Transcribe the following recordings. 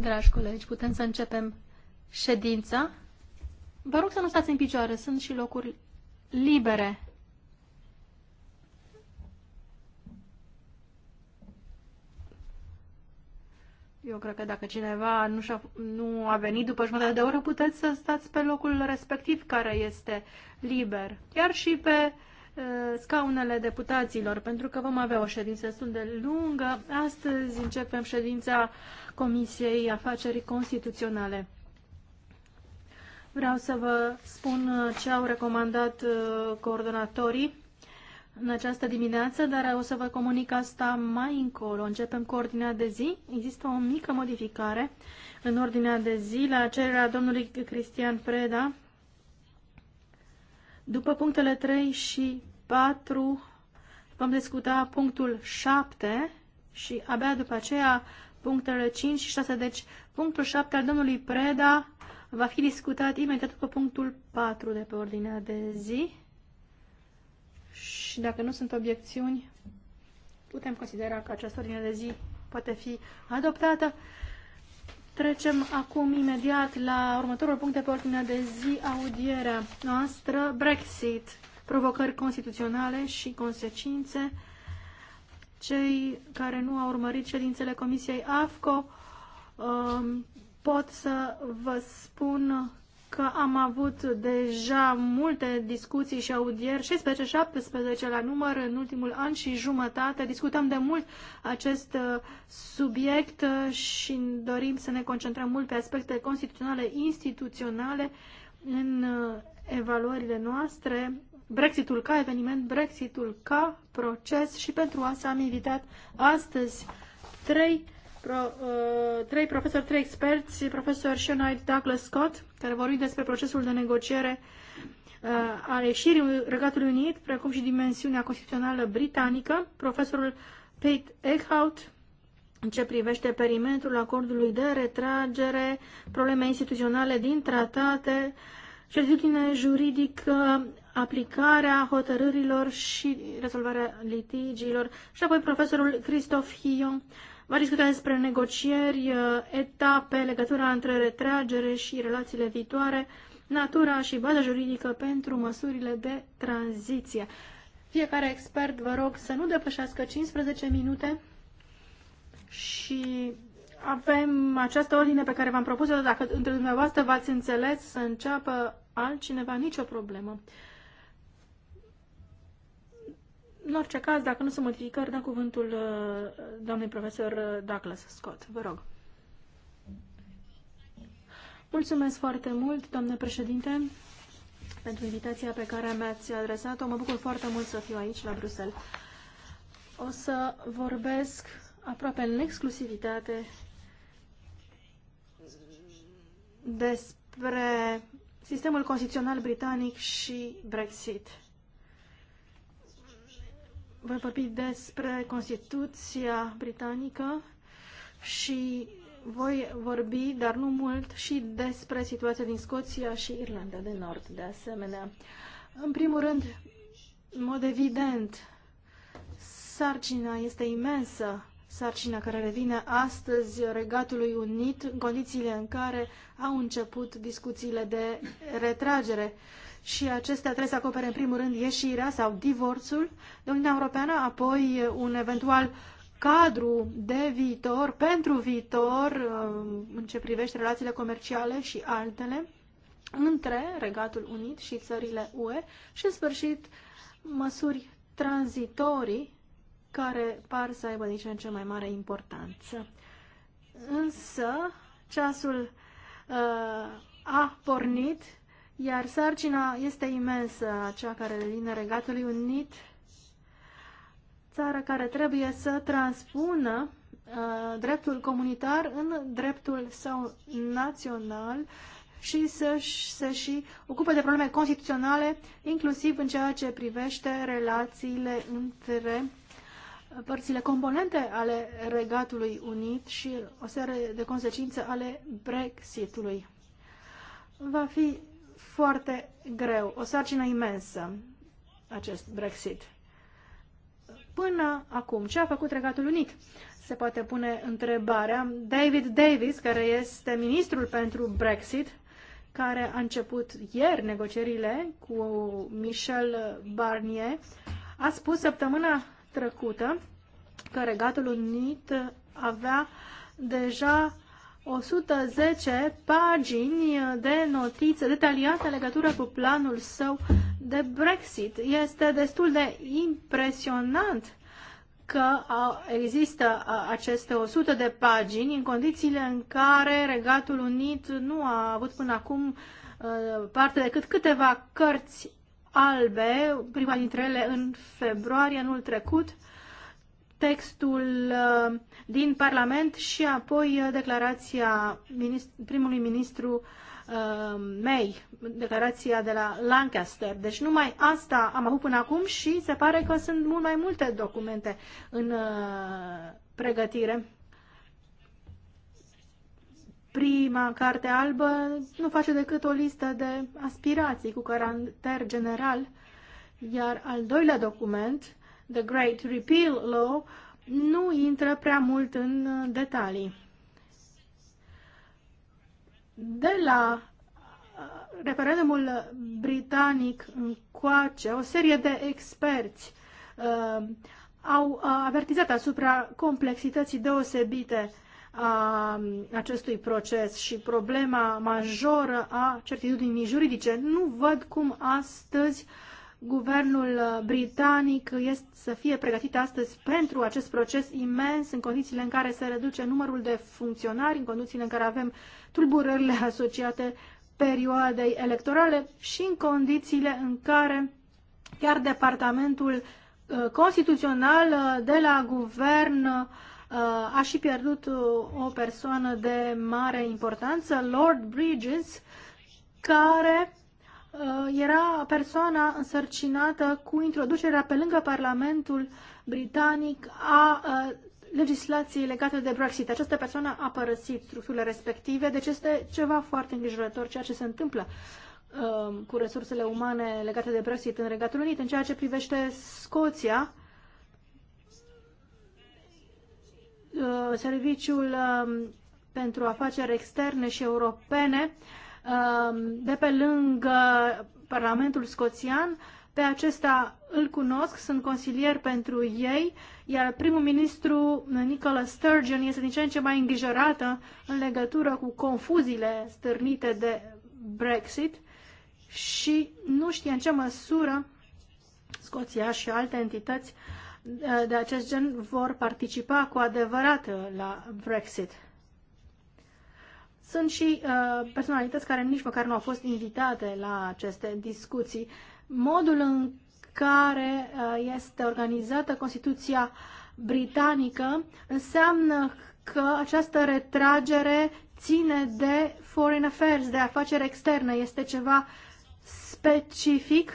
Dragi colegi, putem să începem ședința. Vă rog să nu stați în picioare, sunt și locuri libere. Eu cred că dacă cineva nu, a nu a venit după jumătate de oră, puteți să stați pe locul respectiv care este liber. Chiar și pe Uh, scaunele deputaților, pentru că vom avea o ședință destul de lungă. Astăzi începem ședința Comisiei Afacerii Constituționale. Vreau să vă spun uh, ce au recomandat uh, coordonatorii în această dimineață, dar o să vă comunic asta mai încolo. Începem cu ordinea de zi. Există o mică modificare în ordinea de zi la cererea domnului Cristian Preda, după punctele 3 și 4 vom discuta punctul 7 și abia după aceea punctele 5 și 6. Deci punctul 7 al domnului Preda va fi discutat imediat după punctul 4 de pe ordinea de zi. Și dacă nu sunt obiecțiuni, putem considera că această ordine de zi poate fi adoptată. Trecem acum imediat la următorul punct de pe ordinea de zi, audierea noastră, Brexit provocări constituționale și consecințe. Cei care nu au urmărit ședințele Comisiei AFCO um, pot să vă spun că am avut deja multe discuții și audieri, 16-17 la număr în ultimul an și jumătate. Discutăm de mult acest uh, subiect și dorim să ne concentrăm mult pe aspecte constituționale, instituționale în uh, evaluările noastre Brexitul ca eveniment, Brexitul ca proces și pentru asta am invitat astăzi trei, pro, uh, trei profesori, trei experți, profesor Shonite Douglas Scott, care vorbi despre procesul de negociere uh, al ieșirii Regatului Unit, precum și dimensiunea constituțională britanică, profesorul Pete Eckhout, în ce privește perimetrul acordului de retragere, probleme instituționale din tratate, certitudine juridică aplicarea hotărârilor și rezolvarea litigiilor. Și apoi profesorul Christoph Hion va discuta despre negocieri, uh, etape, legătura între retragere și relațiile viitoare, natura și baza juridică pentru măsurile de tranziție. Fiecare expert vă rog să nu depășească 15 minute și avem această ordine pe care v-am propus-o. Dacă între dumneavoastră v-ați înțeles să înceapă altcineva, nicio problemă. În orice caz, dacă nu sunt modificări, dă cuvântul uh, doamnei profesor uh, Douglas Scott. Vă rog. Mulțumesc foarte mult, doamne președinte, pentru invitația pe care mi-ați adresat-o. Mă bucur foarte mult să fiu aici, la Bruxelles. O să vorbesc aproape în exclusivitate despre sistemul constituțional britanic și Brexit. Voi vorbi despre Constituția Britanică și voi vorbi, dar nu mult, și despre situația din Scoția și Irlanda de Nord, de asemenea. În primul rând, în mod evident, sarcina este imensă, sarcina care revine astăzi Regatului Unit, în condițiile în care au început discuțiile de retragere. Uh, și acestea trebuie să acopere în primul rând ieșirea sau divorțul de Uniunea Europeană, apoi uh, un eventual cadru de viitor, pentru viitor, uh, în ce privește relațiile comerciale și altele, între Regatul Unit și țările UE și, în sfârșit, măsuri tranzitorii care par să aibă din ce în ce mai mare importanță. Însă, ceasul uh, a pornit iar sarcina este imensă, cea care vine Regatului Unit, țară care trebuie să transpună uh, dreptul comunitar în dreptul său național și să se și ocupe de probleme constituționale, inclusiv în ceea ce privește relațiile între părțile componente ale Regatului Unit și o serie de consecințe ale Brexitului. Va fi foarte greu, o sarcină imensă, acest Brexit. Până acum, ce a făcut Regatul Unit? Se poate pune întrebarea. David Davis, care este ministrul pentru Brexit, care a început ieri negocierile cu Michel Barnier, a spus săptămâna trecută că Regatul Unit avea deja 110 pagini de notițe detaliate legătură cu planul său de Brexit. Este destul de impresionant că există aceste 100 de pagini în condițiile în care Regatul Unit nu a avut până acum parte decât câteva cărți albe, prima dintre ele în februarie anul trecut, textul uh, din Parlament și apoi uh, declarația primului ministru uh, May, declarația de la Lancaster. Deci numai asta am avut până acum și se pare că sunt mult mai multe documente în pregătire. Prima carte albă nu face decât o listă de aspirații cu caracter general, iar al doilea document The Great Repeal Law, nu intră prea mult în uh, detalii. De la uh, referendumul britanic încoace, o serie de experți uh, au uh, avertizat asupra complexității deosebite a um, acestui proces și problema majoră a certitudinii juridice. Nu văd cum astăzi uh, Guvernul uh, britanic este să fie pregătit astăzi pentru acest proces imens în condițiile în care se reduce numărul de funcționari, în condițiile în care avem tulburările asociate perioadei electorale și în condițiile în care chiar departamentul uh, constituțional uh, de la guvern a și pierdut o persoană de mare importanță, Lord Bridges, care Uh, era persoana însărcinată cu introducerea pe lângă Parlamentul Britanic a uh, legislației legate de Brexit. Această persoană a părăsit structurile respective, deci este ceva foarte îngrijorător ceea ce se întâmplă um, cu resursele umane legate de Brexit în Regatul Unit. În ceea ce privește Scoția, uh, Serviciul um, pentru Afaceri Externe și Europene uh, Um, de pe lângă Parlamentul Scoțian. Pe acesta îl cunosc, sunt consilier pentru ei, iar primul ministru Nicola Sturgeon este din ce în ce mai îngrijorată în legătură cu confuziile stârnite de Brexit și nu știe în ce măsură Scoția și alte entități uh, de acest gen vor participa cu adevărat la Brexit. Sunt și uh, personalități care nici măcar nu au fost invitate la aceste discuții. Modul în care uh, este organizată Constituția britanică înseamnă că această retragere ține de foreign affairs, de afaceri externe. Este ceva specific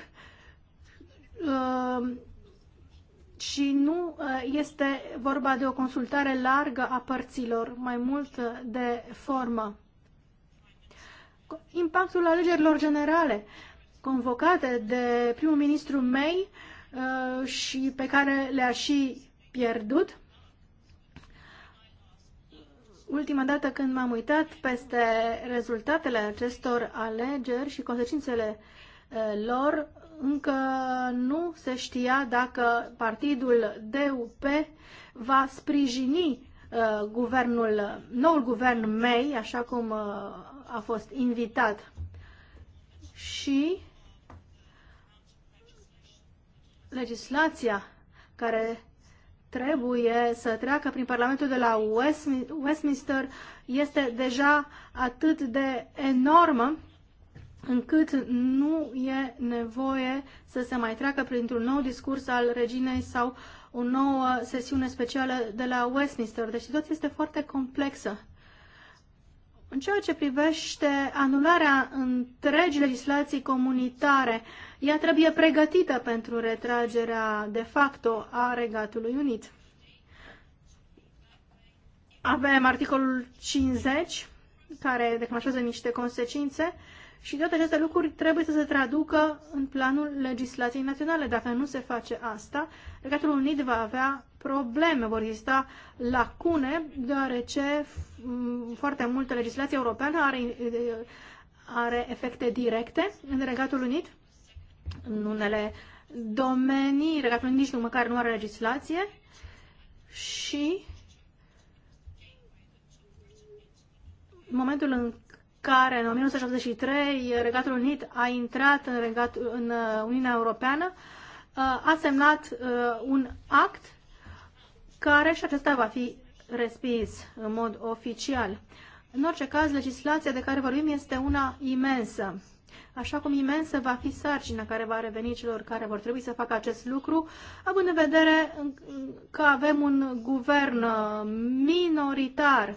uh, și nu uh, este vorba de o consultare largă a părților, mai mult uh, de formă. Impactul alegerilor generale convocate de primul ministru May uh, și pe care le-a și pierdut. Ultima dată când m-am uitat peste rezultatele acestor alegeri și consecințele lor, încă nu se știa dacă partidul DUP va sprijini uh, guvernul, noul guvern May, așa cum uh, a fost invitat. Și legislația care trebuie să treacă prin Parlamentul de la Westminster este deja atât de enormă încât nu e nevoie să se mai treacă printr-un nou discurs al reginei sau o nouă sesiune specială de la Westminster. Deci situația este foarte complexă. În ceea ce privește anularea întregii legislații comunitare, ea trebuie pregătită pentru retragerea de facto a Regatului Unit. Avem articolul 50, care declanșează niște consecințe și toate aceste lucruri trebuie să se traducă în planul legislației naționale. Dacă nu se face asta, Regatul Unit va avea probleme, vor exista lacune, deoarece mm, foarte multă legislație europeană are, are efecte directe în Regatul Unit, în unele domenii, Regatul Unit nici nu măcar nu are legislație și în momentul în care în 1983 Regatul Unit a intrat în, Regat, în uh, Uniunea Europeană, uh, a semnat uh, un act care și acesta va fi respins în mod oficial. În orice caz, legislația de care vorbim este una imensă. Așa cum imensă va fi sarcina care va reveni celor care vor trebui să facă acest lucru, având în vedere că avem un guvern minoritar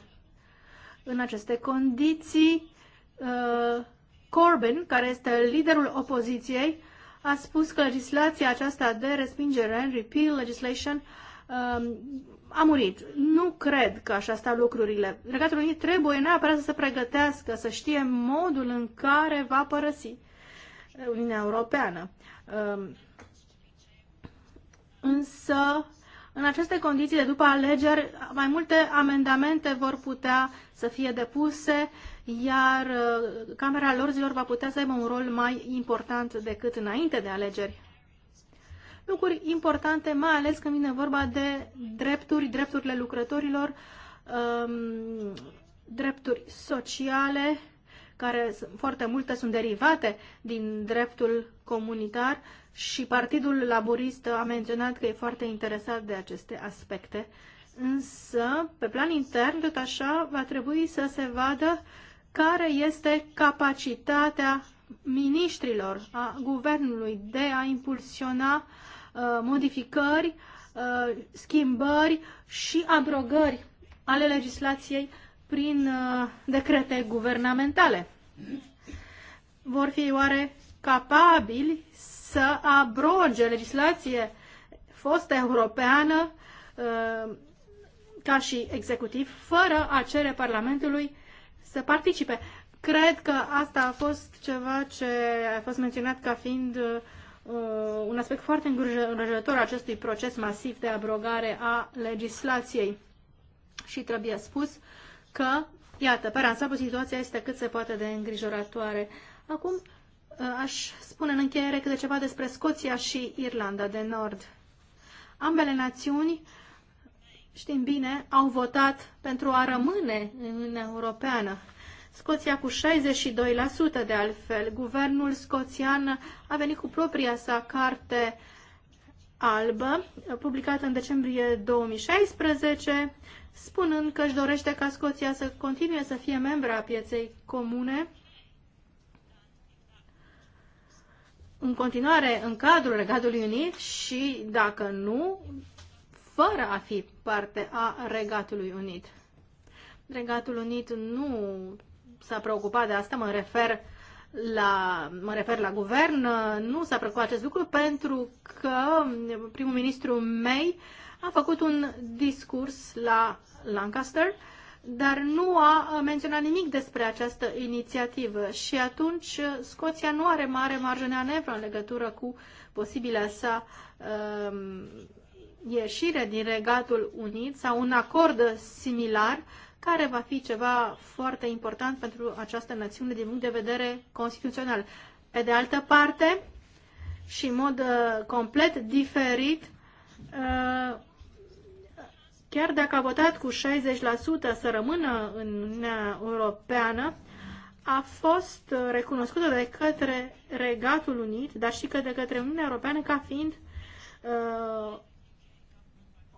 în aceste condiții uh, Corbyn, care este liderul opoziției, a spus că legislația aceasta de respingere, repeal legislation, uh, a murit. Nu cred că așa stau lucrurile. Regatul Unit trebuie neapărat să se pregătească, să știe modul în care va părăsi Uniunea Europeană. Uh, însă, în aceste condiții de după alegeri, mai multe amendamente vor putea să fie depuse uh, iar uh, Camera Lorzilor va putea să aibă un rol mai important decât înainte de alegeri. Lucruri importante, mai ales când vine vorba de drepturi, drepturile lucrătorilor, um, drepturi sociale, care foarte multe sunt derivate din dreptul comunitar și Partidul Laborist a menționat că e foarte interesat de aceste aspecte. Însă, pe plan intern, tot așa, va trebui să se vadă care este capacitatea miniștrilor a guvernului de a impulsiona uh, modificări, uh, schimbări și abrogări ale legislației prin uh, decrete guvernamentale. Vor fi oare capabili să abroge legislație fostă europeană ca și executiv, fără a cere Parlamentului să participe. Cred că asta a fost ceva ce a fost menționat ca fiind uh, un aspect foarte îngrijorător acestui proces masiv de abrogare a legislației. Și trebuie spus că, iată, pe ansamblu situația este cât se poate de îngrijorătoare. Acum uh, aș spune în încheiere câte ceva despre Scoția și Irlanda de Nord. Ambele națiuni uh, știm bine, au votat pentru a rămâne în Uniunea Europeană. Scoția cu 62% de altfel. Guvernul scoțian a venit cu propria sa carte albă, publicată în decembrie 2016, spunând că își dorește ca Scoția să continue să fie membra a pieței comune. În continuare, în cadrul Regatului Unit și, dacă nu, fără a fi parte a Regatului Unit. Regatul Unit nu s-a preocupat de asta, mă refer la, mă refer la guvern, nu s-a preocupat acest lucru pentru că primul ministru May a făcut un discurs la Lancaster, dar nu a menționat nimic despre această inițiativă și atunci Scoția nu are mare marjă de în legătură cu posibilă sa um, ieșire din Regatul Unit sau un acord similar care va fi ceva foarte important pentru această națiune din punct de vedere constituțional. Pe de altă parte, și în mod uh, complet diferit, uh, chiar dacă a votat cu 60% să rămână în Uniunea Europeană, a fost uh, recunoscută de către Regatul Unit, dar și de către Uniunea Europeană ca fiind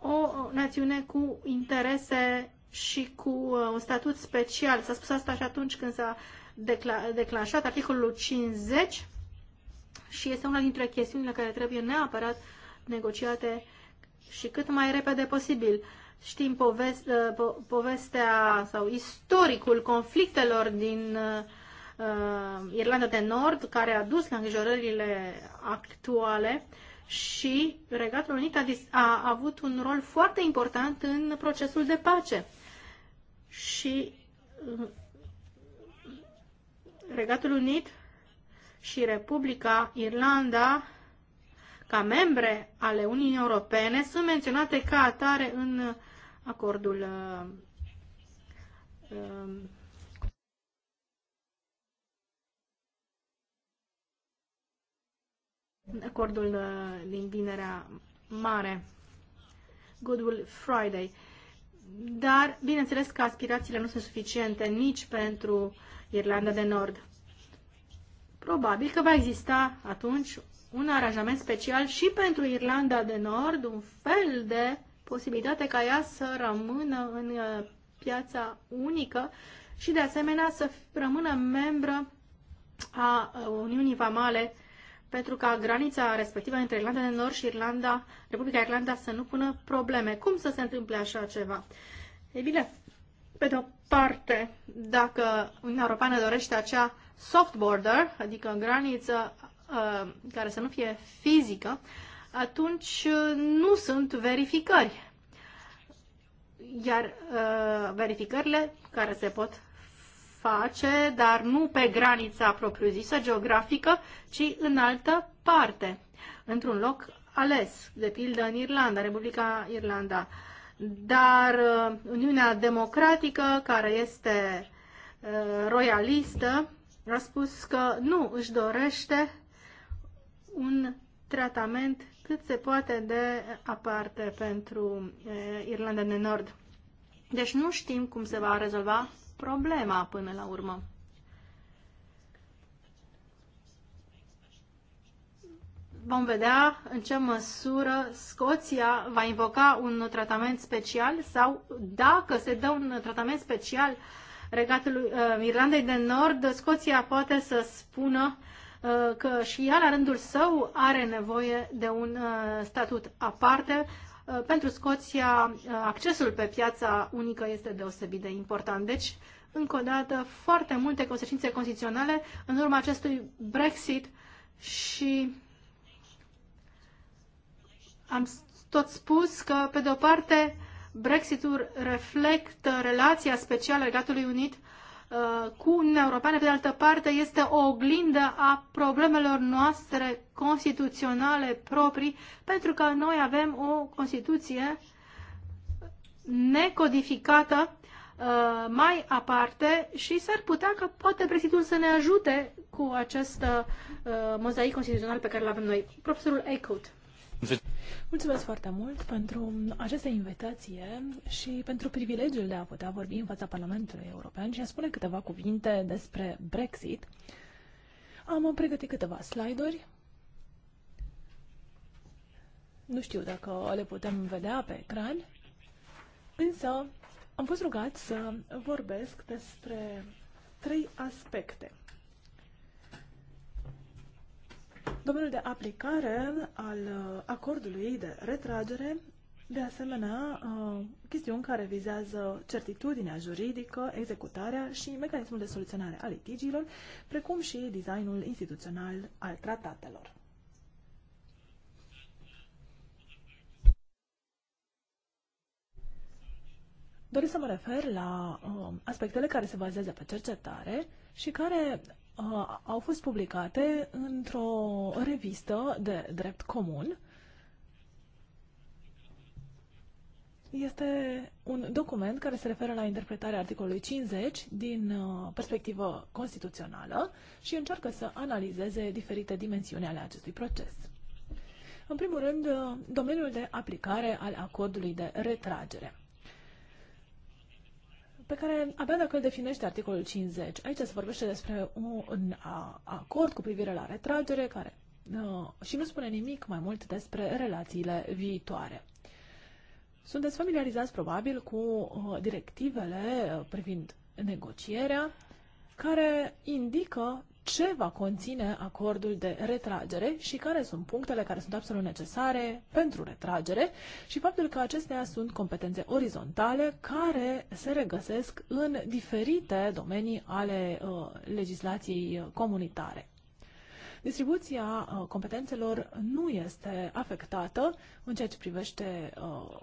o națiune cu interese și cu uh, un statut special. S-a spus asta și atunci când s-a decla- declanșat articolul 50 și este una dintre chestiunile care trebuie neapărat negociate și cât mai repede posibil. Știm poveste, uh, po, povestea sau istoricul conflictelor din uh, Irlanda de Nord, care a dus la îngrijorările actuale și Regatul Unit a, a avut un rol foarte important în procesul de pace. Și uh, Regatul Unit și Republica Irlanda, ca membre ale Uniunii Europene, sunt menționate ca atare în acordul uh, uh acordul uh, din vinerea mare, Goodwill Friday. Dar, bineînțeles că aspirațiile nu sunt suficiente nici pentru Irlanda de Nord. Probabil că va exista atunci un aranjament special și pentru Irlanda de Nord, un fel de posibilitate ca ea să rămână în uh, piața unică și de asemenea să rămână membră a uh, Uniunii Vamale pentru ca granița respectivă între Irlanda de Nord și Irlanda, Republica Irlanda să nu pună probleme. Cum să se întâmple așa ceva? Ei bine, pe de o parte, dacă Uniunea Europeană dorește acea soft border, adică graniță uh, care să nu fie fizică, atunci uh, nu sunt verificări. Iar uh, verificările care se pot face, dar nu pe granița propriu-zisă geografică, ci în altă parte, într-un loc ales, de pildă în Irlanda, Republica Irlanda. Dar uh, Uniunea Democratică, care este uh, royalistă, a spus că nu își dorește un tratament cât se poate de aparte pentru uh, Irlanda de Nord. Deci nu știm cum se va rezolva problema până la urmă. Vom vedea în ce măsură Scoția va invoca un tratament special sau dacă se dă un tratament special regatului uh, Irlandei de Nord, Scoția poate să spună uh, că și ea, la rândul său, are nevoie de un uh, statut aparte Uh, pentru Scoția uh, accesul pe piața unică este deosebit de important. Deci, încă o dată, foarte multe consecințe constituționale în urma acestui Brexit și am tot spus că, pe de o parte, Brexitul reflectă relația specială Regatului Unit Uh, cu Uniunea Europeană, pe de altă parte, este o oglindă a problemelor noastre constituționale proprii, pentru că noi avem o Constituție necodificată uh, mai aparte și s-ar putea că poate Prezidentul să ne ajute cu acest uh, mozaic constituțional pe care îl avem noi. Profesorul Eichhout. Mulțumesc foarte mult pentru această invitație și pentru privilegiul de a putea vorbi în fața Parlamentului European și a spune câteva cuvinte despre Brexit. Am pregătit câteva slide-uri. Nu știu dacă le putem vedea pe ecran, însă am fost rugat să vorbesc despre trei aspecte Domeniul de aplicare al uh, acordului de retragere, de asemenea, uh, chestiuni care vizează certitudinea juridică, executarea și mecanismul de soluționare a litigiilor, precum și designul instituțional al tratatelor. Doresc să mă refer la uh, aspectele care se bazează pe cercetare și care uh, au fost publicate într-o revistă de drept comun. Este un document care se referă la interpretarea articolului 50 din uh, perspectivă constituțională și încearcă să analizeze diferite dimensiuni ale acestui proces. În primul rând, uh, domeniul de aplicare al acordului de retragere pe care abia dacă îl definește articolul 50. Aici se vorbește despre un acord cu privire la retragere care uh, și nu spune nimic mai mult despre relațiile viitoare. Sunteți familiarizați probabil cu uh, directivele uh, privind negocierea care indică ce va conține acordul de retragere și care sunt punctele care sunt absolut necesare pentru retragere și faptul că acestea sunt competențe orizontale care se regăsesc în diferite domenii ale uh, legislației comunitare. Distribuția uh, competențelor nu este afectată în ceea ce privește uh,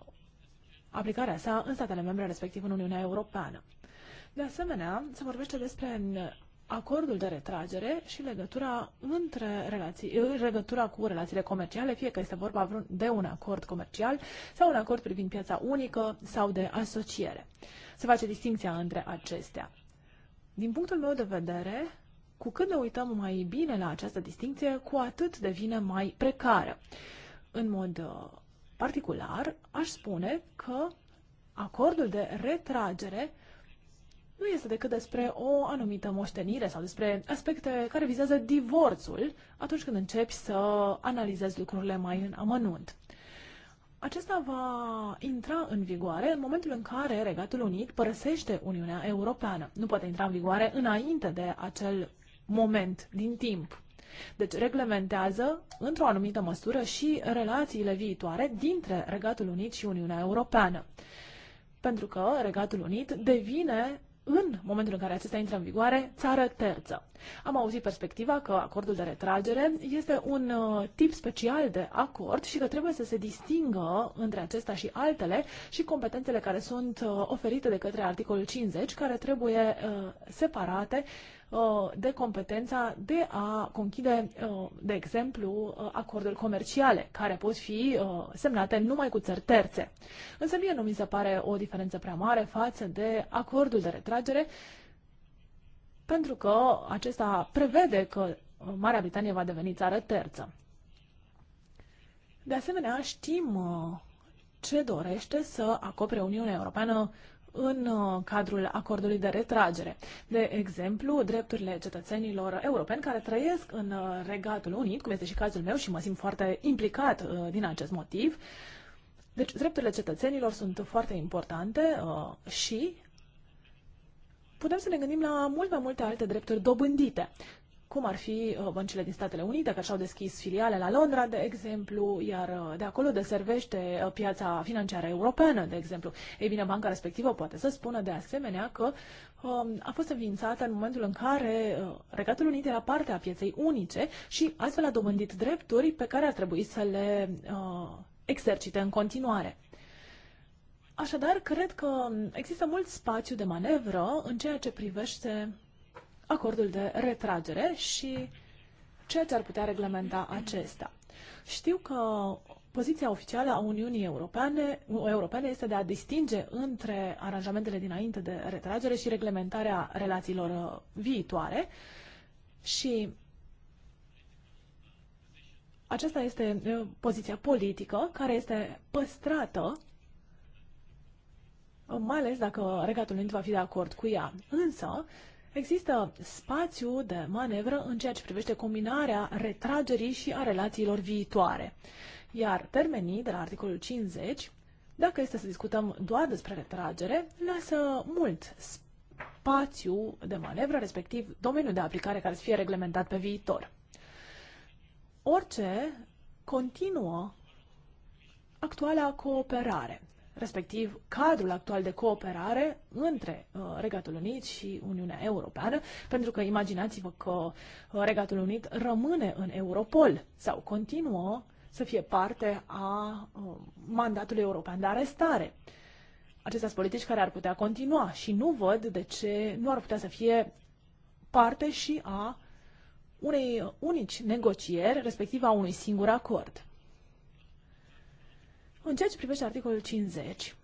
aplicarea sa în statele membre, respectiv în Uniunea Europeană. De asemenea, se vorbește despre acordul de retragere și legătura, între relații, eh, legătura cu relațiile comerciale, fie că este vorba de un acord comercial sau un acord privind piața unică sau de asociere. Se face distinția între acestea. Din punctul meu de vedere, cu cât ne uităm mai bine la această distinție, cu atât devine mai precară. În mod eh, particular, aș spune că acordul de retragere nu este decât despre o anumită moștenire sau despre aspecte care vizează divorțul atunci când începi să analizezi lucrurile mai în amănunt. Acesta va intra în vigoare în momentul în care Regatul Unit părăsește Uniunea Europeană. Nu poate intra în vigoare înainte de acel moment din timp. Deci reglementează într-o anumită măsură și relațiile viitoare dintre Regatul Unit și Uniunea Europeană. Pentru că Regatul Unit devine în momentul în care acesta intră în vigoare, țară terță. Am auzit perspectiva că acordul de retragere este un uh, tip special de acord și că trebuie să se distingă între acesta și altele și competențele care sunt uh, oferite de către articolul 50, care trebuie uh, separate Uh, de competența de a conchide, uh, de exemplu, uh, acorduri comerciale, care pot fi semnate numai cu țări terțe. Însă mie nu mi se pare o diferență prea mare față de acordul de retragere, pentru că acesta prevede că Marea Britanie va deveni țară terță. De asemenea, știm ce dorește să acopere Uniunea Europeană în uh, cadrul acordului de retragere. De exemplu, drepturile cetățenilor europeni care trăiesc în uh, Regatul Unit, cum este și cazul meu și mă simt foarte implicat uh, din acest motiv. Deci, drepturile cetățenilor sunt foarte importante și putem să ne gândim la mult mai multe alte drepturi dobândite cum ar fi uh, băncile din Statele Unite, care și-au deschis filiale la Londra, de exemplu, iar uh, de acolo deservește uh, piața financiară europeană, de exemplu. Ei bine, banca respectivă poate să spună de asemenea că um, a fost înființată în momentul în care Regatul Unit era parte a pieței unice și astfel a dobândit drepturi pe care ar trebui să le exercite în continuare. Așadar, cred că există mult spațiu de manevră în ceea ce privește acordul de retragere și ce ar putea reglementa acesta. Știu că poziția oficială a Uniunii Europene, Europene este de a distinge între aranjamentele dinainte de retragere și reglementarea relațiilor uh, viitoare și aceasta este uh, poziția politică care este păstrată uh, mai ales dacă Regatul Unit va fi de acord cu ea. Însă, Există spațiu de manevră în ceea ce privește combinarea retragerii și a relațiilor viitoare. Iar termenii de la articolul 50, dacă este să discutăm doar despre retragere, lasă mult spațiu de manevră, respectiv domeniul de aplicare care să fie reglementat pe viitor. Orice continuă actuala cooperare respectiv cadrul actual de cooperare între uh, Regatul Unit și Uniunea Europeană, pentru că imaginați-vă că uh, Regatul Unit rămâne în Europol sau continuă să fie parte a uh, mandatului european de arestare. Acestea sunt politici care ar putea continua și nu văd de ce nu ar putea să fie parte și a unei unici negocieri, respectiv a unui singur acord. În ceea ce privește articolul 50,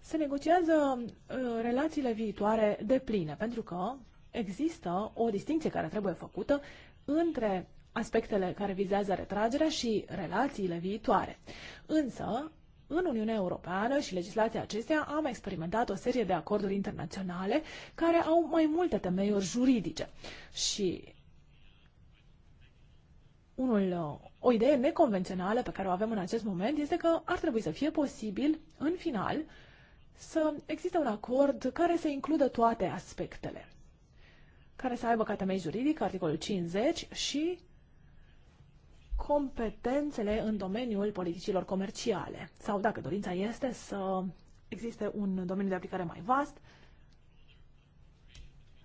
se negociază uh, relațiile viitoare de pline, pentru că există o distinție care trebuie făcută între aspectele care vizează retragerea și relațiile viitoare. Însă, în Uniunea Europeană și legislația acesteia am experimentat o serie de acorduri internaționale care au mai multe temeiuri juridice și unul, uh, o idee neconvențională pe care o avem în acest moment este că ar trebui să fie posibil, în final, să existe un acord care să includă toate aspectele, care să aibă ca temei juridic articolul 50 și competențele în domeniul politicilor comerciale. Sau, dacă dorința este, să existe un domeniu de aplicare mai vast,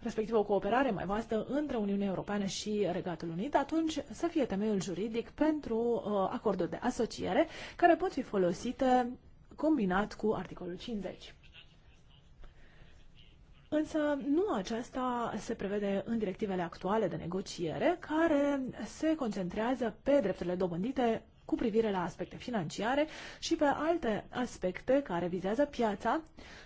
respectiv o cooperare mai vastă între Uniunea Europeană și Regatul Unit, atunci să fie temeiul juridic pentru uh, acorduri de asociere care pot fi folosite combinat cu articolul 50. Însă nu aceasta se prevede în directivele actuale de negociere, care se concentrează pe drepturile dobândite cu privire la aspecte financiare și pe alte aspecte care vizează piața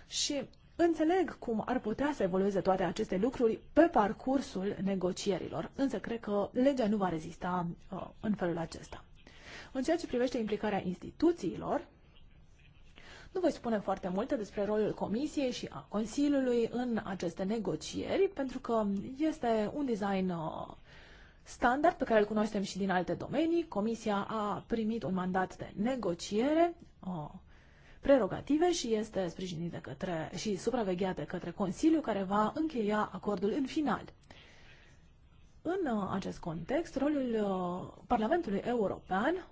și Înțeleg cum ar putea să evolueze toate aceste lucruri pe parcursul negocierilor, însă cred că legea nu va rezista uh, în felul acesta. În ceea ce privește implicarea instituțiilor, nu voi spune foarte multe despre rolul Comisiei și a Consiliului în aceste negocieri, pentru că este un design uh, standard pe care îl cunoaștem și din alte domenii. Comisia a primit un mandat de negociere uh, prerogative și este sprijinit de către, și supravegheat de către Consiliu, care va încheia acordul în final. În uh, acest context, rolul uh, Parlamentului European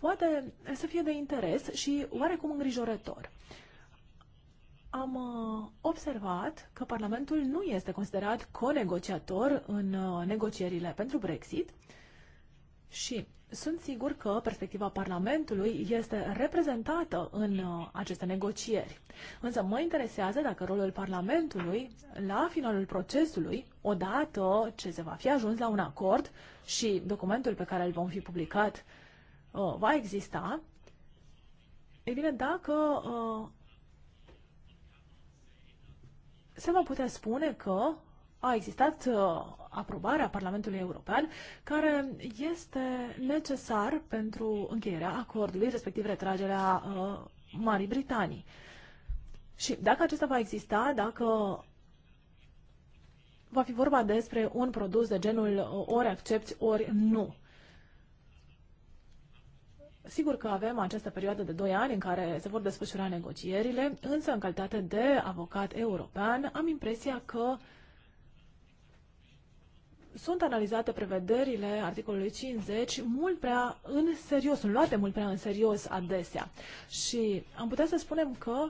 poate să fie de interes și oarecum îngrijorător. Am uh, observat că Parlamentul nu este considerat co-negociator în negocierile pentru Brexit, și sunt sigur că perspectiva Parlamentului este reprezentată în uh, aceste negocieri. Însă mă interesează dacă rolul Parlamentului, la finalul procesului, odată ce se va fi ajuns la un acord și documentul pe care îl vom fi publicat uh, va exista, e bine, dacă uh, se va putea spune că a existat uh, aprobarea Parlamentului European, care este necesar pentru încheierea acordului, respectiv retragerea uh, Marii Britanii. Și dacă acesta va exista, dacă va fi vorba despre un produs de genul uh, ori accepti, ori nu. Sigur că avem această perioadă de 2 ani în care se vor desfășura negocierile, însă în calitate de avocat european am impresia că uh, sunt analizate prevederile articolului 50 mult prea în serios, sunt luate mult prea în serios adesea. Și am putea să spunem că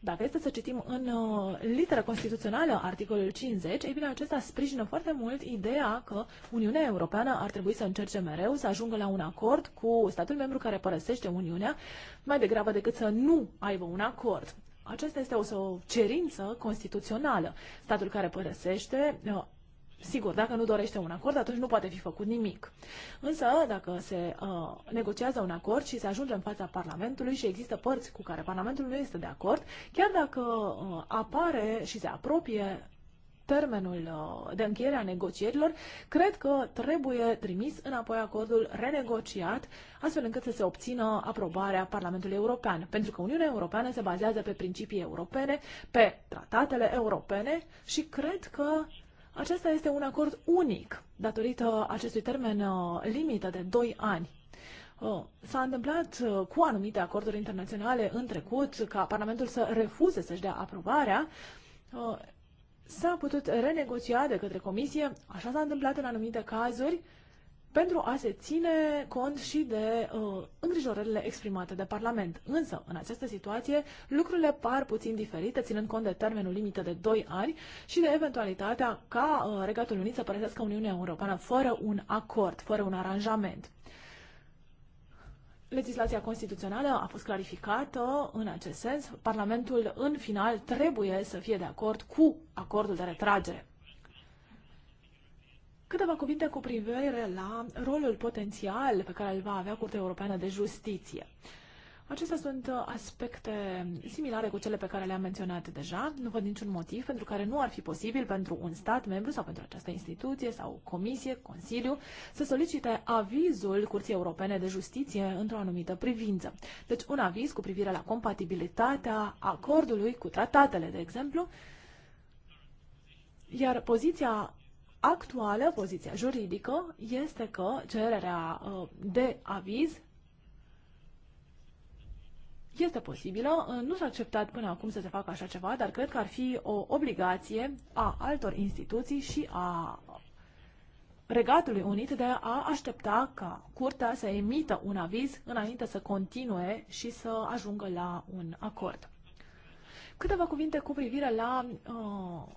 dacă este să citim în uh, literă constituțională articolul 50, ei bine, acesta sprijină foarte mult ideea că Uniunea Europeană ar trebui să încerce mereu să ajungă la un acord cu statul membru care părăsește Uniunea, mai degrabă decât să nu aibă un acord. Aceasta este o, o cerință constituțională. Statul care părăsește uh, Sigur, dacă nu dorește un acord, atunci nu poate fi făcut nimic. Însă, dacă se uh, negociază un acord și se ajunge în fața Parlamentului și există părți cu care Parlamentul nu este de acord, chiar dacă uh, apare și se apropie termenul uh, de încheiere a negocierilor, cred că trebuie trimis înapoi acordul renegociat, astfel încât să se obțină aprobarea Parlamentului European. Pentru că Uniunea Europeană se bazează pe principii europene, pe tratatele europene și cred că acesta este un acord unic datorită acestui termen uh, limită de 2 ani. Uh, s-a întâmplat uh, cu anumite acorduri internaționale în trecut ca Parlamentul să refuze să-și dea aprobarea. S-a putut renegocia de către Comisie, așa s-a întâmplat în anumite cazuri, pentru a se ține cont și de uh, îngrijorările exprimate de Parlament. Însă, în această situație, lucrurile par puțin diferite, ținând cont de termenul limită de 2 ani și de eventualitatea ca uh, Regatul Unit să părăsească Uniunea Europeană fără un acord, fără un aranjament. Legislația constituțională a fost clarificată în acest sens. Parlamentul, în final, trebuie să fie de acord cu acordul de retragere. Câteva cuvinte cu privire la rolul potențial pe care îl va avea Curtea Europeană de Justiție. Acestea sunt aspecte similare cu cele pe care le-am menționat deja. Nu văd niciun motiv pentru care nu ar fi posibil pentru un stat membru sau pentru această instituție sau comisie, consiliu, să solicite avizul Curții Europene de Justiție într-o anumită privință. Deci un aviz cu privire la compatibilitatea acordului cu tratatele, de exemplu, iar poziția actuală, poziția juridică este că cererea uh, de aviz este posibilă. Uh, nu s-a acceptat până acum să se facă așa ceva, dar cred că ar fi o obligație a altor instituții și a Regatului Unit de a aștepta ca curtea să emită un aviz înainte să continue și să ajungă la un acord. Câteva cuvinte cu privire la uh,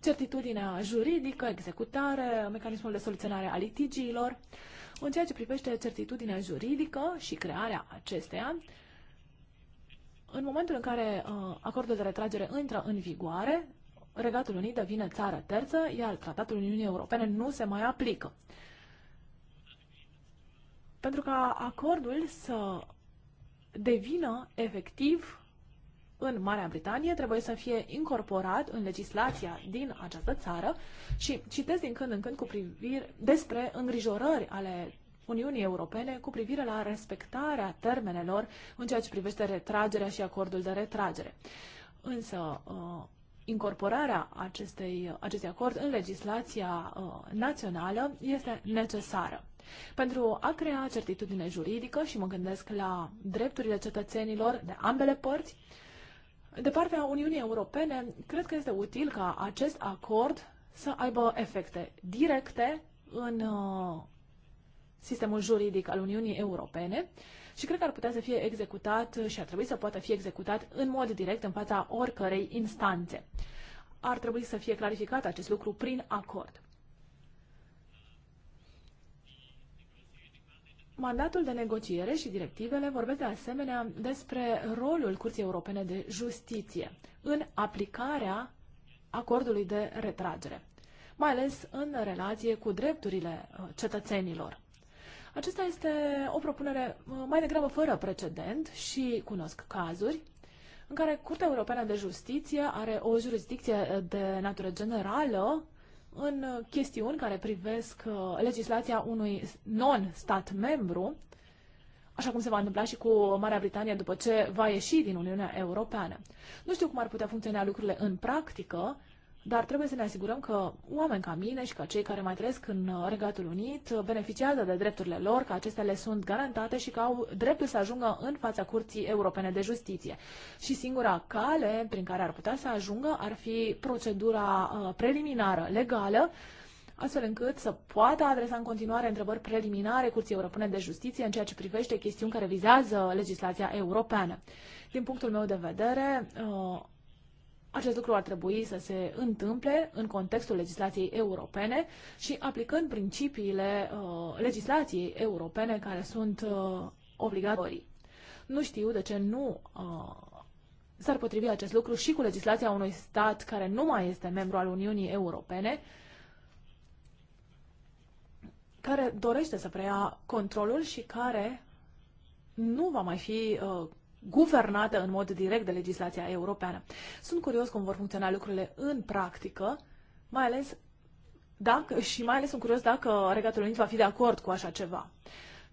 certitudinea juridică, executare, mecanismul de soluționare a litigiilor. În ceea ce privește certitudinea juridică și crearea acesteia, în momentul în care uh, acordul de retragere intră în vigoare, Regatul Unit devine țară terță, iar Tratatul Uniunii Europene nu se mai aplică. Pentru ca acordul să devină efectiv în Marea Britanie trebuie să fie incorporat în legislația din această țară și citesc din când în când cu privire despre îngrijorări ale Uniunii Europene cu privire la respectarea termenelor în ceea ce privește retragerea și acordul de retragere. Însă, uh, incorporarea acestei, acestui acord în legislația uh, națională este necesară. Pentru a crea certitudine juridică și mă gândesc la drepturile cetățenilor de ambele părți, de partea Uniunii Europene, cred că este util ca acest acord să aibă efecte directe în uh, sistemul juridic al Uniunii Europene și cred că ar putea să fie executat și ar trebui să poată fi executat în mod direct în fața oricărei instanțe. Ar trebui să fie clarificat acest lucru prin acord. Mandatul de negociere și directivele vorbesc de asemenea despre rolul Curții Europene de Justiție în aplicarea acordului de retragere, mai ales în relație cu drepturile uh, cetățenilor. Acesta este o propunere uh, mai degrabă fără precedent și cunosc cazuri în care Curtea Europeană de Justiție are o jurisdicție uh, de natură generală în chestiuni care privesc uh, legislația unui non-stat membru, așa cum se va întâmpla și cu Marea Britanie după ce va ieși din Uniunea Europeană. Nu știu cum ar putea funcționa lucrurile în practică, dar trebuie să ne asigurăm că oameni ca mine și ca cei care mai trăiesc în uh, Regatul Unit uh, beneficiază de drepturile lor, că acestea le sunt garantate și că au dreptul să ajungă în fața Curții Europene de Justiție. Și singura cale prin care ar putea să ajungă ar fi procedura uh, preliminară legală, astfel încât să poată adresa în continuare întrebări preliminare Curții Europene de Justiție în ceea ce privește chestiuni care vizează legislația europeană. Din punctul meu de vedere, acest lucru ar trebui să se întâmple în contextul legislației europene și aplicând principiile uh, legislației europene care sunt uh, obligatorii. Nu știu de ce nu uh, s-ar potrivi acest lucru și cu legislația unui stat care nu mai este membru al Uniunii Europene, care dorește să preia controlul și care nu va mai fi uh, guvernată în mod direct de legislația europeană. Sunt curios cum vor funcționa lucrurile în practică, mai ales dacă, și mai ales sunt curios dacă Regatul Unit va fi de acord cu așa ceva.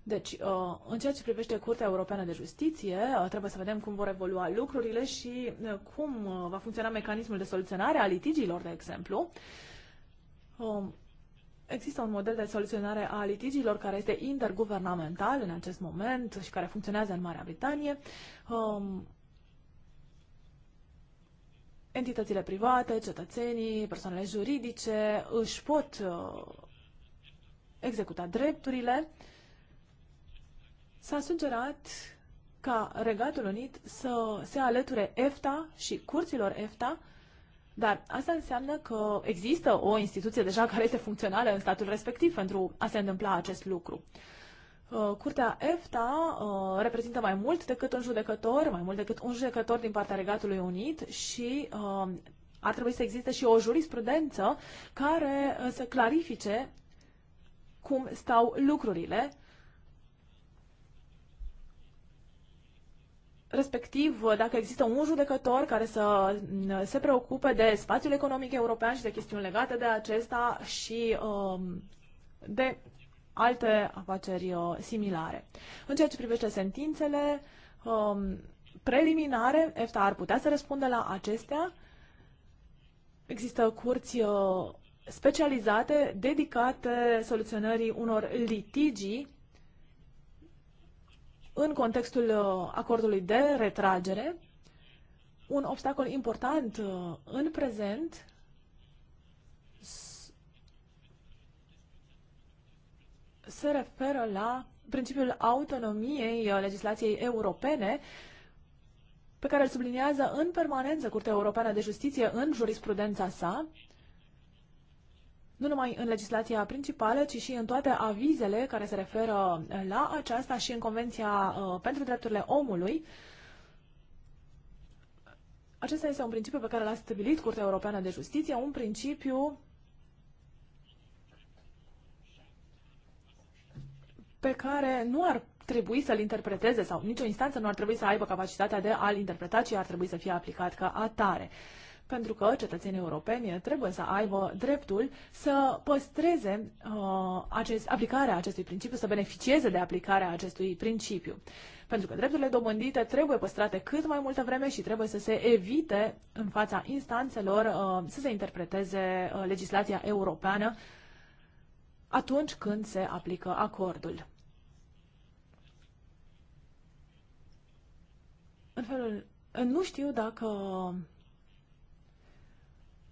Deci, uh, în ceea ce privește Curtea Europeană de Justiție, uh, trebuie să vedem cum vor evolua lucrurile și uh, cum va funcționa mecanismul de soluționare a litigiilor, de exemplu. Um, Există un model de soluționare a litigiilor care este interguvernamental în acest moment și care funcționează în Marea Britanie. Um, entitățile private, cetățenii, persoanele juridice își pot uh, executa drepturile. S-a sugerat ca Regatul Unit să se alăture EFTA și curților EFTA dar asta înseamnă că există o instituție deja care este funcțională în statul respectiv pentru a se întâmpla acest lucru. Uh, Curtea EFTA uh, reprezintă mai mult decât un judecător, mai mult decât un judecător din partea Regatului Unit și uh, ar trebui să existe și o jurisprudență care uh, să clarifice cum stau lucrurile respectiv dacă există un judecător care să mm, se preocupe de spațiul economic european și de chestiuni legate de acesta și um, de alte afaceri uh, similare. În ceea ce privește sentințele um, preliminare, EFTA ar putea să răspundă la acestea. Există curți uh, specializate dedicate soluționării unor litigii în contextul uh, acordului de retragere, un obstacol important uh, în prezent se referă la principiul autonomiei uh, legislației europene pe care îl subliniază în permanență Curtea Europeană de Justiție în jurisprudența sa nu numai în legislația principală, ci și în toate avizele care se referă uh, la aceasta și în Convenția uh, pentru Drepturile Omului. Acesta este un principiu pe care l-a stabilit Curtea Europeană de Justiție, un principiu pe care nu ar trebui să-l interpreteze sau nicio instanță nu ar trebui să aibă capacitatea de a-l interpreta, ci ar trebui să fie aplicat ca atare pentru că cetățenii europeni trebuie să aibă dreptul să păstreze uh, acest, aplicarea acestui principiu, să beneficieze de aplicarea acestui principiu. Pentru că drepturile dobândite trebuie păstrate cât mai multă vreme și trebuie să se evite în fața instanțelor uh, să se interpreteze uh, legislația europeană atunci când se aplică acordul. În felul nu știu dacă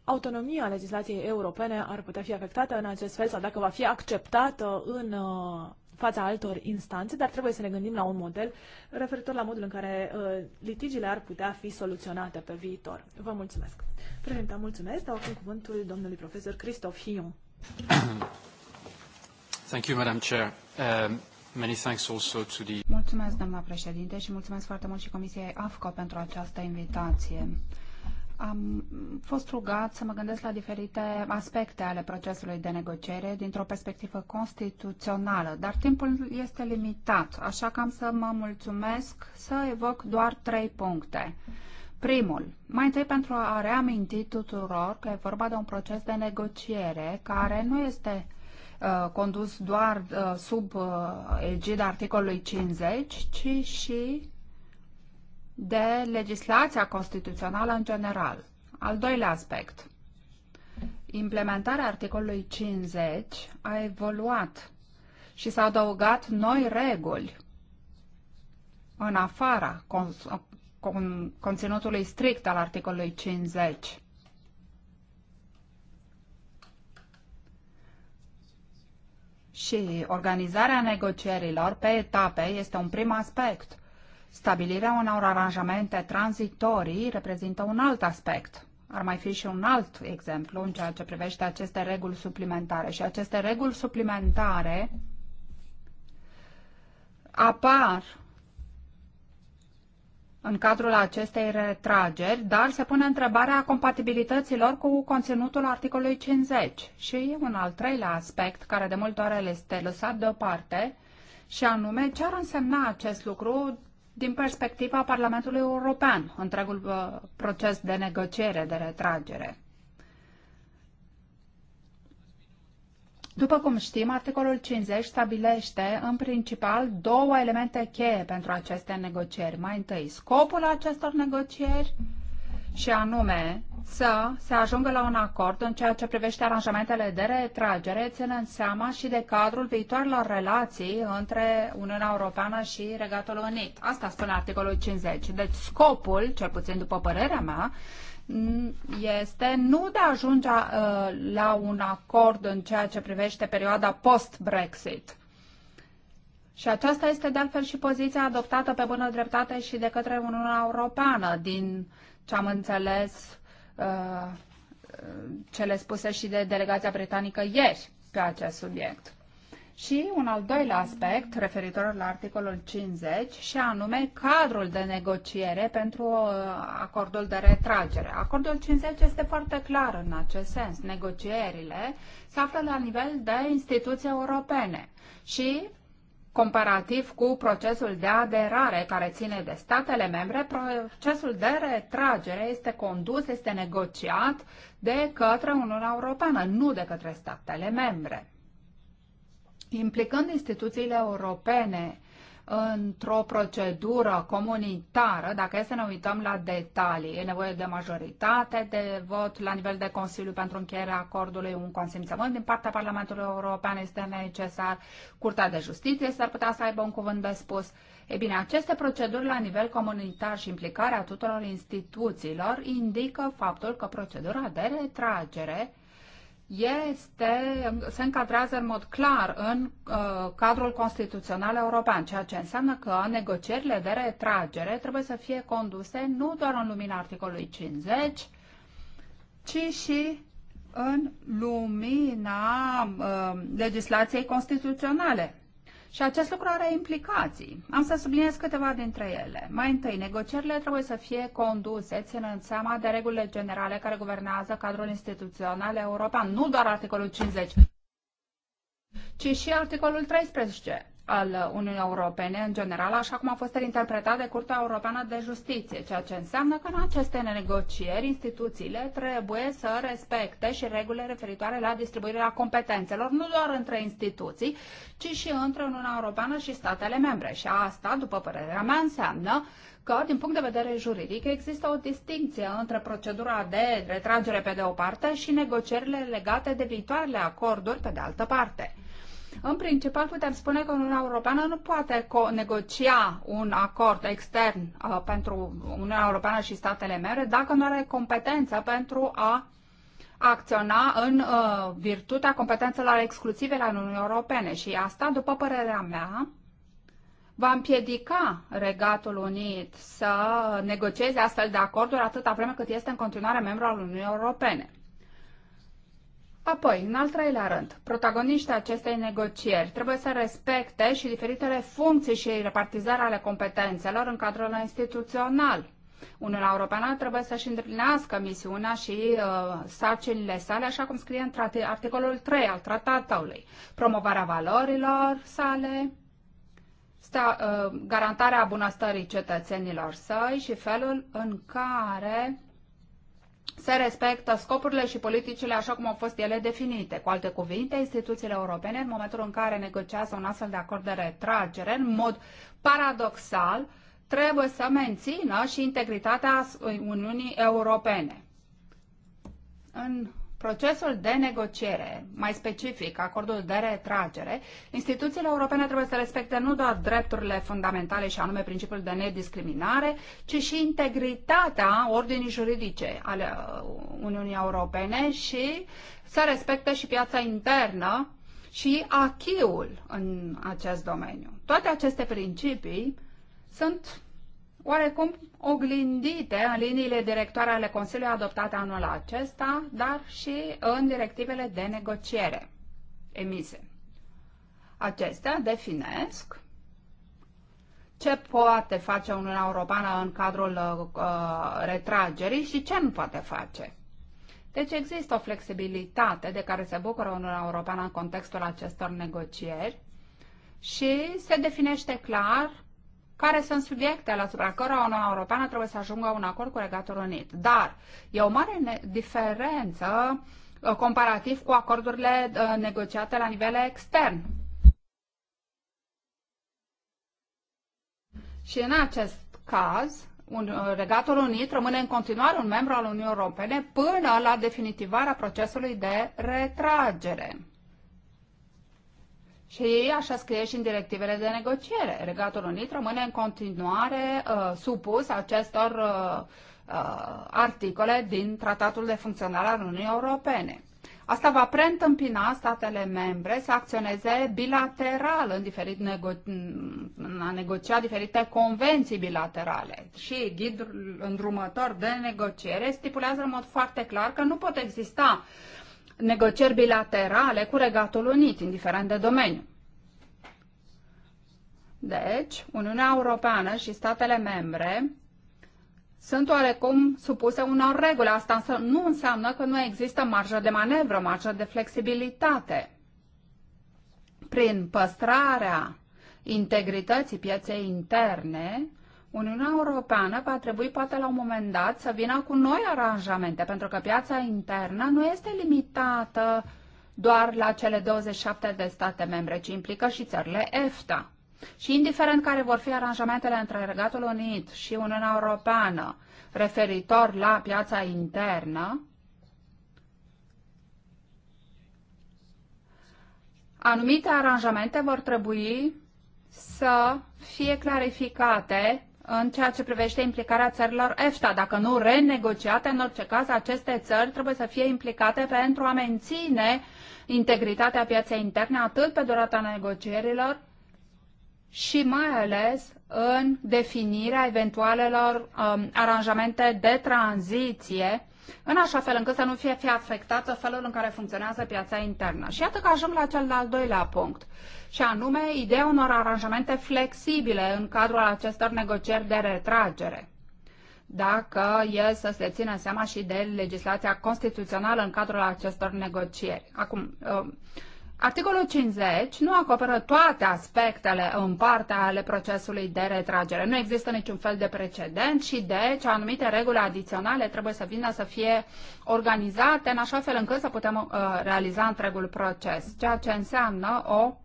autonomia legislației europene ar putea fi afectată în acest fel sau dacă va fi acceptată în uh, fața altor instanțe, dar trebuie să ne gândim la un model referitor la modul în care uh, litigiile ar putea fi soluționate pe viitor. Vă mulțumesc. Președinte, mulțumesc. Dau acum cuvântul domnului profesor Christoph Hion. Thank you, Madam Chair. Um... Many thanks also to the... Mulțumesc, doamna președinte, și mulțumesc foarte mult și Comisiei AFCO pentru această invitație. Am fost rugat să mă gândesc la diferite aspecte ale procesului de negociere dintr-o perspectivă constituțională, dar timpul este limitat, așa că am să mă mulțumesc să evoc doar trei puncte. Primul, mai întâi pentru a reaminti tuturor că e vorba de un proces de negociere care nu este uh, condus doar uh, sub uh, egida articolului 50, ci și de legislația constituțională în general. Al doilea aspect. Implementarea articolului 50 a evoluat și s-au adăugat noi reguli în afara con- con- conținutului strict al articolului 50. Și organizarea negocierilor pe etape este un prim aspect Stabilirea unor aranjamente tranzitorii reprezintă un alt aspect. Ar mai fi și un alt exemplu în ceea ce privește aceste reguli suplimentare. Și aceste reguli suplimentare apar în cadrul acestei retrageri, dar se pune întrebarea compatibilităților cu conținutul articolului 50. Și un al treilea aspect, care de multe ori este lăsat deoparte, și anume ce ar însemna acest lucru din perspectiva Parlamentului European, întregul uh, proces de negociere, de retragere. După cum știm, articolul 50 stabilește în principal două elemente cheie pentru aceste negocieri. Mai întâi, scopul acestor negocieri și anume să se ajungă la un acord în ceea ce privește aranjamentele de retragere, ținând seama și de cadrul viitoarelor relații între Uniunea Europeană și Regatul Unit. Asta spune articolul 50. Deci scopul, cel puțin după părerea mea, este nu de a ajunge uh, la un acord în ceea ce privește perioada post-Brexit. Și aceasta este de altfel și poziția adoptată pe bună dreptate și de către Uniunea Europeană, din ce am înțeles Uh, cele spuse și de delegația britanică ieri pe acest subiect. Și un al doilea aspect referitor la articolul 50 și anume cadrul de negociere pentru uh, acordul de retragere. Acordul 50 este foarte clar în acest sens. Negocierile se află la nivel de instituții europene și comparativ cu procesul de aderare care ține de statele membre, procesul de retragere este condus, este negociat de către Uniunea Europeană, nu de către statele membre. Implicând instituțiile europene într-o procedură comunitară, dacă e să ne uităm la detalii, e nevoie de majoritate de vot la nivel de Consiliu pentru încheierea acordului, un consimțământ din partea Parlamentului European este necesar, Curtea de Justiție s-ar putea să aibă un cuvânt de spus. E bine, aceste proceduri la nivel comunitar și implicarea tuturor instituțiilor indică faptul că procedura de retragere este, se încadrează în mod clar în uh, cadrul constituțional european, ceea ce înseamnă că negocierile de retragere trebuie să fie conduse nu doar în lumina articolului 50, ci și în lumina uh, legislației constituționale. Și acest lucru are implicații. Am să subliniez câteva dintre ele. Mai întâi, negocierile trebuie să fie conduse ținând seama de regulile generale care guvernează cadrul instituțional european, nu doar articolul 50, ci și articolul 13 al Uniunii Europene în general, așa cum a fost interpretat de Curtea Europeană de Justiție, ceea ce înseamnă că în aceste negocieri instituțiile trebuie să respecte și regulile referitoare la distribuirea competențelor, nu doar între instituții, ci și între Uniunea Europeană și statele membre. Și asta, după părerea mea, înseamnă că, din punct de vedere juridic, există o distinție între procedura de retragere pe de o parte și negocierile legate de viitoarele acorduri pe de altă parte. În principal putem spune că Uniunea Europeană nu poate negocia un acord extern uh, pentru Uniunea Europeană și statele membre dacă nu are competență pentru a acționa în uh, virtutea competențelor exclusive la Uniunii Europene și asta, după părerea mea, va împiedica Regatul Unit să negocieze astfel de acorduri atâta vreme cât este în continuare membru al Uniunii Europene. Apoi, în al treilea rând, protagoniștii acestei negocieri trebuie să respecte și diferitele funcții și repartizarea ale competențelor în cadrul instituțional. Uniunea Europeană trebuie să-și îndeplinească misiunea și uh, sarcinile sale, așa cum scrie în articolul 3 al tratatului. Promovarea valorilor sale, sta, uh, garantarea bunăstării cetățenilor săi și felul în care se respectă scopurile și politicile așa cum au fost ele definite. Cu alte cuvinte, instituțiile europene, în momentul în care negociază un astfel de acord de retragere, în mod paradoxal, trebuie să mențină și integritatea Uniunii Europene. În procesul de negociere, mai specific acordul de retragere, instituțiile europene trebuie să respecte nu doar drepturile fundamentale și anume principiul de nediscriminare, ci și integritatea ordinii juridice ale uh, Uniunii Europene și să respecte și piața internă și achiul în acest domeniu. Toate aceste principii sunt oarecum oglindite în liniile directoare ale Consiliului adoptate anul acesta, dar și în directivele de negociere emise. Acestea definesc ce poate face Uniunea Europeană în cadrul uh, retragerii și ce nu poate face. Deci există o flexibilitate de care se bucură Uniunea Europeană în contextul acestor negocieri și se definește clar care sunt subiectele asupra cărora Uniunea Europeană trebuie să ajungă un acord cu Regatul Unit. Dar e o mare diferență uh, comparativ cu acordurile uh, negociate la nivel extern. Și în acest caz, un, uh, Regatul Unit rămâne în continuare un membru al Uniunii Europene până la definitivarea procesului de retragere. Și așa scrie și în directivele de negociere. Regatul Unit rămâne în continuare uh, supus acestor uh, uh, articole din Tratatul de Funcționare al Uniunii Europene. Asta va preîntâmpina statele membre să acționeze bilateral în, diferit nego- în a negocia diferite convenții bilaterale. Și ghidul îndrumător de negociere stipulează în mod foarte clar că nu pot exista uh, negocieri bilaterale cu Regatul Unit, indiferent de domeniu. Deci, Uniunea Europeană și statele membre sunt oarecum supuse unor reguli. Asta nu înseamnă că nu există marjă de manevră, marjă de flexibilitate. Prin păstrarea integrității pieței interne, Uniunea Europeană va trebui poate la un moment dat să vină cu noi aranjamente, pentru că piața internă nu este limitată doar la cele 27 de state membre, ci implică și țările EFTA. Și indiferent care vor fi aranjamentele între Regatul Unit și Uniunea Europeană referitor la piața internă, anumite aranjamente vor trebui să fie clarificate în ceea ce privește implicarea țărilor EFTA, dacă nu renegociate, în orice caz aceste țări trebuie să fie implicate pentru a menține integritatea pieței interne atât pe durata negocierilor, și mai ales în definirea eventualelor um, aranjamente de tranziție în așa fel încât să nu fie, fie afectată felul în care funcționează piața internă. Și iată că ajung la cel de-al doilea punct, și anume ideea unor aranjamente flexibile în cadrul acestor negocieri de retragere dacă e să se țină seama și de legislația constituțională în cadrul acestor negocieri. Acum, ă, Articolul 50 nu acoperă toate aspectele în partea ale procesului de retragere. Nu există niciun fel de precedent și deci anumite reguli adiționale trebuie să vină să fie organizate în așa fel încât să putem uh, realiza întregul proces, ceea ce înseamnă o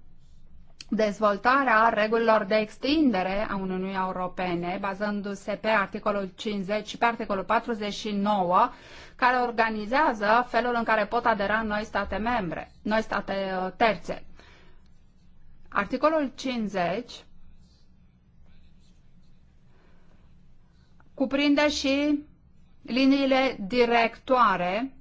dezvoltarea regulilor de extindere a Uniunii Europene, bazându-se pe articolul 50 și pe articolul 49, care organizează felul în care pot adera noi state membre, noi state uh, terțe. Articolul 50 cuprinde și liniile directoare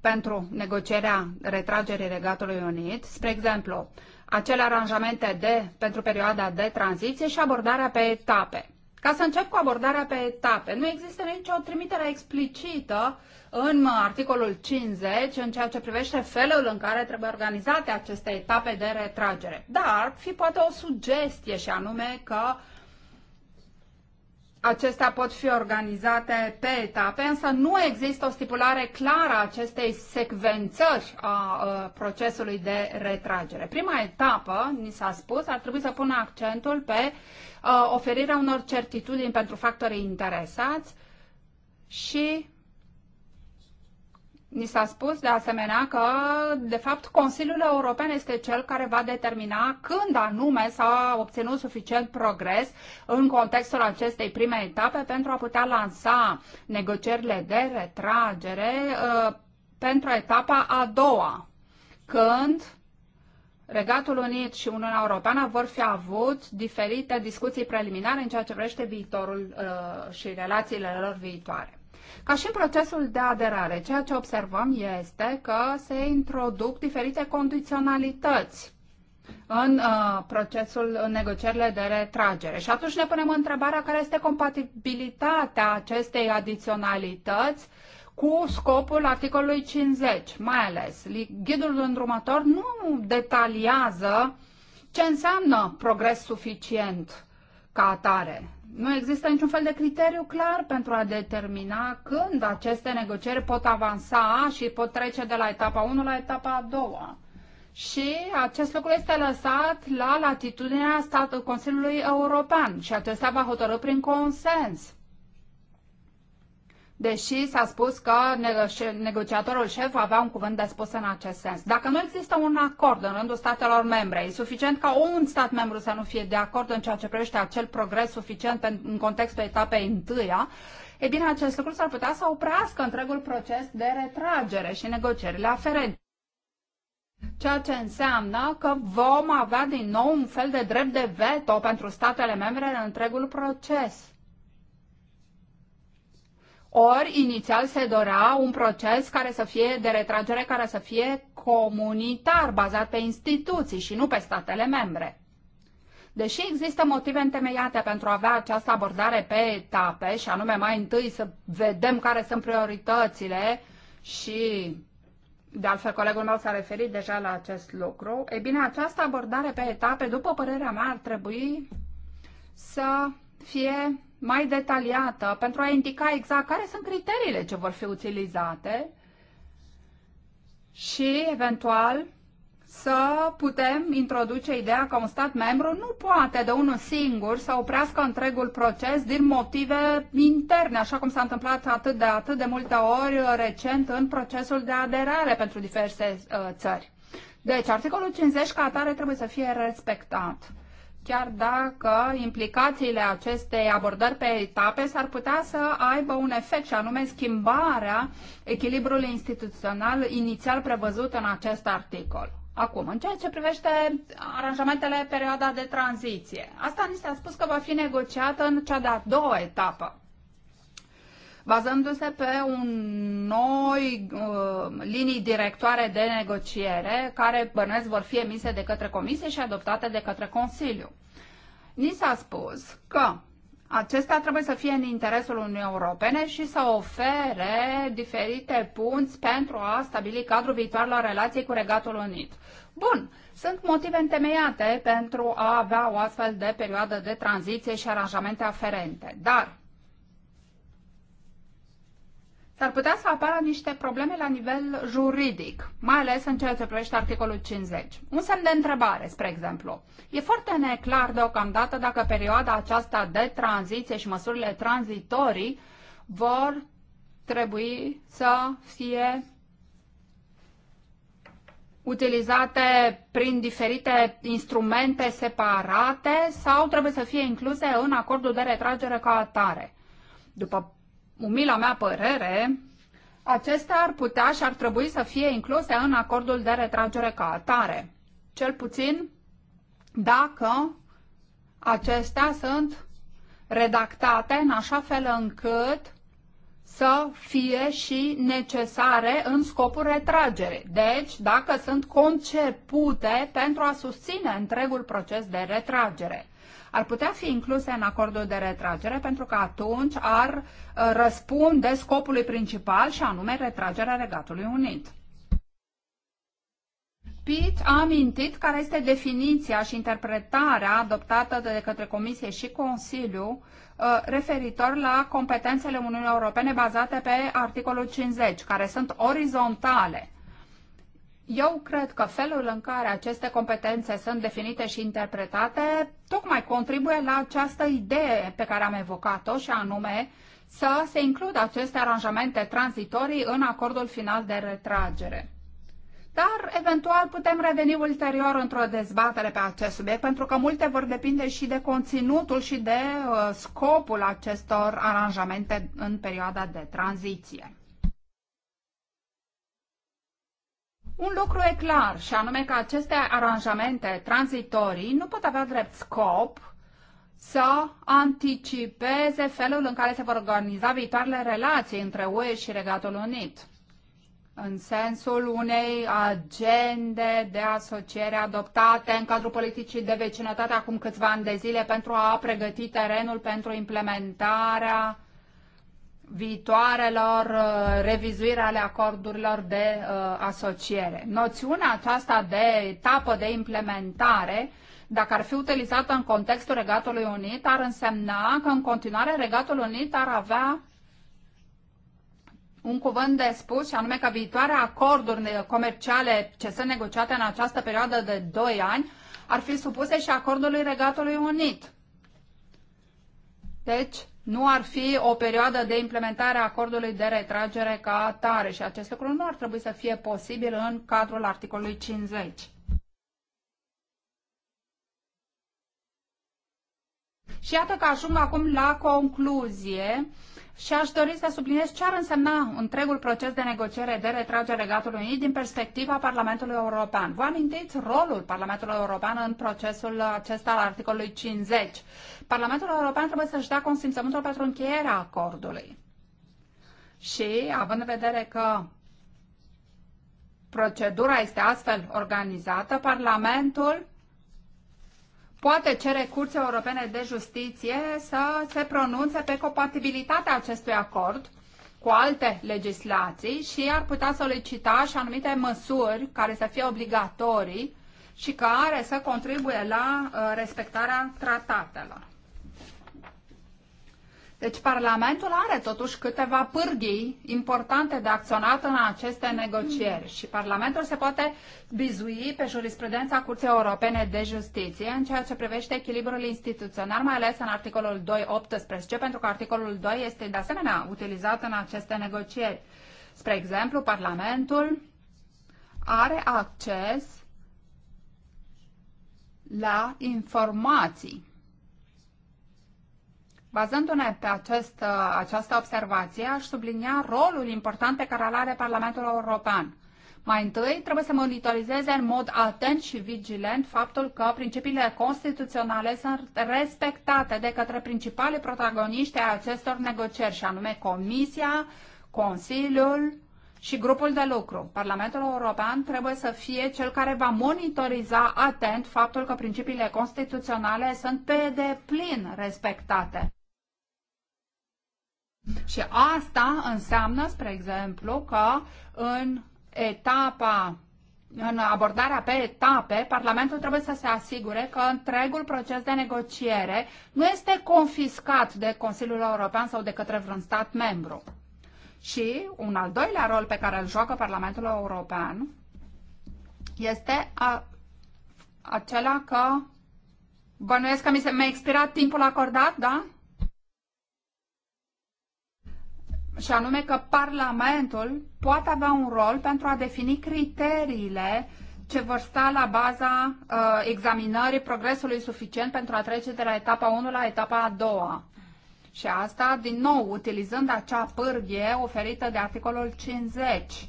pentru negocierea retragerii Regatului Unit. Spre exemplu, acele aranjamente de, pentru perioada de tranziție și abordarea pe etape. Ca să încep cu abordarea pe etape, nu există nicio trimitere explicită în articolul 50 în ceea ce privește felul în care trebuie organizate aceste etape de retragere. Dar fi poate o sugestie și anume că uh, acestea pot fi organizate pe etape, însă nu există o stipulare clară a acestei secvențări a, a procesului de retragere. Prima etapă, ni s-a spus, ar trebui să pună accentul pe a, oferirea unor certitudini pentru factorii interesați și Ni s-a spus de asemenea că, de fapt, Consiliul European este cel care va determina când anume s-a obținut suficient progres în contextul acestei prime etape pentru a putea lansa negocierile de retragere uh, pentru etapa a doua, când Regatul Unit și Uniunea Europeană vor fi avut diferite discuții preliminare în ceea ce privește viitorul uh, și relațiile lor viitoare. Ca și în procesul de aderare, ceea ce observăm este că se introduc diferite condiționalități în uh, procesul, în negocierile de retragere. Și atunci ne punem întrebarea care este compatibilitatea acestei adiționalități cu scopul articolului 50, mai ales. Ghidul îndrumător nu detaliază ce înseamnă progres suficient ca atare. Nu există niciun fel de criteriu clar pentru a determina când aceste negocieri pot avansa și pot trece de la etapa 1 la etapa 2. Și acest lucru este lăsat la latitudinea statului Consiliului European și acesta va hotărâ prin consens deși s-a spus că negociatorul șef avea un cuvânt de spus în acest sens. Dacă nu există un acord în rândul statelor membre, e suficient ca un stat membru să nu fie de acord în ceea ce privește acel progres suficient în contextul etapei întâia, e bine, acest lucru s-ar putea să oprească întregul proces de retragere și negocierile aferente. Ceea ce înseamnă că vom avea din nou un fel de drept de veto pentru statele membre în întregul proces. Ori, inițial se dorea un proces care să fie de retragere care să fie comunitar, bazat pe instituții și nu pe statele membre. Deși există motive întemeiate pentru a avea această abordare pe etape, și anume mai întâi să vedem care sunt prioritățile și de altfel, colegul meu s-a referit deja la acest lucru. E bine, această abordare pe etape, după părerea mea, ar trebui să fie mai detaliată pentru a indica exact care sunt criteriile ce vor fi utilizate și, eventual, să putem introduce ideea că un stat membru nu poate de unul singur să oprească întregul proces din motive interne, așa cum s-a întâmplat atât de atât de multe ori recent în procesul de aderare pentru diverse uh, țări. Deci, articolul 50 ca atare trebuie să fie respectat chiar dacă implicațiile acestei abordări pe etape s-ar putea să aibă un efect, și anume schimbarea echilibrului instituțional inițial prevăzut în acest articol. Acum, în ceea ce privește aranjamentele perioada de tranziție, asta ni s-a spus că va fi negociată în cea de-a doua etapă bazându-se pe un noi uh, linii directoare de negociere care bănesc vor fi emise de către Comisie și adoptate de către Consiliu. Ni s-a spus că acestea trebuie să fie în interesul Uniunii Europene și să ofere diferite punți pentru a stabili cadrul viitoarelor relației cu Regatul Unit. Bun, sunt motive întemeiate pentru a avea o astfel de perioadă de tranziție și aranjamente aferente, dar s-ar putea să apară niște probleme la nivel juridic, mai ales în ceea ce privește articolul 50. Un semn de întrebare, spre exemplu. E foarte neclar deocamdată dacă perioada aceasta de tranziție și măsurile tranzitorii vor trebui să fie utilizate prin diferite instrumente separate sau trebuie să fie incluse în acordul de retragere ca atare. După umila mea părere, acestea ar putea și ar trebui să fie incluse în acordul de retragere ca atare. Cel puțin dacă acestea sunt redactate în așa fel încât să fie și necesare în scopul retragerii. Deci, dacă sunt concepute pentru a susține întregul proces de retragere ar putea fi incluse în acordul de retragere pentru că atunci ar uh, răspunde scopului principal și anume retragerea Regatului Unit. Pitt a amintit care este definiția și interpretarea adoptată de către Comisie și Consiliu uh, referitor la competențele Uniunii Europene bazate pe articolul 50, care sunt orizontale eu cred că felul în care aceste competențe sunt definite și interpretate tocmai contribuie la această idee pe care am evocat-o și anume să se includă aceste aranjamente tranzitorii în acordul final de retragere. Dar, eventual, putem reveni ulterior într-o dezbatere pe acest subiect, pentru că multe vor depinde și de conținutul și de uh, scopul acestor aranjamente în perioada de tranziție. Un lucru e clar, și anume că aceste aranjamente tranzitorii nu pot avea drept scop să anticipeze felul în care se vor organiza viitoarele relații între UE și Regatul Unit, în sensul unei agende de asociere adoptate în cadrul politicii de vecinătate acum câțiva ani de zile pentru a pregăti terenul pentru implementarea viitoarelor uh, revizuiri ale acordurilor de uh, asociere. Noțiunea aceasta de etapă de implementare, dacă ar fi utilizată în contextul Regatului Unit, ar însemna că în continuare Regatul Unit ar avea un cuvânt de spus, și anume că viitoare acorduri comerciale ce sunt negociate în această perioadă de 2 ani ar fi supuse și acordului Regatului Unit. Deci, nu ar fi o perioadă de implementare a acordului de retragere ca atare și acest lucru nu ar trebui să fie posibil în cadrul articolului 50. Și iată că ajung acum la concluzie și aș dori să subliniez ce ar însemna întregul proces de negociere de retragere Gatului Unit din perspectiva Parlamentului European. Vă amintiți rolul Parlamentului European în procesul acesta al articolului 50. Parlamentul European trebuie să-și dea consimțământul pentru încheierea acordului. Și, având în vedere că procedura este astfel organizată, Parlamentul poate cere Curții Europene de Justiție să se pronunțe pe compatibilitatea acestui acord cu alte legislații și ar putea solicita și anumite măsuri care să fie obligatorii și care să contribuie la uh, respectarea tratatelor. Deci Parlamentul are totuși câteva pârghii importante de acționat în aceste negocieri și Parlamentul se poate bizui pe jurisprudența Curții Europene de Justiție în ceea ce privește echilibrul instituțional, mai ales în articolul 2.18, pentru că articolul 2 este de asemenea utilizat în aceste negocieri. Spre exemplu, Parlamentul are acces la informații Bazându-ne pe acest, această observație, aș sublinia rolul important pe care îl are Parlamentul European. Mai întâi, trebuie să monitorizeze în mod atent și vigilent faptul că principiile constituționale sunt respectate de către principalii protagoniști ai acestor negocieri, și anume Comisia, Consiliul și grupul de lucru. Parlamentul European trebuie să fie cel care va monitoriza atent faptul că principiile constituționale sunt pe deplin respectate. Și asta înseamnă, spre exemplu, că în etapa în abordarea pe etape, Parlamentul trebuie să se asigure că întregul proces de negociere nu este confiscat de Consiliul European sau de către vreun stat membru. Și un al doilea rol pe care îl joacă Parlamentul European este a, acela că bănuiesc că mi se mi-a expirat timpul acordat, da? și anume că Parlamentul poate avea un rol pentru a defini criteriile ce vor sta la baza uh, examinării progresului suficient pentru a trece de la etapa 1 la etapa 2. Și asta, din nou, utilizând acea pârghie oferită de articolul 50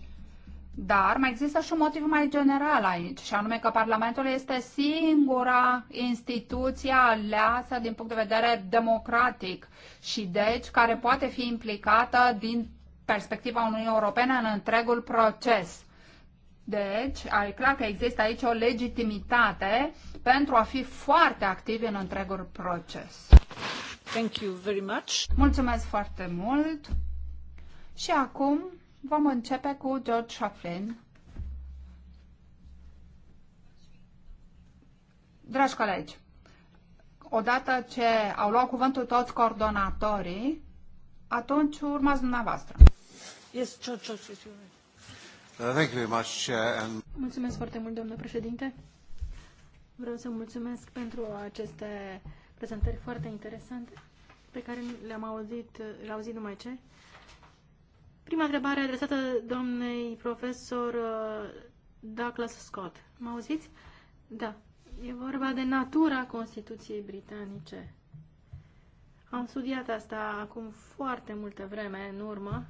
dar mai există și un motiv mai general aici, și anume că Parlamentul este singura instituție aleasă din punct de vedere democratic și deci care poate fi implicată din perspectiva Uniunii Europene în întregul proces. Deci, e clar că există aici o legitimitate pentru a fi foarte activ în întregul proces. Thank you very much. Mulțumesc foarte mult. Și acum Vom începe cu George Shaflin. Dragi colegi, odată ce au luat cuvântul toți coordonatorii, atunci urmați dumneavoastră. Yes, George, George, uh, And... Mulțumesc foarte mult, domnule președinte. Vreau să mulțumesc pentru aceste prezentări foarte interesante pe care le-am auzit, le auzit numai ce. Prima întrebare adresată doamnei profesor uh, Douglas Scott. Mă auziți? Da. E vorba de natura Constituției Britanice. Am studiat asta acum foarte multă vreme în urmă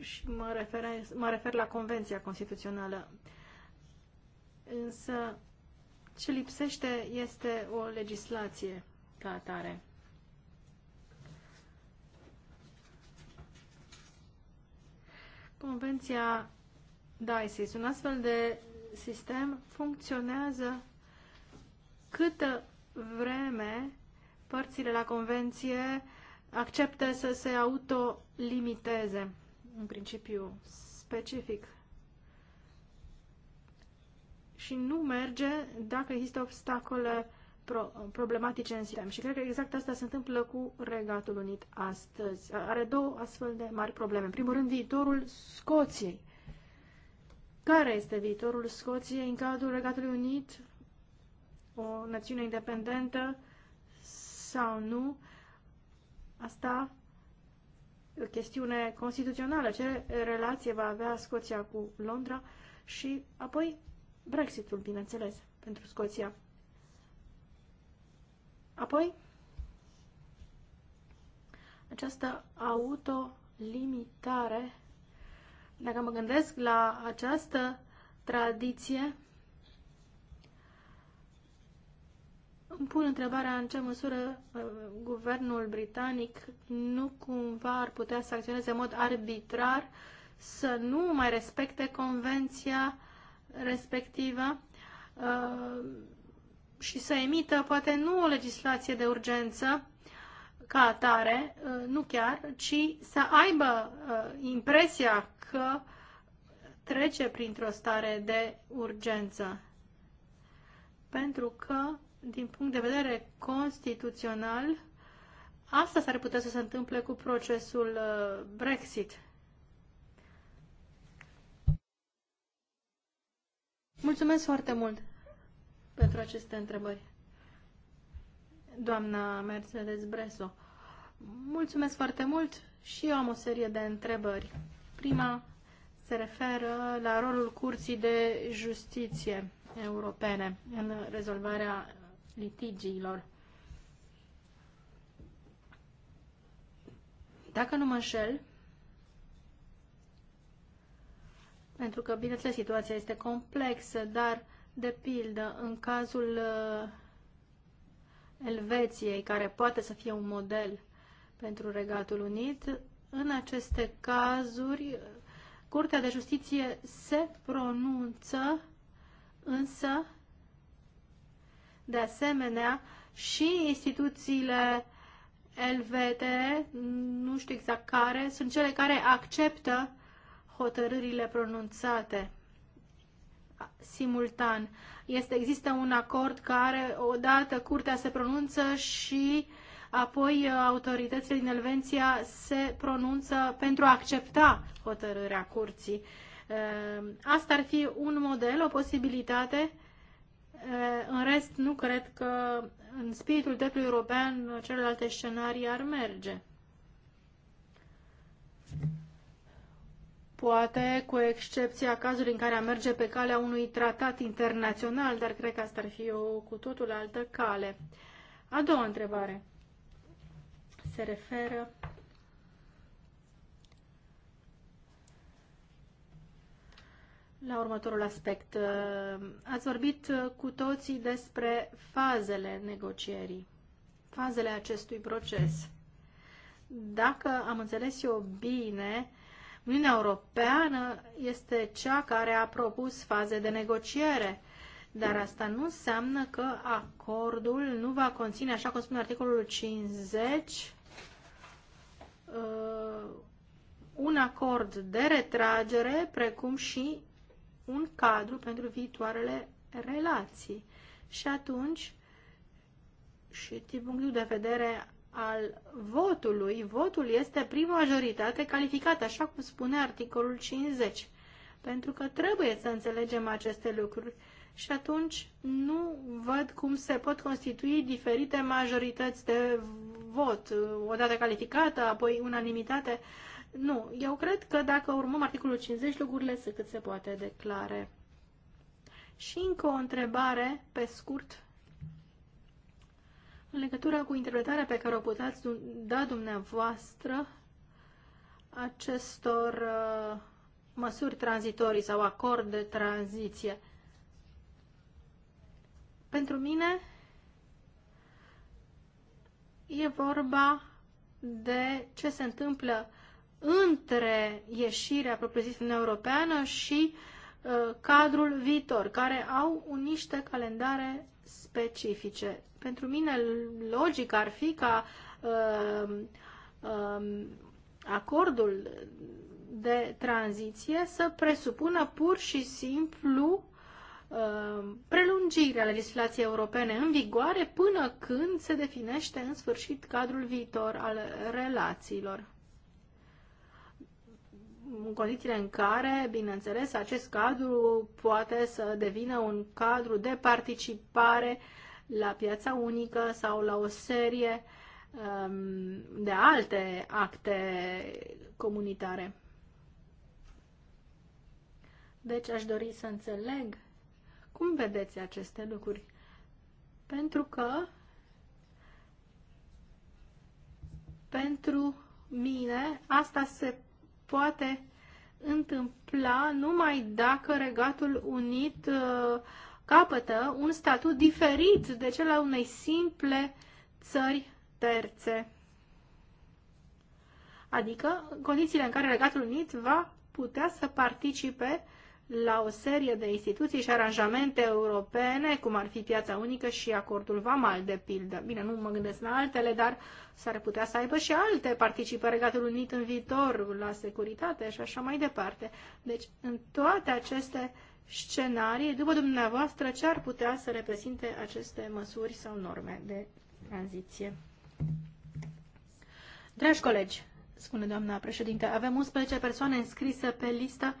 și mă refer, mă refer la Convenția Constituțională. Însă ce lipsește este o legislație ca atare. Convenția DICES. Un astfel de sistem funcționează câtă vreme părțile la convenție acceptă să se autolimiteze, în principiu specific. Și nu merge dacă există obstacole pro, problematice în sistem. Și cred că exact asta se întâmplă cu Regatul Unit astăzi. Are două astfel de mari probleme. În primul rând, viitorul Scoției. Care este viitorul Scoției în cadrul Regatului Unit? O națiune independentă sau nu? Asta o chestiune constituțională. Ce relație va avea Scoția cu Londra? Și apoi Brexitul, bineînțeles, pentru Scoția. Apoi, această autolimitare, dacă mă gândesc la această tradiție, îmi pun întrebarea în ce măsură uh, guvernul britanic nu cumva ar putea să acționeze în mod arbitrar să nu mai respecte convenția respectivă uh, și să emită poate nu o legislație de urgență ca atare, uh, nu chiar, ci să aibă uh, impresia că trece printr-o stare de urgență. Pentru că, din punct de vedere constituțional, asta s-ar putea să se întâmple cu procesul uh, Brexit. Mulțumesc foarte mult! pentru aceste întrebări. Doamna Mercedes Breso, mulțumesc foarte mult și eu am o serie de întrebări. Prima se referă la rolul Curții de Justiție Europene în rezolvarea litigiilor. Dacă nu mă înșel, pentru că, bineînțeles, situația este complexă, dar uh, de pildă, în cazul uh, Elveției, care poate să fie un model pentru Regatul Unit, în aceste cazuri, Curtea de Justiție se pronunță, însă, de asemenea, și instituțiile elvete, nu știu exact care, sunt cele care acceptă hotărârile pronunțate simultan. Este, există un acord care odată curtea se pronunță și apoi uh, autoritățile din Elvenția se pronunță pentru a accepta hotărârea curții. Uh, asta ar fi un model, o posibilitate. Uh, în rest, nu cred că în spiritul dreptului european celelalte scenarii ar merge poate cu excepția cazului în care a merge pe calea unui tratat internațional, dar cred că asta ar fi o cu totul altă cale. A doua întrebare se referă la următorul aspect. Ați vorbit cu toții despre fazele negocierii, fazele acestui proces. Dacă am înțeles eu bine, Uniunea Europeană este cea care a propus faze de negociere, dar asta nu înseamnă că acordul nu va conține, așa cum spune articolul 50, uh, un acord de retragere, precum și un cadru pentru viitoarele relații. Și atunci, și din punctul de vedere al votului, votul este prin majoritate calificată, așa cum spune articolul 50. Pentru că trebuie să înțelegem aceste lucruri și atunci nu văd cum se pot constitui diferite majorități de vot, odată calificată, apoi unanimitate. Nu, eu cred că dacă urmăm articolul 50, lucrurile sunt cât se poate declare. Și încă o întrebare, pe scurt, în legătură cu interpretarea pe care o puteți da dumneavoastră acestor uh, măsuri tranzitorii sau acord de tranziție. Pentru mine e vorba de ce se întâmplă între ieșirea propriu-zisă în europeană și uh, cadrul viitor, care au niște calendare specifice. Pentru mine logic ar fi ca uh, uh, acordul de tranziție să presupună pur și simplu uh, prelungirea legislației europene în vigoare până când se definește în sfârșit cadrul viitor al relațiilor în condițiile în care, bineînțeles, acest cadru poate să devină un cadru de participare la piața unică sau la o serie um, de alte acte comunitare. Deci aș dori să înțeleg cum vedeți aceste lucruri. Pentru că pentru mine asta se poate întâmpla numai dacă Regatul Unit uh, capătă un statut diferit de cel al unei simple țări terțe. Adică condițiile în care Regatul Unit va putea să participe la o serie de instituții și aranjamente europene, cum ar fi piața unică și acordul VAMAL, de pildă. Bine, nu mă gândesc la altele, dar s-ar putea să aibă și alte participări Regatul Unit în viitor, la securitate și așa mai departe. Deci, în toate aceste scenarii, după dumneavoastră, ce ar putea să reprezinte aceste măsuri sau norme de tranziție? Dragi colegi, spune doamna președinte, avem 11 persoane înscrise pe listă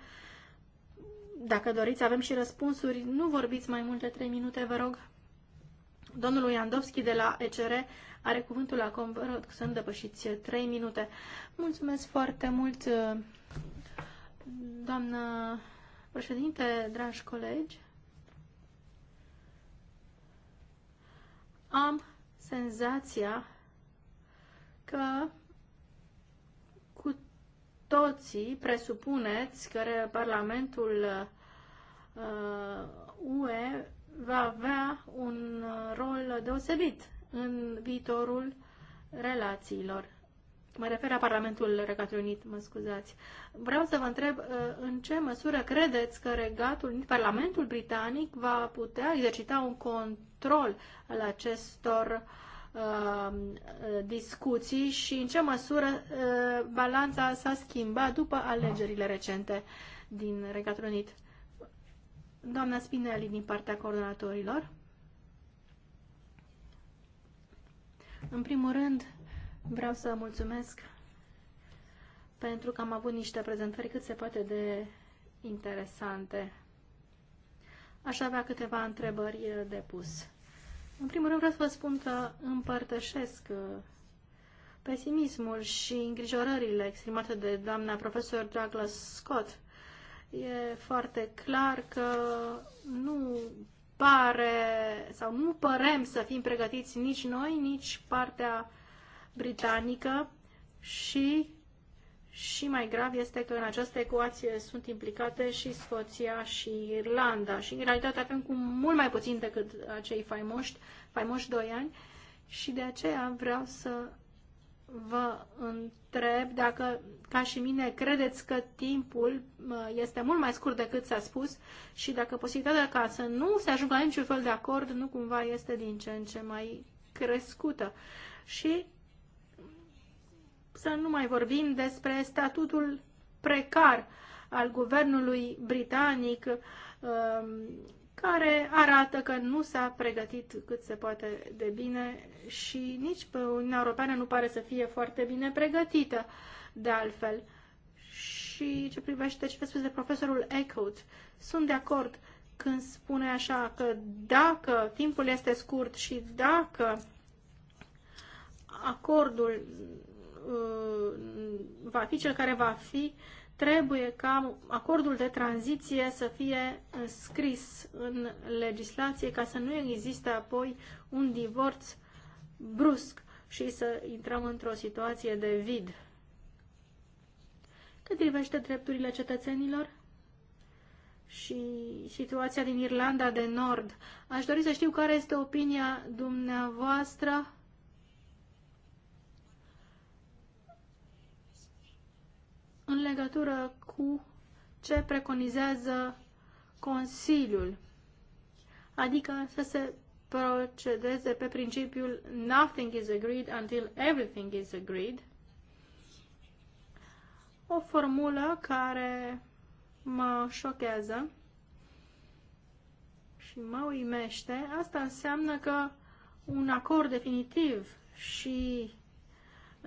dacă doriți, avem și răspunsuri. Nu vorbiți mai mult de 3 minute, vă rog. Domnul Iandovski de la ECR are cuvântul acum, vă rog să îndepășiți 3 uh, minute. Mulțumesc foarte mult, uh, doamnă președinte, dragi colegi. Am senzația că cu toții presupuneți că Parlamentul UE uh, va avea un rol deosebit în viitorul relațiilor. Mă refer la Parlamentul Regatului Unit, mă scuzați. Vreau să vă întreb uh, în ce măsură credeți că Regatul Unit, Parlamentul Britanic, va putea exercita un control al acestor uh, discuții și în ce măsură uh, balanța s-a schimbat după alegerile recente din Regatul Unit. Doamna Spinelli din partea coordonatorilor. În primul rând, vreau să mulțumesc pentru că am avut niște prezentări cât se poate de interesante. Aș avea câteva întrebări de pus. În primul rând vreau să vă spun că împărtășesc uh, pesimismul și îngrijorările exprimate de doamna profesor Douglas Scott e foarte clar că nu pare sau nu părem să fim pregătiți nici noi, nici partea britanică și și mai grav este că în această ecuație sunt implicate și Scoția și Irlanda și în realitate avem cu mult mai puțin decât acei faimoși, faimoși doi ani și de aceea vreau să vă întreb dacă, ca și mine, credeți că timpul este mult mai scurt decât s-a spus și dacă posibilitatea ca să nu se ajungă la niciun fel de acord nu cumva este din ce în ce mai crescută. Și să nu mai vorbim despre statutul precar al guvernului britanic um, care arată că nu s-a pregătit cât se poate de bine și nici pe Uniunea Europeană nu pare să fie foarte bine pregătită, de altfel. Și ce privește ce spus de profesorul Eckhout, sunt de acord când spune așa că dacă timpul este scurt și dacă acordul uh, va fi cel care va fi trebuie ca acordul de tranziție să fie scris în legislație ca să nu existe apoi un divorț brusc și să intrăm într-o situație de vid. Cât privește drepturile cetățenilor și situația din Irlanda de Nord, aș dori să știu care este opinia dumneavoastră în legătură cu ce preconizează Consiliul, adică să se procedeze pe principiul nothing is agreed until everything is agreed, o formulă care mă șochează și mă uimește. Asta înseamnă că un acord definitiv și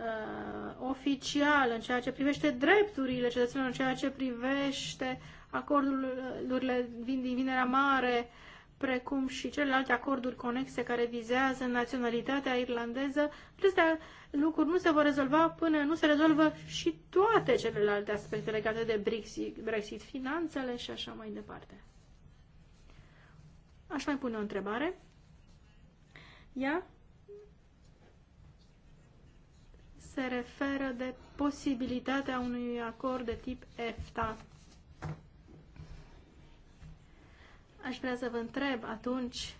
uh, oficial în ceea ce privește drepturile cetățenilor, în ceea ce privește acordurile din, din Vinerea Mare, precum și celelalte acorduri conexe care vizează naționalitatea irlandeză, acestea lucruri nu se vor rezolva până nu se rezolvă și toate celelalte aspecte legate de Brexit, Brexit finanțele și așa mai departe. Aș mai pune o întrebare. Ia. se referă de posibilitatea unui acord de tip EFTA. Aș vrea să vă întreb atunci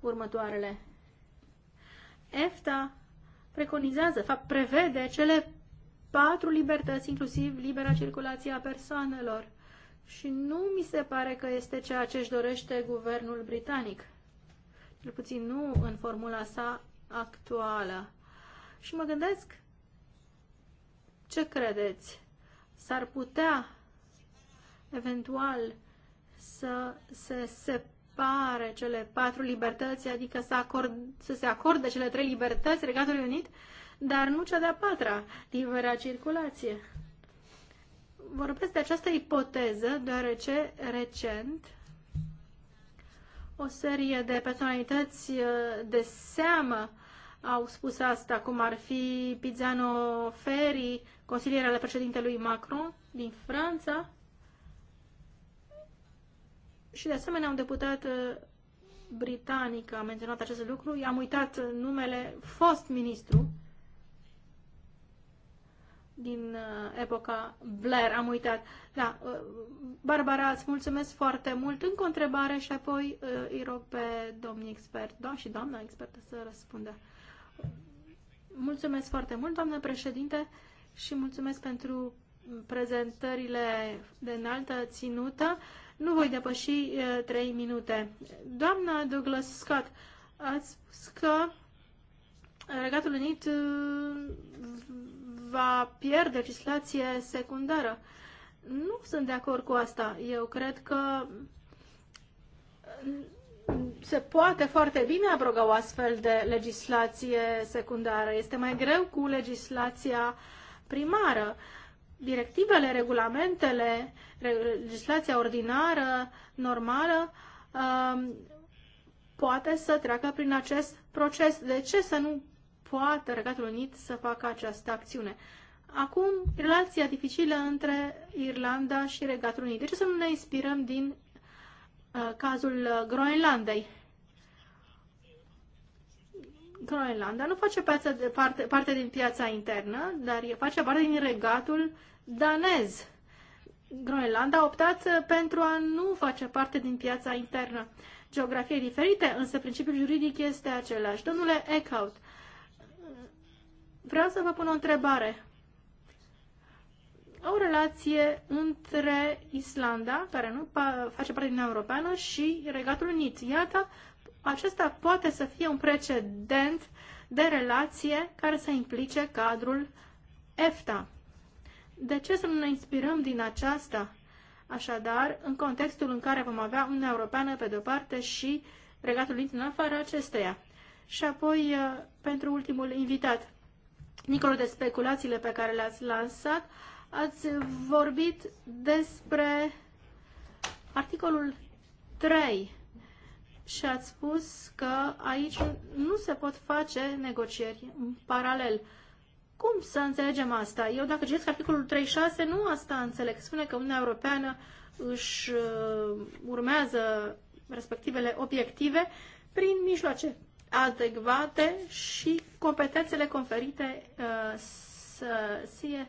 următoarele. EFTA preconizează, fapt, prevede cele patru libertăți, inclusiv libera circulație a persoanelor. Și nu mi se pare că este ceea ce își dorește guvernul britanic. Cel puțin nu în formula sa actuală. Și mă gândesc ce credeți? S-ar putea eventual să se separe cele patru libertăți, adică să, acord, să se acorde cele trei libertăți Regatului Unit, dar nu cea de-a patra, libera circulație. Vorbesc de această ipoteză, deoarece recent o serie de personalități uh, de seamă au spus asta, cum ar fi Pizzano Ferri, consilier al președintelui Macron din Franța și de asemenea un deputat uh, britanic a menționat acest lucru. I-am uitat uh, numele fost ministru din uh, epoca Blair, am uitat. Da, Barbara, îți mulțumesc foarte mult. Încă o întrebare și apoi îi rog pe domnii expert, da, și doamna expertă să răspundă. Mulțumesc foarte mult, doamnă președinte și mulțumesc pentru prezentările de înaltă ținută. Nu voi depăși trei minute. Doamna Douglas Scott, ați spus că Regatul Unit va pierde legislație secundară. Nu sunt de acord cu asta. Eu cred că se poate foarte bine abroga o astfel de legislație secundară. Este mai greu cu legislația uh, primară. Directivele, regulamentele, legislația ordinară, normală, um, poate să treacă prin acest proces. De ce să nu poată Regatul Unit să facă această acțiune? Acum, relația dificilă între Irlanda și Regatul Unit. De ce să nu ne inspirăm din uh, cazul uh, Groenlandei? Groenlanda nu face piață de parte, parte din piața internă, dar face parte din regatul danez. Groenlanda a optat uh, pentru a nu face parte din piața internă. Geografie diferite, însă principiul juridic este același. Domnule Eckhout, vreau să vă pun o întrebare. O relație între Islanda, care nu face parte din Europeană, și Regatul Unit. Iată acesta poate să fie un precedent de relație care să implice cadrul EFTA. De ce să nu ne inspirăm din aceasta? Așadar, în contextul în care vom avea Uniunea Europeană pe de-o parte și Regatul Unit în afara acesteia. Și apoi, uh, pentru ultimul invitat, Nicolo, de speculațiile pe care le-ați lansat, ați vorbit despre articolul 3 și ați spus că aici nu se pot face negocieri în paralel. Cum să înțelegem asta? Eu, dacă citesc articolul 36, nu asta înțeleg. Spune că Uniunea Europeană își uh, urmează respectivele obiective prin mijloace adecvate și competențele conferite uh, să fie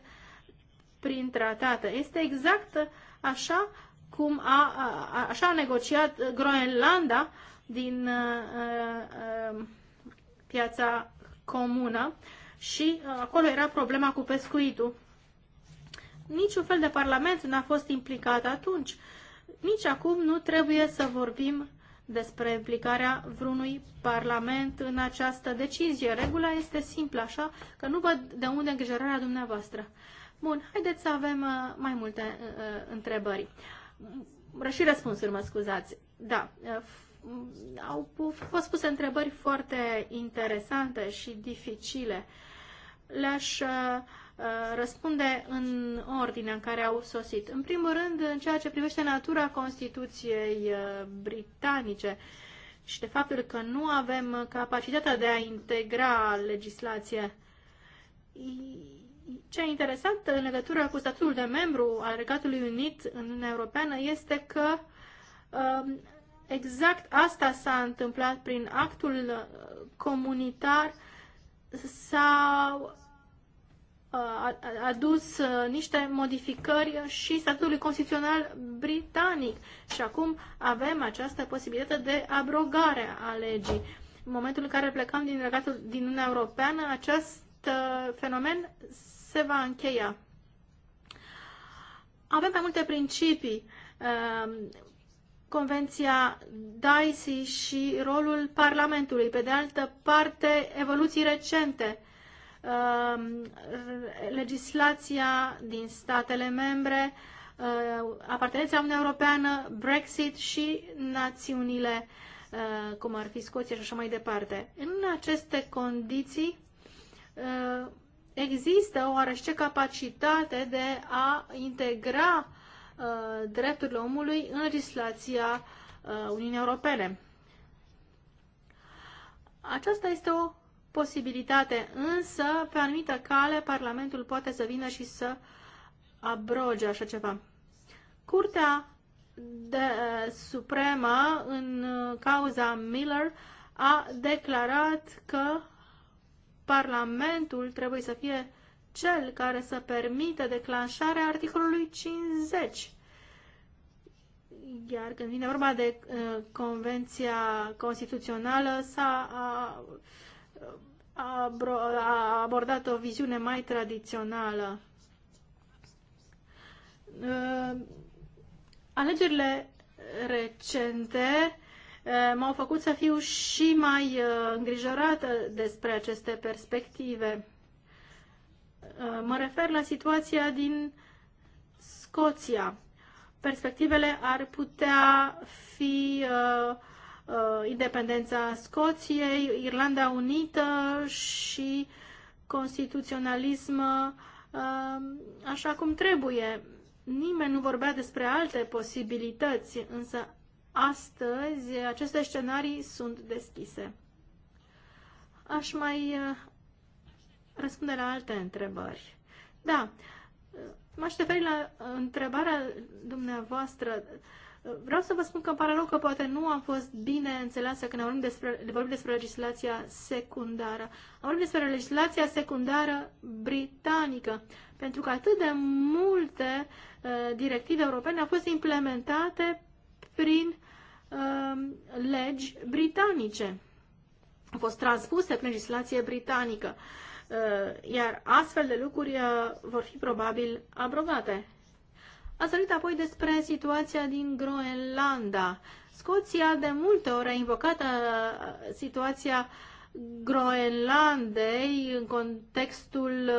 prin tratate. Este exact așa cum a, a, așa a negociat Groenlanda din a, uh, a, uh, piața comună și uh, acolo era problema cu pescuitul. Niciun fel de parlament n-a fost implicat atunci. Nici acum nu trebuie să vorbim despre implicarea vreunui parlament în această decizie. Regula este simplă, așa că nu văd de unde îngrijorarea dumneavoastră. Bun, haideți să avem mai multe uh, întrebări. Uh, și răspunsuri, mă scuzați. Da, uh, au fost puse întrebări foarte interesante și dificile. Le-aș uh, uh, răspunde în ordinea în care au sosit. În primul rând, în ceea ce privește natura Constituției britanice și de faptul că nu avem capacitatea de a integra legislație ce e interesant în legătură cu statutul de membru al Regatului Unit în Uniunea Europeană este că um, exact asta s-a întâmplat prin actul uh, comunitar sau uh, adus uh, niște modificări și statutului constituțional britanic și acum avem această posibilitate de abrogare a legii. În momentul în care plecam din regatul din Uniunea Europeană, acest fenomen se va încheia. Avem mai multe principii. Ehm, Convenția DICE și rolul Parlamentului. Pe de altă parte, evoluții recente. Ehm, legislația din statele membre, eh, apartenența Uniunii Europeană, Brexit și națiunile eh, cum ar fi Scoția și așa mai departe. În aceste condiții, eh, există ce capacitate de a integra uh, drepturile omului în legislația uh, Uniunii Europene. Aceasta este o posibilitate, însă pe anumită cale Parlamentul poate să vină și să abroge așa ceva. Curtea de, uh, Suprema în uh, cauza Miller a declarat că Parlamentul trebuie să fie cel care să permită declanșarea articolului 50. Iar când vine vorba de uh, Convenția Constituțională, s-a a, a, a abordat o viziune mai tradițională. Uh, alegerile recente Eh, m-au făcut să fiu și mai eh, îngrijorată despre aceste perspective. Eh, mă refer la situația din Scoția. Perspectivele ar putea fi uh, uh, independența Scoției, Irlanda Unită și constituționalism uh, așa cum trebuie. Nimeni nu vorbea despre alte posibilități, însă Astăzi, aceste scenarii sunt deschise. Aș mai uh, răspunde la alte întrebări. Da, uh, m-aș referi la uh, întrebarea dumneavoastră. Vreau să vă spun că îmi pare rău că poate nu am fost bine înțeleasă când vorbim despre, vorbim despre legislația secundară. Am vorbit despre legislația secundară britanică, pentru că atât de multe uh, directive europene au fost implementate prin Um, legi britanice. Au fost transpuse prin legislație britanică, uh, iar astfel de lucruri uh, vor fi probabil abrogate. A sărit apoi despre situația din Groenlanda. Scoția de multe ori a invocat uh, situația Groenlandei în contextul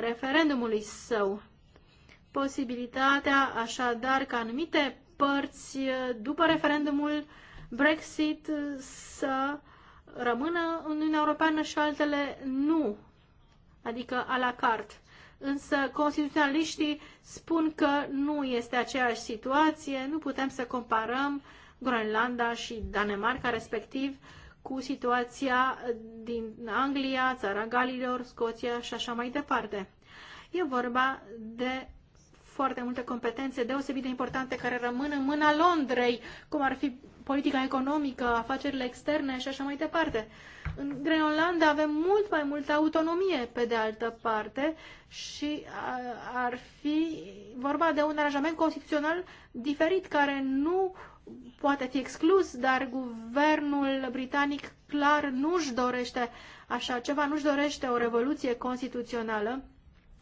referendumului său. Posibilitatea, așadar, ca anumite părți după referendumul Brexit să rămână în Uniunea Europeană și altele nu, adică a la carte. Însă constituționaliștii spun că nu este aceeași situație, nu putem să comparăm Groenlanda și Danemarca respectiv cu situația din Anglia, țara Galilor, Scoția și așa mai departe. E vorba de foarte multe competențe deosebit de importante care rămân în mâna Londrei, cum ar fi politica economică, afacerile externe și așa mai departe. În Grenolanda avem mult mai multă autonomie, pe de altă parte, și ar fi vorba de un aranjament constituțional diferit, care nu poate fi exclus, dar guvernul britanic clar nu-și dorește așa ceva, nu-și dorește o revoluție constituțională,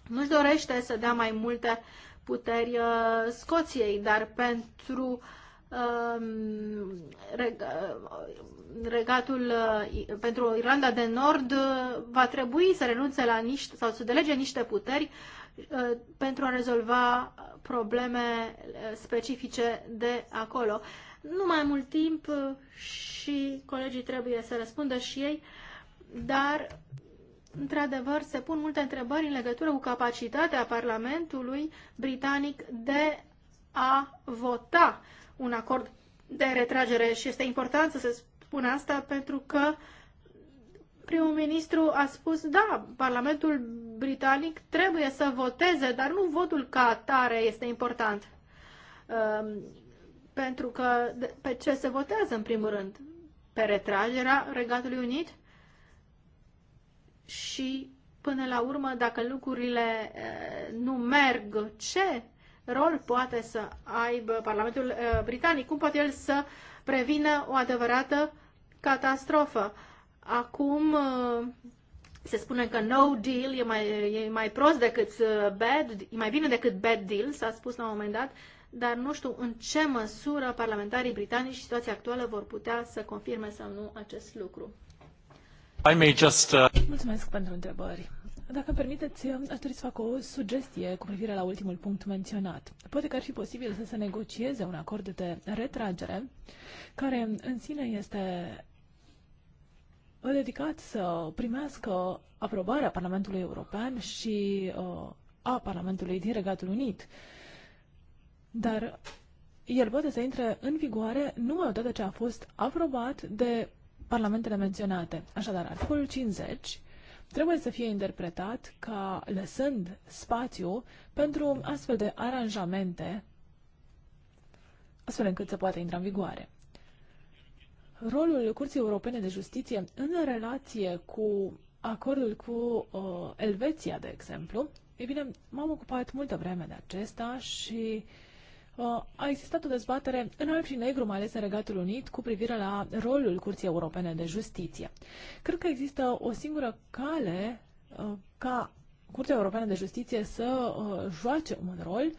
nu-și dorește să dea mai multe puteri uh, Scoției, dar pentru um, uh, regatul uh, pentru Irlanda de Nord uh, va trebui să renunțe la niște sau să delege niște puteri pentru a rezolva probleme specifice de acolo. Nu mai mult timp și colegii trebuie să răspundă și ei, dar într-adevăr, se pun multe întrebări în legătură cu capacitatea Parlamentului britanic de a vota un acord de retragere și este important să se spun asta pentru că primul ministru a spus, da, Parlamentul britanic trebuie să voteze, dar nu votul ca atare este important. Um, pentru că pe ce se votează, în primul rând? Pe retragerea Regatului Unit? și până la urmă, dacă lucrurile eh, nu merg, ce rol poate să aibă Parlamentul eh, Britanic? Cum poate el să prevină o adevărată catastrofă? Acum eh, se spune că no deal e mai, e mai prost decât bad, e mai bine decât bad deal, s-a spus la un moment dat, dar nu știu în ce măsură parlamentarii britanici și situația actuală vor putea să confirme sau nu acest lucru. Uh, Mulțumesc pentru întrebări. Dacă îmi permiteți, aș dori să fac o sugestie cu privire la ultimul punct menționat. Poate că ar fi posibil să se negocieze un acord de retragere, care în sine este dedicat să primească aprobarea Parlamentului European și uh, a Parlamentului din Regatul Unit. Dar el poate să intre în vigoare numai odată ce a fost aprobat de parlamentele menționate. Așadar, articolul 50 trebuie să fie interpretat ca lăsând spațiu pentru astfel de aranjamente, astfel încât să poată intra în vigoare. Rolul Curții Europene de Justiție în relație cu acordul cu uh, Elveția, de exemplu, e bine, m-am ocupat multă vreme de acesta și uh, Uh, a existat o dezbatere în alb și negru, mai ales în Regatul Unit, cu privire la rolul Curții Europene de Justiție. Cred că există o singură cale uh, ca Curtea Europeană de Justiție să uh, joace un rol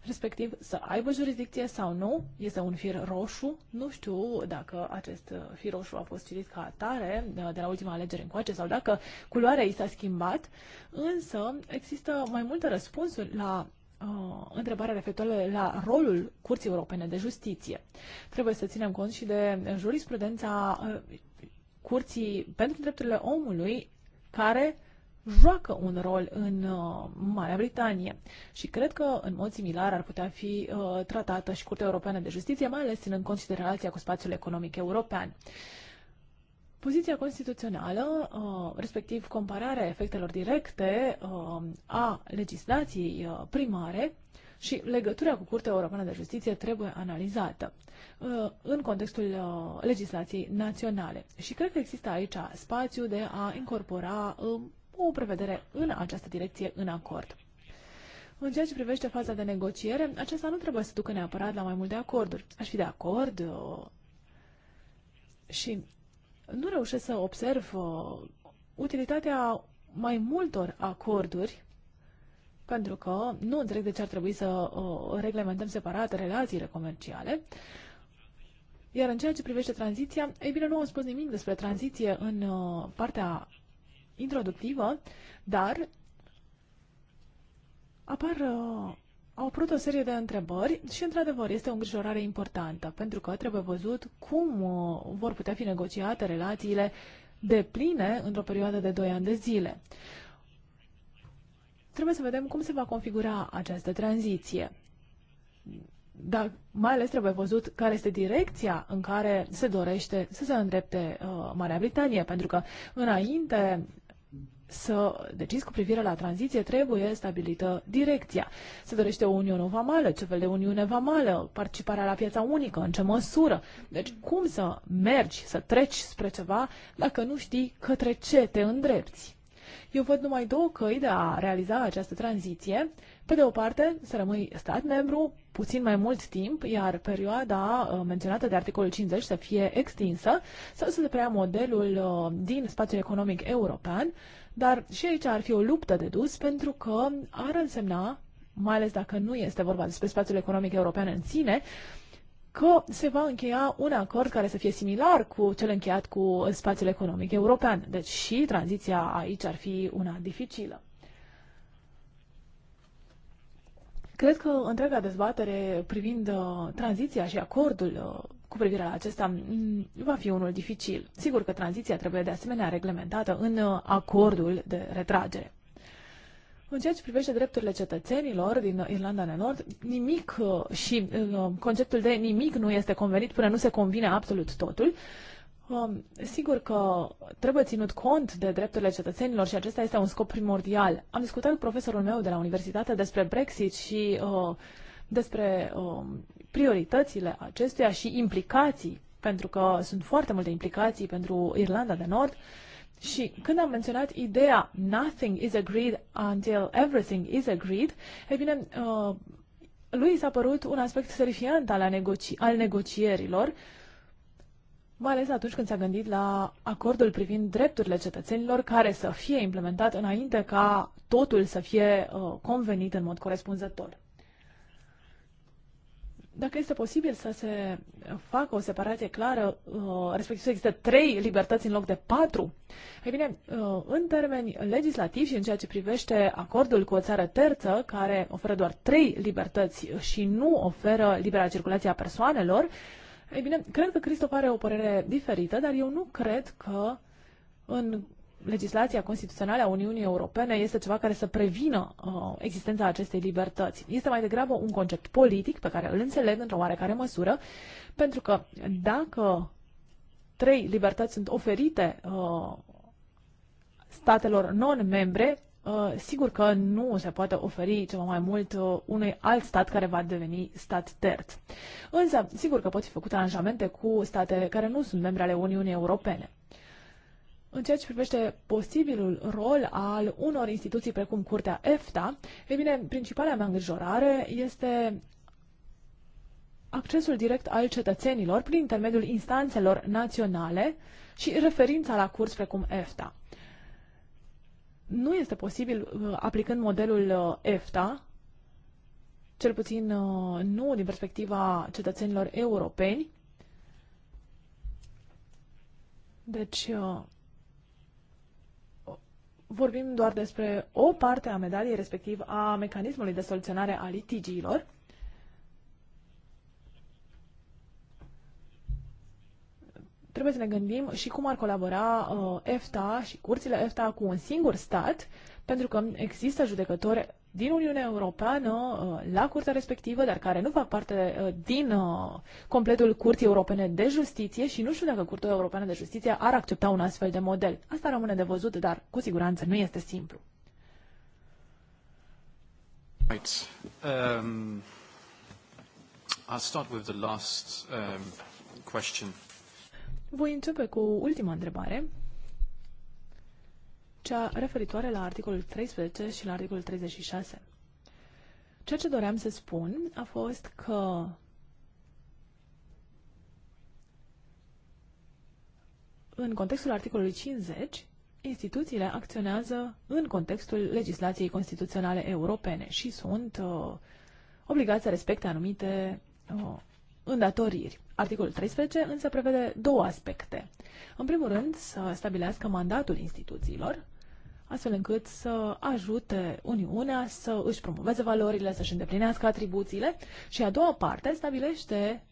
respectiv să aibă jurisdicție sau nu. Este un fir roșu. Nu știu dacă acest fir roșu a fost citit ca atare de la ultima alegere încoace sau dacă culoarea i s-a schimbat, însă există mai multe răspunsuri la uh, întrebare referitoare la rolul Curții Europene de Justiție. Trebuie să ținem cont și de jurisprudența uh, Curții pentru Drepturile Omului, care joacă un rol în uh, Marea Britanie și cred că în mod similar ar putea fi uh, tratată și Curtea Europeană de Justiție, mai ales ținând cont și de relația cu spațiul economic european. Uh, Poziția constituțională, uh, respectiv compararea efectelor directe uh, a legislației uh, primare și legătura cu Curtea Europeană de Justiție trebuie analizată în contextul legislației naționale. Și cred că există aici spațiu de a incorpora o prevedere în această direcție în acord. În ceea ce privește faza de negociere, aceasta nu trebuie să ducă neapărat la mai multe acorduri. Aș fi de acord și nu reușesc să observ uh, utilitatea mai multor acorduri pentru că nu înțeleg de ce ar trebui să uh, reglementăm separat relațiile comerciale. Iar în ceea ce privește tranziția, ei bine, nu am spus nimic despre tranziție în uh, partea introductivă, dar apar au apărut o serie de întrebări și, într-adevăr, este o îngrijorare importantă, pentru că trebuie văzut cum uh, vor putea fi negociate relațiile de pline într-o perioadă de 2 ani de zile. Trebuie să vedem cum se va configura această tranziție. Dar mai ales trebuie văzut care este direcția în care se dorește să se îndrepte uh, Marea Britanie, pentru că înainte să decizi cu privire la tranziție, trebuie stabilită direcția. Se dorește o uniune vamală, ce fel de uniune vamală, participarea la piața unică, în ce măsură. Deci cum să mergi, să treci spre ceva dacă nu știi către ce te îndrepți? Eu văd numai două căi de a realiza această tranziție. Pe de o parte, să rămâi stat membru puțin mai mult timp, iar perioada uh, menționată de articolul 50 să fie extinsă, sau să se preia modelul uh, din spațiul economic european, dar și aici ar fi o luptă de dus pentru că ar însemna, mai ales dacă nu este vorba despre spațiul economic european în sine, că se va încheia un acord care să fie similar cu cel încheiat cu spațiul economic european. Deci și tranziția aici ar fi una dificilă. Cred că întreaga dezbatere privind uh, tranziția și acordul uh, cu privire la acesta mm, va fi unul dificil. Sigur că tranziția trebuie de asemenea reglementată în uh, acordul de retragere. În ceea ce privește drepturile cetățenilor din Irlanda de Nord, nimic uh, și uh, conceptul de nimic nu este convenit până nu se convine absolut totul. Um, sigur că trebuie ținut cont de drepturile cetățenilor și acesta este un scop primordial. Am discutat cu profesorul meu de la universitate despre Brexit și despre um, prioritățile acestuia și implicații, pentru că sunt foarte multe implicații pentru Irlanda de Nord. Și când am menționat ideea nothing is agreed until everything is agreed, e bine, uh, lui s-a părut un aspect serifiant al, negoci- al negocierilor, mai ales atunci când s-a gândit la acordul privind drepturile cetățenilor care să fie implementat înainte ca totul să fie uh, convenit în mod corespunzător dacă este posibil să se facă o separație clară, uh, respectiv să există trei libertăți în loc de patru, ei bine, uh, în termeni legislativi și în ceea ce privește acordul cu o țară terță, care oferă doar trei libertăți și nu oferă libera circulație a persoanelor, ei bine, cred că Cristof are o părere diferită, dar eu nu cred că în legislația constituțională a Uniunii Europene este ceva care să prevină uh, existența acestei libertăți. Este mai degrabă un concept politic pe care îl înțeleg într-o oarecare măsură, pentru că dacă trei libertăți sunt oferite uh, statelor non-membre, uh, sigur că nu se poate oferi ceva mai mult uh, unui alt stat care va deveni stat terț. Însă, sigur că pot fi făcute aranjamente cu state care nu sunt membre ale Uniunii Europene. În ceea ce privește posibilul rol al unor instituții precum Curtea EFTA, e bine, principala mea îngrijorare este accesul direct al cetățenilor prin intermediul instanțelor naționale și referința la curs precum EFTA. Nu este posibil, uh, aplicând modelul uh, EFTA, cel puțin uh, nu din perspectiva cetățenilor europeni, deci vorbim doar despre o parte a medaliei, respectiv a mecanismului de soluționare a litigiilor. Trebuie să ne gândim și cum ar colabora EFTA uh, și curțile EFTA cu un singur stat, pentru că există judecători din Uniunea Europeană uh, la curtea respectivă, dar care nu fac parte uh, din uh, completul Curții Europene de Justiție și nu știu dacă Curtea Europeană de Justiție ar accepta un astfel de model. Asta rămâne de văzut, dar cu siguranță nu este simplu. Right. Um, I'll start with the last um, question. Voi începe cu ultima întrebare cea referitoare la articolul 13 și la articolul 36. Ceea ce doream să spun a fost că în contextul articolului 50, instituțiile acționează în contextul legislației constituționale europene și sunt uh, obligați să respecte anumite uh, îndatoriri. Articolul 13 însă prevede două aspecte. În primul rând, să stabilească mandatul instituțiilor astfel încât să ajute Uniunea să își promoveze valorile, să-și îndeplinească atribuțiile. Și a doua parte stabilește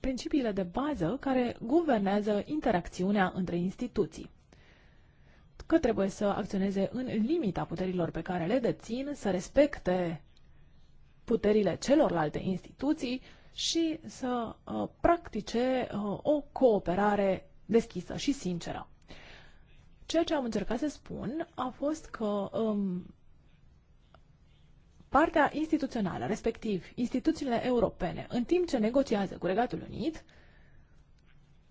principiile de bază care guvernează interacțiunea între instituții că trebuie să acționeze în limita puterilor pe care le dețin, să respecte puterile celorlalte instituții și să uh, practice uh, o cooperare deschisă și sinceră. Ceea ce am încercat să spun a fost că um, partea instituțională, respectiv instituțiile europene, în timp ce negociază cu Regatul Unit,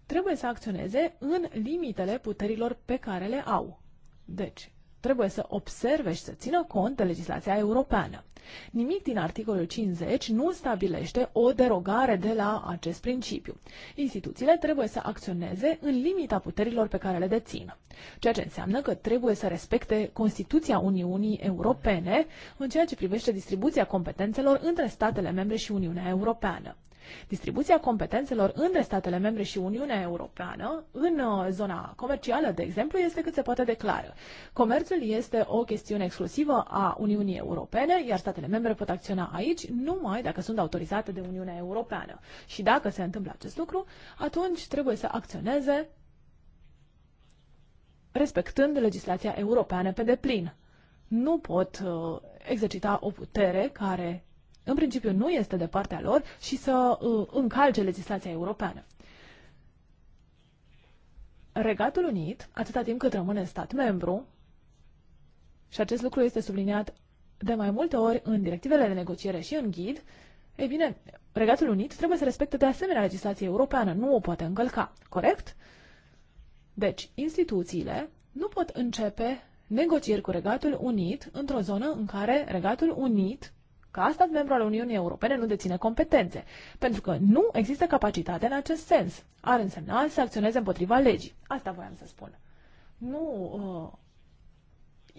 trebuie să acționeze în limitele puterilor pe care le au. Deci, trebuie să observe și să țină cont de legislația europeană. Nimic din articolul 50 nu stabilește o derogare de la acest principiu. Instituțiile trebuie să acționeze în limita puterilor pe care le dețin, ceea ce înseamnă că trebuie să respecte Constituția Uniunii Europene în ceea ce privește distribuția competențelor între statele membre și Uniunea Europeană. Distribuția competențelor între statele membre și Uniunea Europeană, în uh, zona comercială, de exemplu, este cât se poate declară. Comerțul este o chestiune exclusivă a Uniunii Europene, iar statele membre pot acționa aici numai dacă sunt autorizate de Uniunea Europeană. Și dacă se întâmplă acest lucru, atunci trebuie să acționeze respectând legislația europeană pe deplin. Nu pot uh, exercita o putere care în principiu nu este de partea lor și să uh, încalce legislația europeană. Regatul Unit, atâta timp cât rămâne stat membru, și acest lucru este subliniat de mai multe ori în directivele de negociere și în ghid, ei bine, Regatul Unit trebuie să respecte de asemenea legislație europeană, nu o poate încălca, corect? Deci, instituțiile nu pot începe negocieri cu Regatul Unit într-o zonă în care Regatul Unit ca stat membru al Uniunii Europene nu deține competențe, pentru că nu există capacitate în acest sens. Ar însemna să acționeze împotriva legii. Asta voiam să spun. Nu. Uh...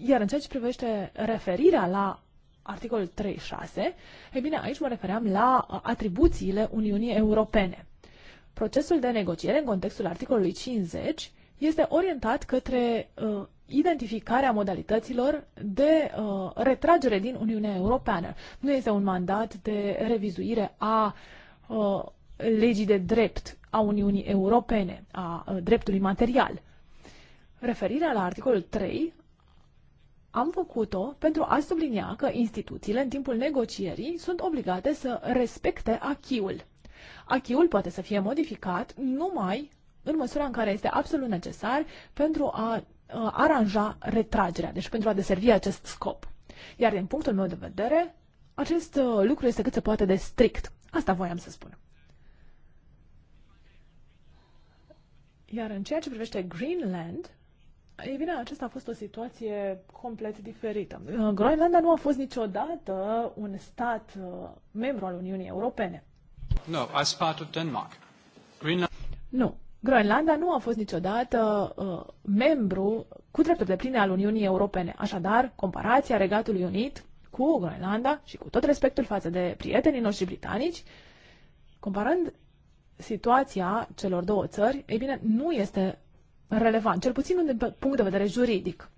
Iar în ceea ce privește referirea la articolul 36, ei bine, aici mă refeream la uh, atribuțiile Uniunii Europene. Procesul de negociere în contextul articolului 50 este orientat către uh, identificarea modalităților de uh, retragere din Uniunea Europeană. Nu este un mandat de revizuire a uh, legii de drept a Uniunii Europene, a uh, dreptului material. Referirea la articolul 3 am făcut-o pentru a sublinia că instituțiile în timpul negocierii sunt obligate să respecte achiul. Achiul poate să fie modificat numai în măsura în care este absolut necesar pentru a Uh, aranja retragerea, deci pentru a deservi acest scop. Iar din punctul meu de vedere, acest uh, lucru este cât se poate de strict. Asta voiam să spun. Iar în ceea ce privește Greenland, e bine, acesta a fost o situație complet diferită. Uh, Groenlanda nu a fost niciodată un stat membru al Uniunii Europene. No, as part of Denmark. Greenland... Nu, Groenlanda nu a fost niciodată uh, membru cu drepturi de pline al Uniunii Europene. Așadar, comparația Regatului Unit cu Groenlanda și cu tot respectul față de prietenii noștri britanici, comparând situația celor două țări, ei bine, nu este relevant, cel puțin din punct de vedere juridic.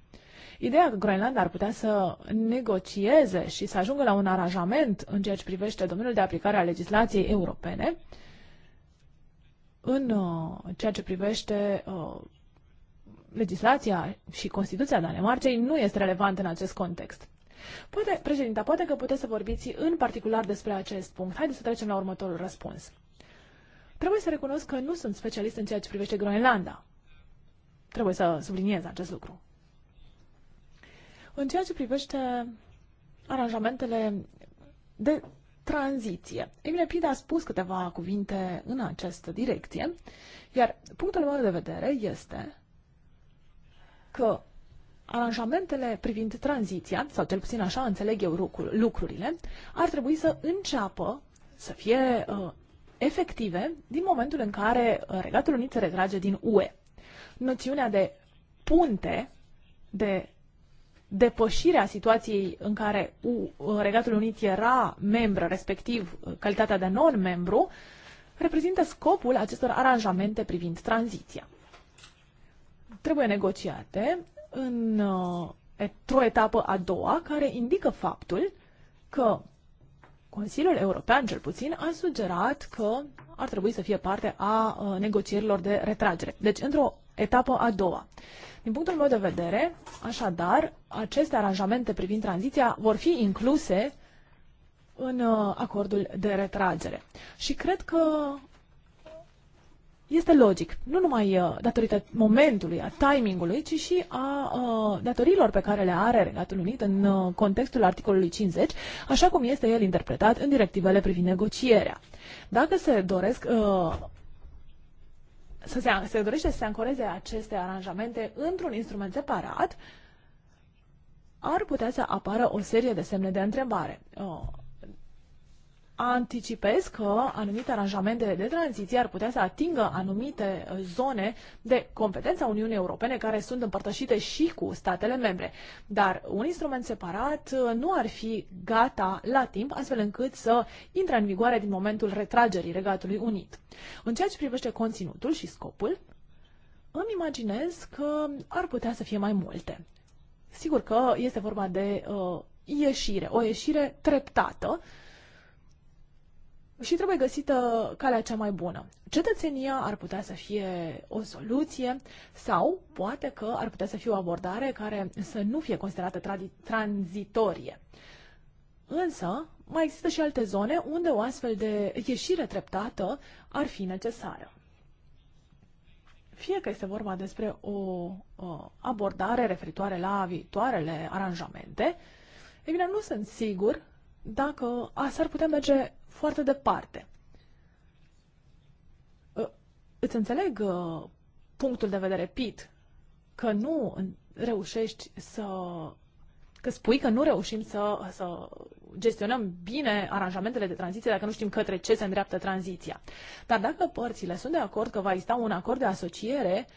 Ideea că Groenlanda ar putea să negocieze și să ajungă la un aranjament în ceea ce privește domeniul de aplicare a legislației europene, uh, în uh, ceea ce privește uh, legislația și Constituția Danemarcei nu este relevant în acest context. Poate, președinta, poate că puteți să vorbiți în particular despre acest punct. Haideți să trecem la următorul răspuns. Trebuie să recunosc că nu sunt specialist în ceea ce privește Groenlanda. Trebuie să subliniez acest lucru. În ceea ce privește aranjamentele de tranziție. Emile Pida PID a spus câteva cuvinte în această direcție, iar punctul meu de vedere este că aranjamentele privind tranziția, sau cel puțin așa înțeleg eu lucrurile, ar trebui să înceapă să fie uh, efective din momentul în care uh, Regatul Unit se retrage din UE. Noțiunea de punte, de depășirea situației în care Regatul Unit era membră, respectiv uh, calitatea de non-membru, reprezintă scopul acestor aranjamente privind tranziția. Trebuie negociate în uh, o etapă a doua care indică faptul că Consiliul European, cel puțin, a sugerat că ar trebui să fie parte a uh, negocierilor de retragere. Deci, într-o etapă a doua. Din punctul meu de vedere, așadar, aceste aranjamente privind tranziția vor fi incluse în uh, acordul de retragere. Și cred că este logic, nu numai uh, datorită momentului, a timingului, ci și a, a uh, datorilor pe care le are Regatul Unit în contextul articolului 50, așa cum este el interpretat în directivele privind negocierea. Dacă se doresc a, să se, se dorește să se ancoreze aceste aranjamente într-un instrument separat, ar putea să apară o serie de semne de întrebare. Uh, anticipez că anumite aranjamente de tranziție ar putea să atingă anumite uh, zone de competența Uniunii Europene care sunt împărtășite și cu statele membre. Dar un instrument separat uh, nu ar fi gata la timp, astfel încât să intre în vigoare din momentul retragerii Regatului Unit. În ceea ce privește conținutul și scopul, îmi imaginez că ar putea să fie mai multe. Sigur că este vorba de uh, ieșire, o ieșire treptată, și trebuie găsită calea cea mai bună. Cetățenia ar putea să fie o soluție sau poate că ar putea să fie o abordare care să nu fie considerată tranzitorie. Însă, mai există și alte zone unde o astfel de ieșire treptată ar fi necesară. Fie că este vorba despre o, o abordare referitoare la viitoarele aranjamente, e bine, nu sunt sigur dacă s-ar putea merge foarte departe. Uh, îți înțeleg uh, punctul de vedere, Pit, că nu reușești să... că spui că nu reușim să, să gestionăm bine aranjamentele de tranziție dacă nu știm către ce se îndreaptă tranziția. Dar dacă părțile sunt de acord că va exista un acord de asociere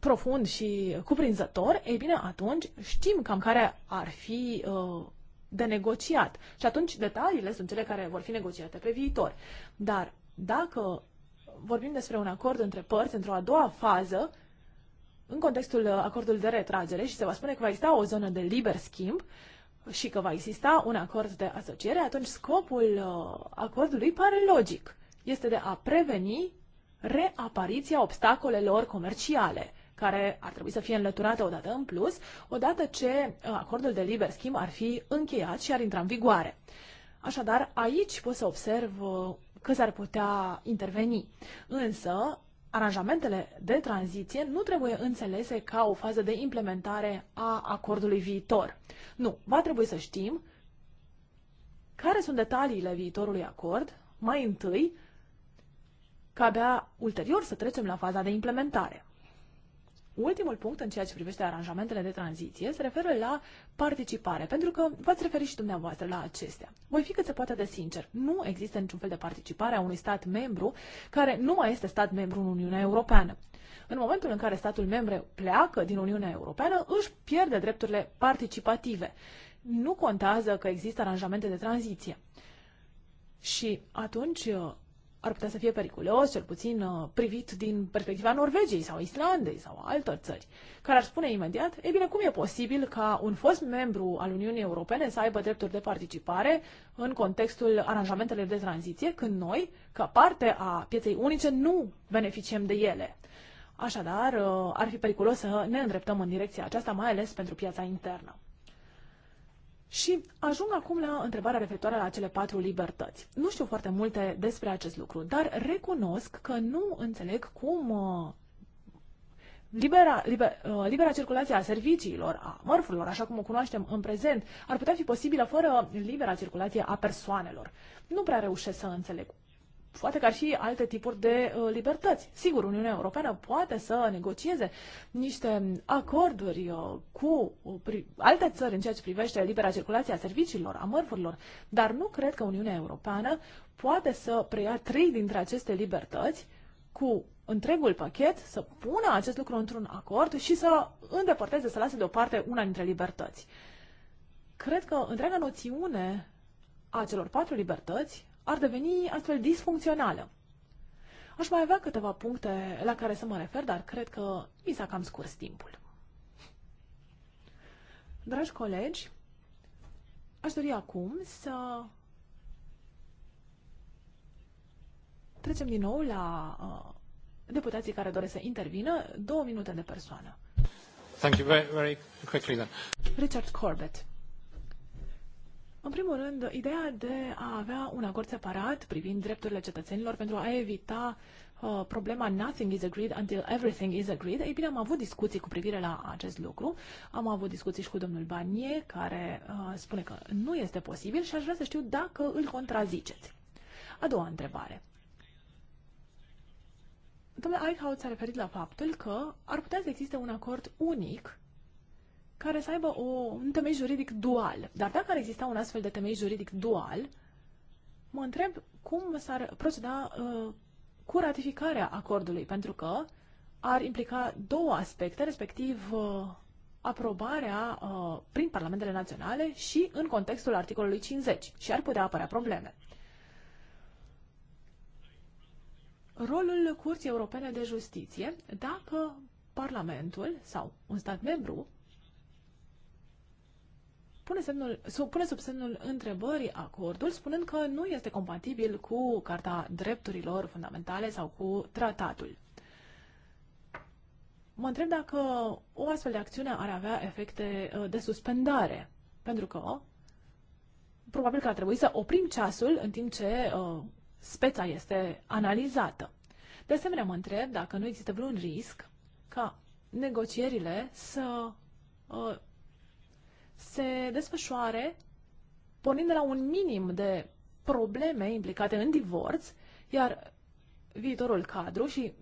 profund și cuprinzător, ei bine, atunci știm cam care ar fi uh, de negociat. Și atunci detaliile sunt cele care vor fi negociate pe viitor. Dar dacă vorbim despre un acord între părți, într-o a doua fază, în contextul acordului de retragere și se va spune că va exista o zonă de liber schimb și că va exista un acord de asociere, atunci scopul uh, acordului pare logic. Este de a preveni reapariția obstacolelor comerciale care ar trebui să fie înlăturată odată în plus, odată ce uh, acordul de liber schimb ar fi încheiat și ar intra în vigoare. Așadar, aici pot să observ uh, că s-ar putea interveni. Însă, aranjamentele de tranziție nu trebuie înțelese ca o fază de implementare a acordului viitor. Nu, va trebui să știm care sunt detaliile viitorului acord, mai întâi, ca abia ulterior să trecem la faza de implementare. Ultimul punct în ceea ce privește aranjamentele de tranziție se referă la participare, pentru că v-ați referit și dumneavoastră la acestea. Voi fi cât se poate de sincer, nu există niciun fel de participare a unui stat membru care nu mai este stat membru în Uniunea Europeană. În momentul în care statul membru pleacă din Uniunea Europeană, își pierde drepturile participative. Nu contează că există aranjamente de tranziție. Și atunci ar putea să fie periculos, cel puțin uh, privit din perspectiva Norvegiei sau Islandei sau altor țări, care ar spune imediat, e bine, cum e posibil ca un fost membru al Uniunii Europene să aibă drepturi de participare în contextul aranjamentelor de tranziție, când noi, ca parte a pieței unice, nu beneficiem de ele? Așadar, uh, ar fi periculos să ne îndreptăm în direcția aceasta, mai ales pentru piața internă. Și ajung acum la întrebarea referitoare la cele patru libertăți. Nu știu foarte multe despre acest lucru, dar recunosc că nu înțeleg cum uh, libera, liber, uh, libera circulație a serviciilor, a mărfurilor, așa cum o cunoaștem în prezent, ar putea fi posibilă fără libera circulație a persoanelor. Nu prea reușesc să înțeleg poate că ar și alte tipuri de uh, libertăți. Sigur, Uniunea Europeană poate să negocieze niște acorduri uh, cu uh, alte țări în ceea ce privește libera circulație a serviciilor, a mărfurilor, dar nu cred că Uniunea Europeană poate să preia trei dintre aceste libertăți cu întregul pachet, să pună acest lucru într-un acord și să îndepărteze, să lase deoparte una dintre libertăți. Cred că întreaga noțiune a celor patru libertăți ar deveni astfel disfuncțională. Aș mai avea câteva puncte la care să mă refer, dar cred că mi s-a cam scurs timpul. Dragi colegi, aș dori acum să trecem din nou la uh, deputații care doresc să intervină. Două minute de persoană. Thank you very, very quickly then. Richard Corbett. În primul rând, ideea de a avea un acord separat privind drepturile cetățenilor pentru a evita uh, problema nothing is agreed until everything is agreed. Ei bine, am avut discuții cu privire la acest lucru. Am avut discuții și cu domnul Banie, care uh, spune că nu este posibil și aș vrea să știu dacă îl contraziceți. A doua întrebare. Domnul Eichhout s-a referit la faptul că ar putea să existe un acord unic care să aibă o, un temei juridic dual. Dar dacă ar exista un astfel de temei juridic dual, mă întreb cum s-ar proceda uh, cu ratificarea acordului, pentru că ar implica două aspecte, respectiv uh, aprobarea uh, prin parlamentele naționale și în contextul articolului 50 și ar putea apărea probleme. Rolul Curții Europene de Justiție, dacă Parlamentul sau un stat membru pune, semnul, sub, pune sub semnul întrebării acordul, spunând că nu este compatibil cu Carta Drepturilor Fundamentale sau cu tratatul. Mă întreb dacă o astfel de acțiune ar avea efecte uh, de suspendare, pentru că probabil că ar trebui să oprim ceasul în timp ce uh, speța este analizată. De asemenea, mă întreb dacă nu există vreun risc ca negocierile să uh, se desfășoare pornind de la un minim de probleme implicate în divorț, iar viitorul cadru și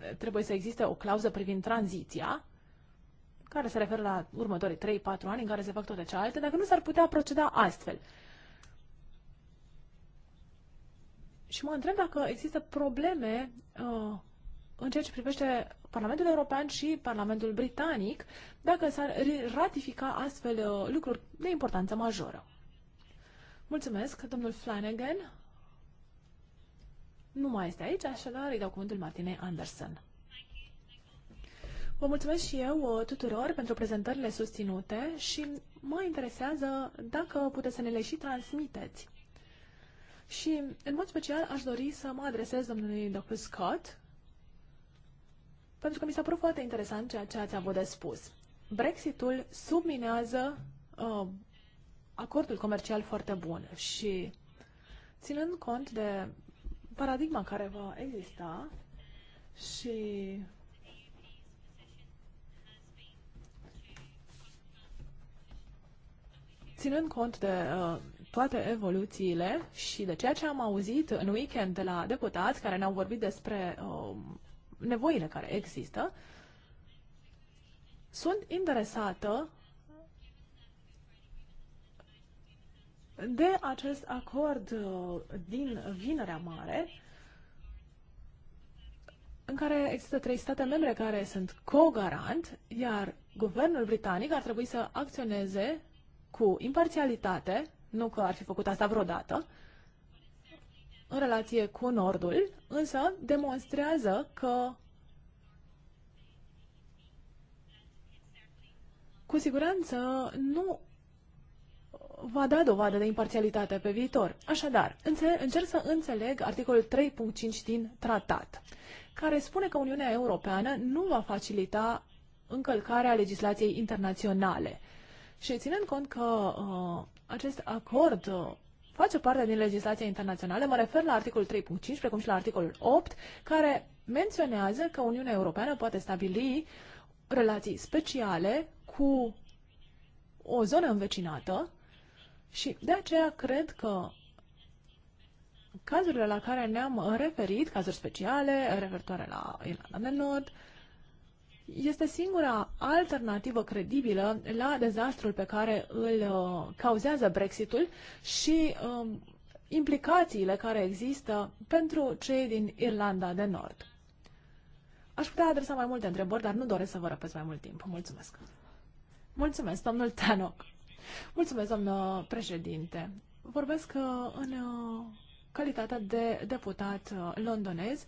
eh, trebuie să existe o clauză privind tranziția, care se referă la următorii 3-4 ani în care se fac toate cealaltă, dacă nu s-ar putea proceda astfel. Și mă întreb dacă există probleme uh, în ceea ce privește Parlamentul European și Parlamentul Britanic, dacă s-ar ratifica astfel uh, lucruri de importanță majoră. Mulțumesc, domnul Flanagan. Nu mai este aici, așadar îi dau cuvântul Martinei Anderson. Vă mulțumesc și eu uh, tuturor pentru prezentările susținute și mă interesează dacă puteți să ne le și transmiteți. Și, în mod special, aș dori să mă adresez domnului Dr. Scott, pentru că mi s-a părut foarte interesant ceea ce ați avut de spus. Brexitul subminează uh, acordul comercial foarte bun și ținând cont de paradigma care va exista și ținând cont de uh, toate evoluțiile și de ceea ce am auzit în weekend de la deputați care ne-au vorbit despre uh, nevoile care există, sunt interesată de acest acord uh, din Vinerea Mare, în care există trei state membre care sunt co-garant, iar guvernul britanic ar trebui să acționeze cu imparțialitate, nu că ar fi făcut asta vreodată, în relație cu Nordul, însă demonstrează că cu siguranță nu va da dovadă de imparțialitate pe viitor. Așadar, încerc să înțeleg articolul 3.5 din tratat, care spune că Uniunea Europeană nu va facilita încălcarea legislației internaționale. Și ținând cont că uh, acest acord uh, face parte din legislația internațională. Mă refer la articolul 3.5, precum și la articolul 8, care menționează că Uniunea Europeană poate stabili relații speciale cu o zonă învecinată și de aceea cred că cazurile la care ne-am referit, cazuri speciale referitoare la Irlanda de Nord, uh, este singura alternativă credibilă la dezastrul pe care îl uh, cauzează Brexitul și um, implicațiile care există pentru cei din Irlanda de Nord. Aș putea adresa mai multe întrebări, dar nu doresc să vă răpesc mai mult timp. Mulțumesc! Mulțumesc, domnul Tanoc! Mulțumesc, domnul președinte! Vorbesc uh, în uh, calitatea de deputat londonez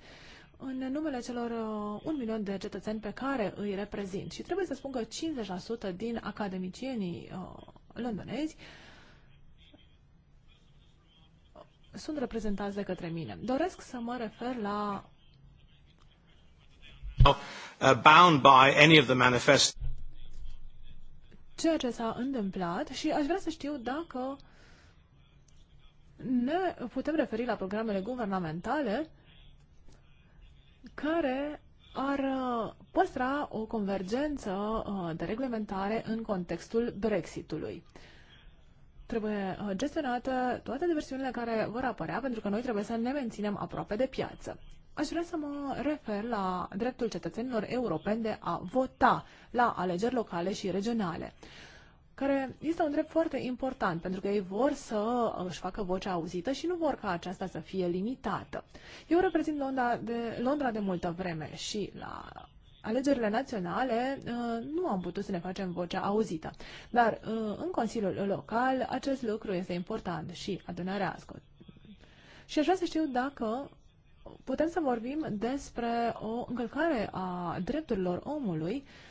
în numele celor uh, un milion de cetățeni pe care îi reprezint. Și trebuie să spun că 50% din academicienii uh, londonezi uh, sunt reprezentați de către mine. Doresc să mă refer la bound by any of the manifest. Ceea ce s-a întâmplat și aș vrea să știu dacă ne putem referi la programele guvernamentale care ar uh, păstra o convergență uh, de reglementare în contextul Brexitului. Trebuie uh, gestionate toate diversiunile care vor apărea, pentru că noi trebuie să ne menținem aproape de piață. Aș vrea să mă refer la dreptul cetățenilor europeni de a vota la alegeri locale și regionale care este un drept foarte important, pentru că ei vor să uh, își facă vocea auzită și nu vor ca aceasta să fie limitată. Eu reprezint Londra de, Londra de multă vreme și la alegerile naționale uh, nu am putut să ne facem vocea auzită, dar uh, în Consiliul Local acest lucru este important și adunarea ascult. Și aș vrea să știu dacă putem să vorbim despre o încălcare a drepturilor omului uh,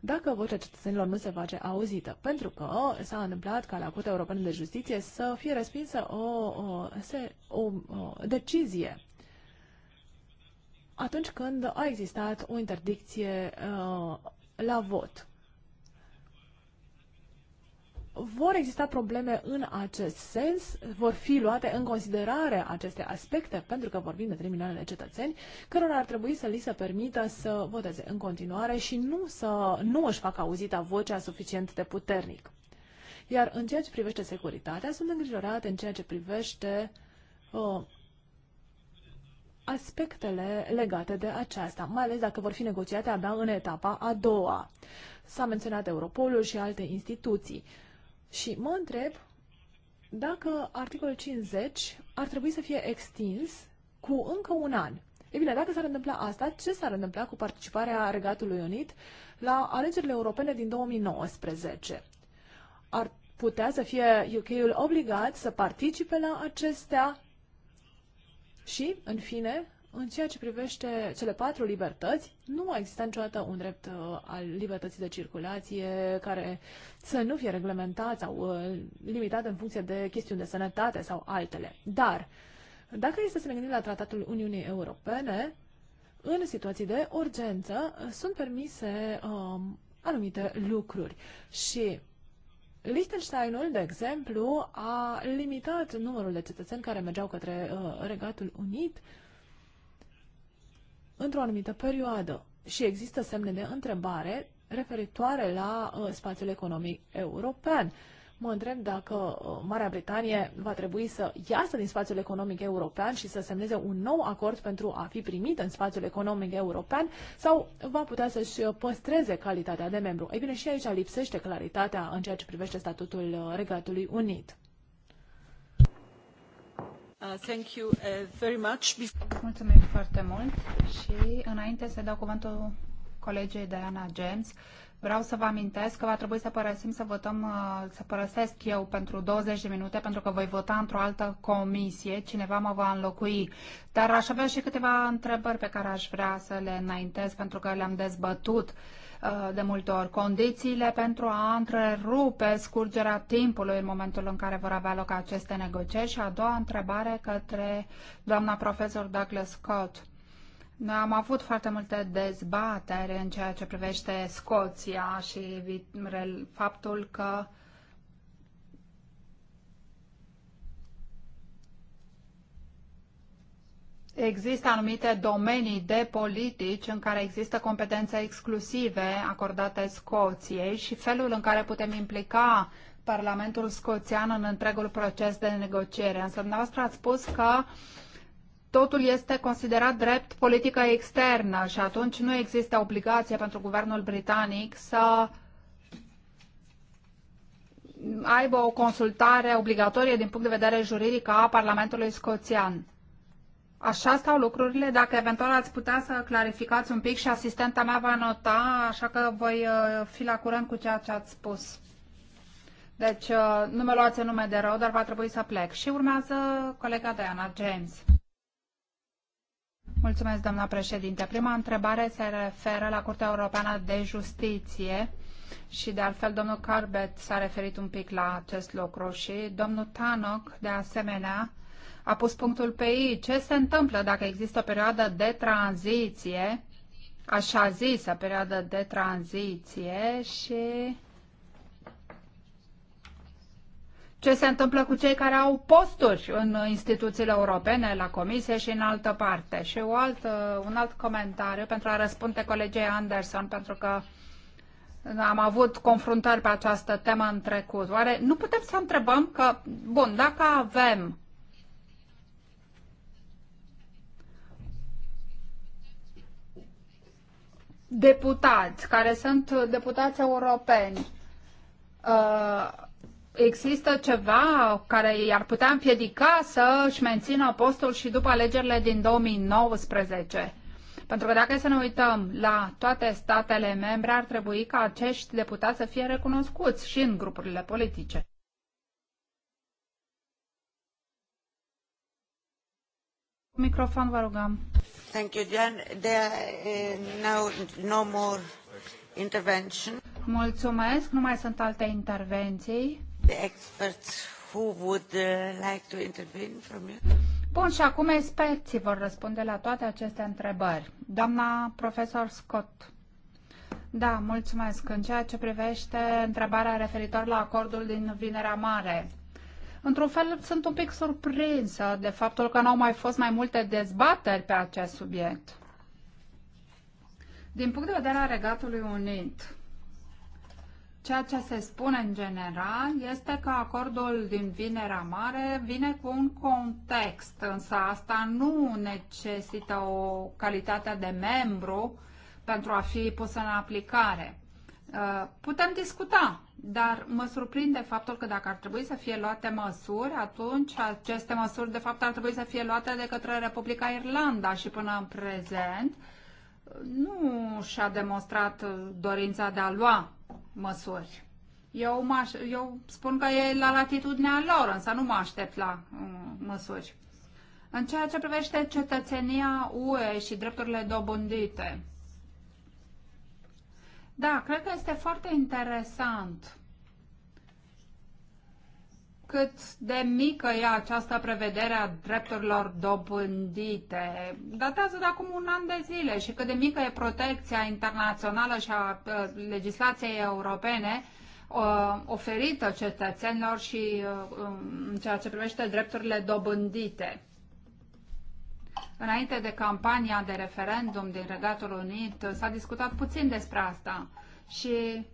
dacă vocea cetățenilor nu se face auzită, pentru că s-a întâmplat ca la Curtea Europeană de Justiție să fie respinsă o, o, se, o, o decizie atunci când a existat o interdicție uh, la vot. Vor exista probleme în acest sens, vor fi luate în considerare aceste aspecte, pentru că vorbim de 3 milioane de cetățeni, cărora ar trebui să li se permită să voteze în continuare și nu, să, nu își facă auzita vocea suficient de puternic. Iar în ceea ce privește securitatea, sunt îngrijorate în ceea ce privește uh, aspectele legate de aceasta, mai ales dacă vor fi negociate abia în etapa a doua. S-a menționat Europolul și alte instituții. Uh, și mă întreb dacă articolul 50 ar trebui să fie extins cu încă un an. E bine, dacă s-ar întâmpla asta, ce s-ar întâmpla cu participarea Regatului Unit la alegerile europene din 2019? Ar putea să fie UK-ul obligat să participe la acestea? Și, în fine, în ceea ce privește cele patru libertăți, nu a existat niciodată un drept uh, al libertății de circulație care să nu fie reglementat sau uh, limitat în funcție de chestiuni de sănătate sau altele. Dar, dacă este să ne gândim la Tratatul Uniunii Europene, în situații de urgență uh, sunt permise um, anumite lucruri și Liechtensteinul, de exemplu, a limitat numărul de cetățeni care mergeau către uh, Regatul Unit uh, într-o anumită perioadă și există semne de întrebare referitoare la uh, spațiul economic european. Mă întreb dacă uh, Marea Britanie va trebui să iasă din spațiul economic european și să semneze un nou acord pentru a fi primit în spațiul economic european sau va putea să-și uh, păstreze calitatea de membru. Ei bine, și aici lipsește claritatea în ceea ce privește statutul uh, Regatului Unit. Uh, uh, Mulțumesc Mulțumim foarte mult și înainte să dau cuvântul colegei Diana James, Vreau să vă amintesc că va trebui să părăsim, să votăm, uh, să părăsesc eu pentru 20 de minute, pentru că voi vota într-o altă comisie, cineva mă va înlocui. Dar aș avea și câteva întrebări pe care aș vrea să le înaintez, pentru că le-am dezbătut uh, de multe ori. Condițiile pentru a întrerupe scurgerea timpului în momentul în care vor avea loc aceste negocieri și a doua întrebare către doamna profesor Douglas Scott noi am avut foarte multe dezbatere în ceea ce privește Scoția și faptul că Există anumite domenii de politici în care există competențe exclusive acordate Scoției și felul în care putem implica Parlamentul scoțian în întregul proces de negociere. Însă dumneavoastră ați spus că uh, totul este considerat drept politică externă și atunci nu există obligație pentru guvernul britanic să aibă o consultare obligatorie din punct de vedere juridic a Parlamentului Scoțian. Așa stau lucrurile. Dacă eventual ați putea să clarificați un pic și asistenta mea va nota, așa că voi uh, fi la curent cu ceea ce ați spus. Deci uh, nu mă luați în nume de rău, dar va trebui să plec. Și urmează colega Diana James. Mulțumesc, doamna președinte. Prima întrebare se referă la Curtea Europeană de Justiție și, de altfel, domnul Carbet s-a referit un pic la acest lucru și domnul Tanoc, de asemenea, a pus punctul pe ei. Ce se întâmplă dacă există o perioadă de tranziție, așa zisă perioadă de tranziție și ce se întâmplă cu cei care au posturi în instituțiile europene, la comisie și în altă parte. Și o altă, un alt comentariu pentru a răspunde colegei Anderson, pentru că am avut confruntări pe această temă în trecut. Oare nu putem să întrebăm că, bun, dacă avem deputați care sunt deputați europeni, uh, există ceva care i-ar putea împiedica să își mențină postul și după alegerile din 2019. Pentru că dacă să ne uităm la toate statele membre, ar trebui ca acești deputați să fie recunoscuți și în grupurile politice. Microfon, vă rugăm. Thank you, Jan. There eh, no, no more intervention. Mulțumesc, nu mai sunt alte intervenții. The experts who would uh, like to intervene from you? Bun, și acum experții vor răspunde la toate aceste întrebări. Doamna profesor Scott. Da, mulțumesc. În ceea ce privește întrebarea referitor la acordul din Vinerea Mare, într-un fel sunt un pic surprinsă de faptul că n-au mai fost mai multe dezbateri pe acest subiect. Din punct de vedere al Regatului Unit, Ceea ce se spune în general este că acordul din Vinerea Mare vine cu un context, însă asta nu necesită o calitate de membru pentru a fi pusă în aplicare. Uh, putem discuta, dar mă surprinde faptul că dacă ar trebui să fie luate măsuri, atunci aceste măsuri de fapt ar trebui să fie luate de către Republica Irlanda și până în prezent nu și-a demonstrat dorința de a lua măsuri. Eu, eu spun că e la latitudinea lor, însă nu mă aștept la uh, măsuri. În ceea ce privește cetățenia UE și drepturile dobândite, da, cred că este foarte interesant cât de mică e această prevedere a drepturilor dobândite. Datează de acum un an de zile și cât de mică e protecția internațională și a uh, legislației europene uh, oferită cetățenilor și uh, um, în ceea ce privește drepturile dobândite. Înainte de campania de referendum din Regatul Unit s-a discutat puțin despre asta și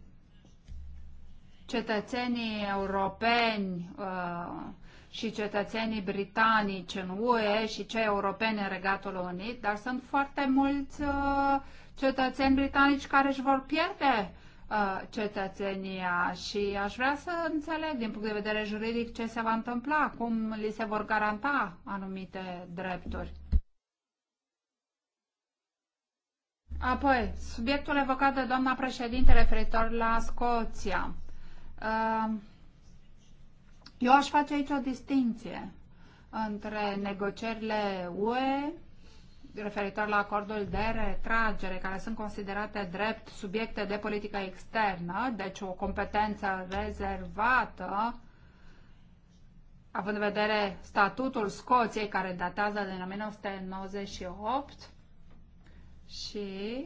cetățenii europeni uh, și cetățenii britanici în UE și cei europeni în Regatul Unit, dar sunt foarte mulți uh, cetățeni britanici care își vor pierde uh, cetățenia și aș vrea să înțeleg din punct de vedere juridic ce se va întâmpla, cum li se vor garanta anumite drepturi. Apoi, subiectul evocat de doamna președinte referitor la Scoția. Eu aș face aici o distinție între negocierile UE referitor la acordul de retragere, care sunt considerate drept subiecte de politică externă, deci o competență rezervată, având în vedere statutul Scoției, care datează din 1998, și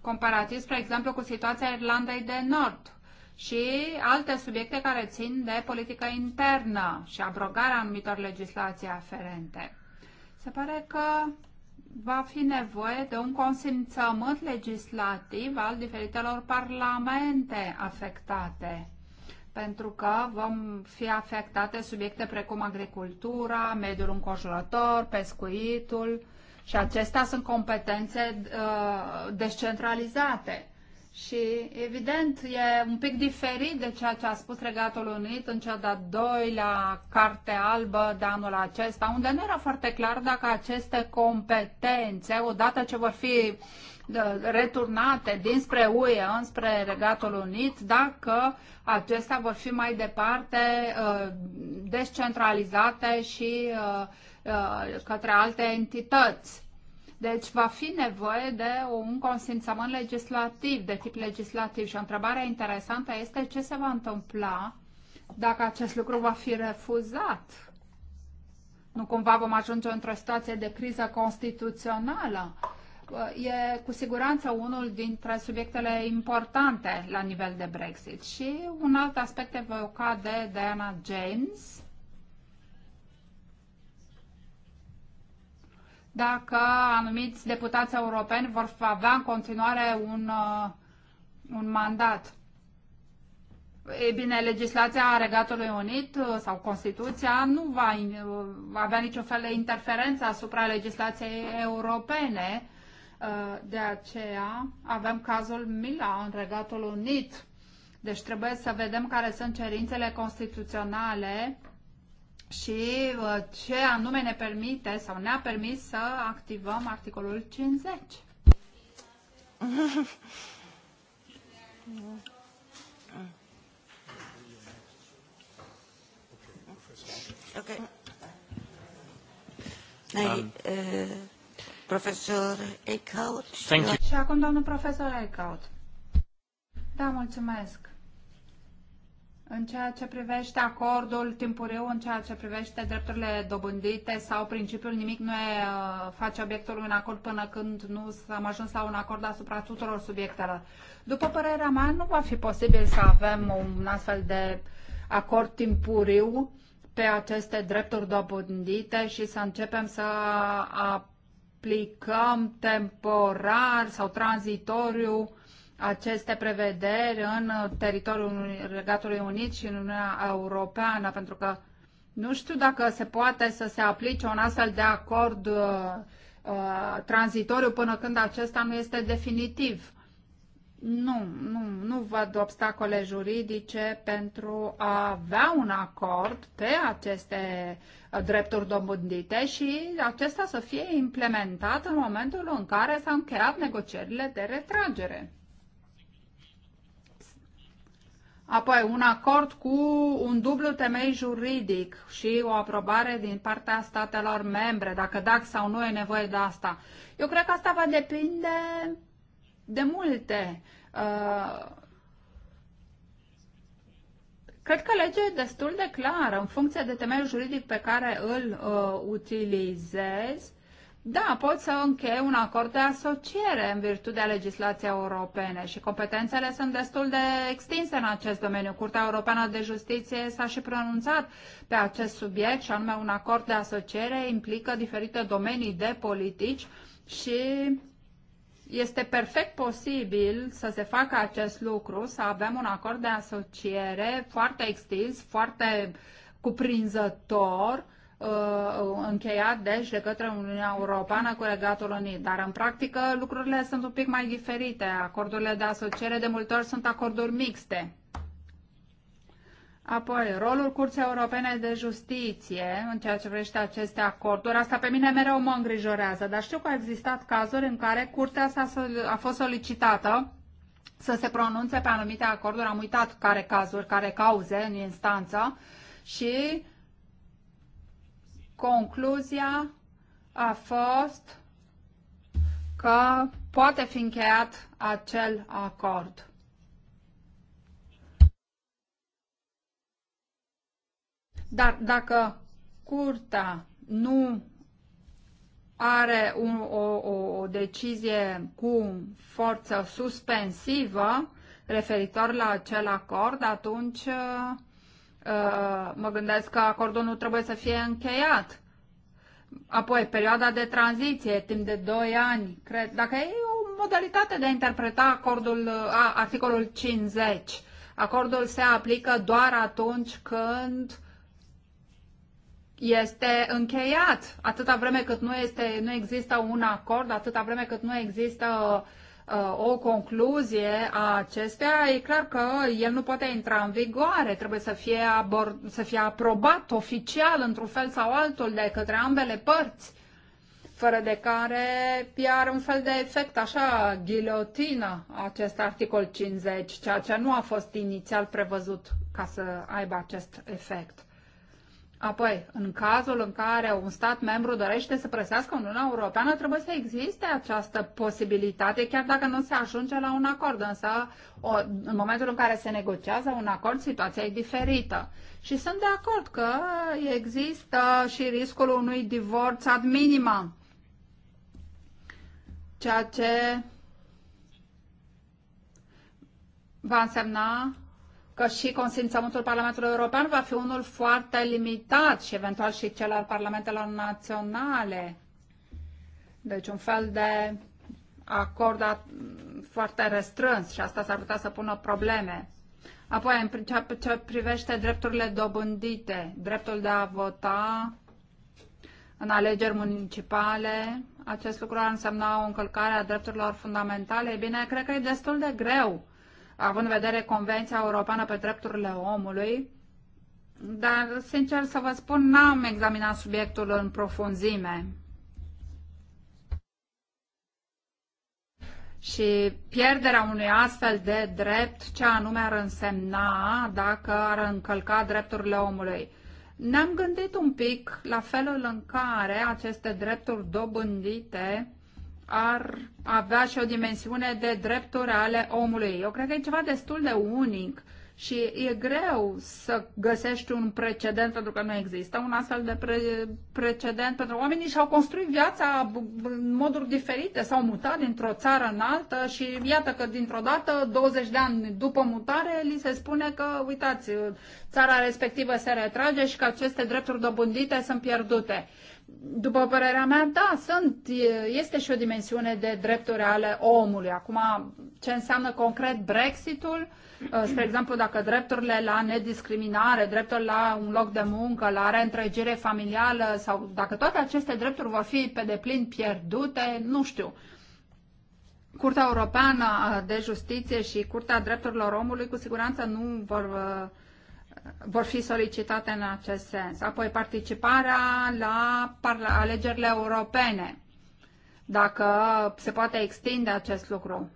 comparativ, spre exemplu, cu situația Irlandei de Nord, și alte subiecte care țin de politică internă și abrogarea anumitor legislații aferente. Se pare că va fi nevoie de un consimțământ legislativ al diferitelor parlamente afectate, pentru că vom fi afectate subiecte precum agricultura, mediul înconjurător, pescuitul și acestea sunt competențe uh, descentralizate. Și evident e un pic diferit de ceea ce a spus Regatul Unit în cea de-a doilea carte albă de anul acesta, unde nu era foarte clar dacă aceste competențe, odată ce vor fi uh, returnate dinspre UE înspre Regatul Unit, dacă acestea vor fi mai departe uh, descentralizate și uh, către alte entități. Deci va fi nevoie de un consimțământ legislativ, de tip legislativ. Și o întrebare interesantă este ce se va întâmpla dacă acest lucru va fi refuzat. Nu cumva vom ajunge într-o situație de criză constituțională. Uh, e cu siguranță unul dintre subiectele importante la nivel de Brexit. Și un alt aspect evocat de Diana James, dacă anumiți deputați europeni vor avea în continuare un, uh, un mandat. E bine, legislația Regatului Unit uh, sau Constituția nu uh, va avea niciun fel de interferență asupra legislației europene. De aceea avem cazul Mila în Regatul Unit. Deci trebuie să vedem care sunt cerințele constituționale și uh, ce anume ne permite sau ne-a permis să activăm articolul 50. Okay. Um, uh, profesor Eichhout. Thank you. Și acum domnul profesor Eichhout. Da, mulțumesc în ceea ce privește acordul timpuriu, în ceea ce privește drepturile dobândite sau principiul nimic nu e, uh, face obiectul un acord până când nu am ajuns la un acord asupra tuturor subiectelor. După părerea mea, nu va fi posibil să avem un astfel de acord timpuriu pe aceste drepturi dobândite și să începem să aplicăm temporar sau tranzitoriu aceste prevederi în teritoriul Regatului Unit și în Uniunea Europeană, pentru că nu știu dacă se poate să se aplice un astfel de acord uh, uh, tranzitoriu până când acesta nu este definitiv. Nu, nu, nu văd obstacole juridice pentru a avea un acord pe aceste uh, drepturi dobândite și acesta să fie implementat în momentul în care s-au încheiat negocierile de retragere. apoi un acord cu un dublu temei juridic și o aprobare din partea statelor membre, dacă DAC sau nu e nevoie de asta. Eu cred că asta va depinde de multe. Uh, cred că legea e destul de clară în funcție de temeiul juridic pe care îl uh, utilizezi da, pot să încheie un acord de asociere în virtutea legislației europene și competențele sunt destul de extinse în acest domeniu. Curtea Europeană de Justiție s-a și pronunțat pe acest subiect și anume un acord de asociere implică diferite domenii de politici și este perfect posibil să se facă acest lucru, să avem un acord de asociere foarte extins, foarte cuprinzător, uh, încheiat, deci, de către Uniunea Europeană cu Regatul Unit. Dar, în practică, lucrurile sunt un pic mai diferite. Acordurile de asociere, de multe ori, sunt acorduri mixte. Apoi, rolul Curții Europene de Justiție în ceea ce privește aceste acorduri, asta pe mine mereu mă îngrijorează, dar știu că au existat cazuri în care Curtea asta a fost solicitată să se pronunțe pe anumite acorduri, am uitat care cazuri, care cauze în instanță și Concluzia a fost că poate fi încheiat acel acord. Dar dacă curtea nu are un, o, o, o decizie cu forță suspensivă referitor la acel acord, atunci uh, Uh, mă gândesc că acordul nu trebuie să fie încheiat. Apoi, perioada de tranziție, timp de 2 ani, cred, dacă e o modalitate de a interpreta acordul, a, articolul 50, acordul se aplică doar atunci când este încheiat, atâta vreme cât nu, este, nu există un acord, atâta vreme cât nu există uh, Uh, o concluzie a acestea, e clar că el nu poate intra în vigoare, trebuie să fie, abord, să fie aprobat oficial într-un fel sau altul de către ambele părți, fără de care iar un fel de efect așa, ghilotină acest articol 50, ceea ce nu a fost inițial prevăzut ca să aibă acest efect. Apoi, în cazul în care un stat membru dorește să presească Uniunea Europeană, trebuie să existe această posibilitate, chiar dacă nu se ajunge la un acord. Însă, o, în momentul în care se negociază un acord, situația e diferită. Și sunt de acord că există și riscul unui divorț ad minima, ceea ce va însemna că și consimțământul Parlamentului European va fi unul foarte limitat și eventual și cel al parlamentelor naționale. Deci un fel de acord foarte restrâns și asta s-ar putea să pună probleme. Apoi, în ceea ce privește drepturile dobândite, dreptul de a vota în alegeri municipale, acest lucru ar însemna o încălcare a drepturilor fundamentale. E bine, cred că e destul de greu având în vedere Convenția Europeană pe Drepturile Omului, dar, sincer să vă spun, n-am examinat subiectul în profunzime. Și pierderea unui astfel de drept, ce anume ar însemna dacă ar încălca drepturile omului. Ne-am gândit un pic la felul în care aceste drepturi dobândite ar avea și o dimensiune de drepturi ale omului. Eu cred că e ceva destul de unic și e greu să găsești un precedent pentru că nu există un astfel de pre- precedent pentru că oamenii și-au construit viața în moduri diferite, s-au mutat dintr-o țară în altă și iată că dintr-o dată, 20 de ani după mutare, li se spune că, uitați, țara respectivă se retrage și că aceste drepturi dobândite sunt pierdute după părerea mea, da, sunt, este și o dimensiune de drepturi ale omului. Acum, ce înseamnă concret Brexitul? Uh, spre exemplu, dacă drepturile la nediscriminare, drepturile la un loc de muncă, la reîntregire familială sau dacă toate aceste drepturi vor fi pe deplin pierdute, nu știu. Curtea Europeană de Justiție și Curtea Drepturilor Omului cu siguranță nu vor uh, vor fi solicitate în acest sens. Apoi participarea la alegerile europene, dacă se poate extinde acest lucru.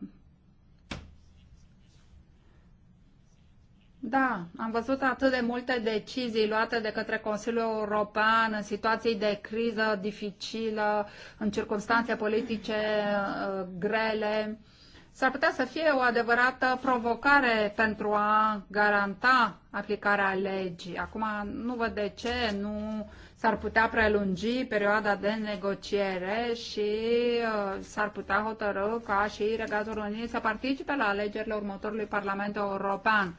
Da, am văzut atât de multe decizii luate de către Consiliul European în situații de criză dificilă, în circunstanțe politice uh, grele s-ar putea să fie o adevărată provocare pentru a garanta aplicarea legii. Acum nu văd de ce nu s-ar putea prelungi perioada de negociere și uh, s-ar putea hotărâ ca și Regatul Unit să participe la alegerile următorului Parlament European.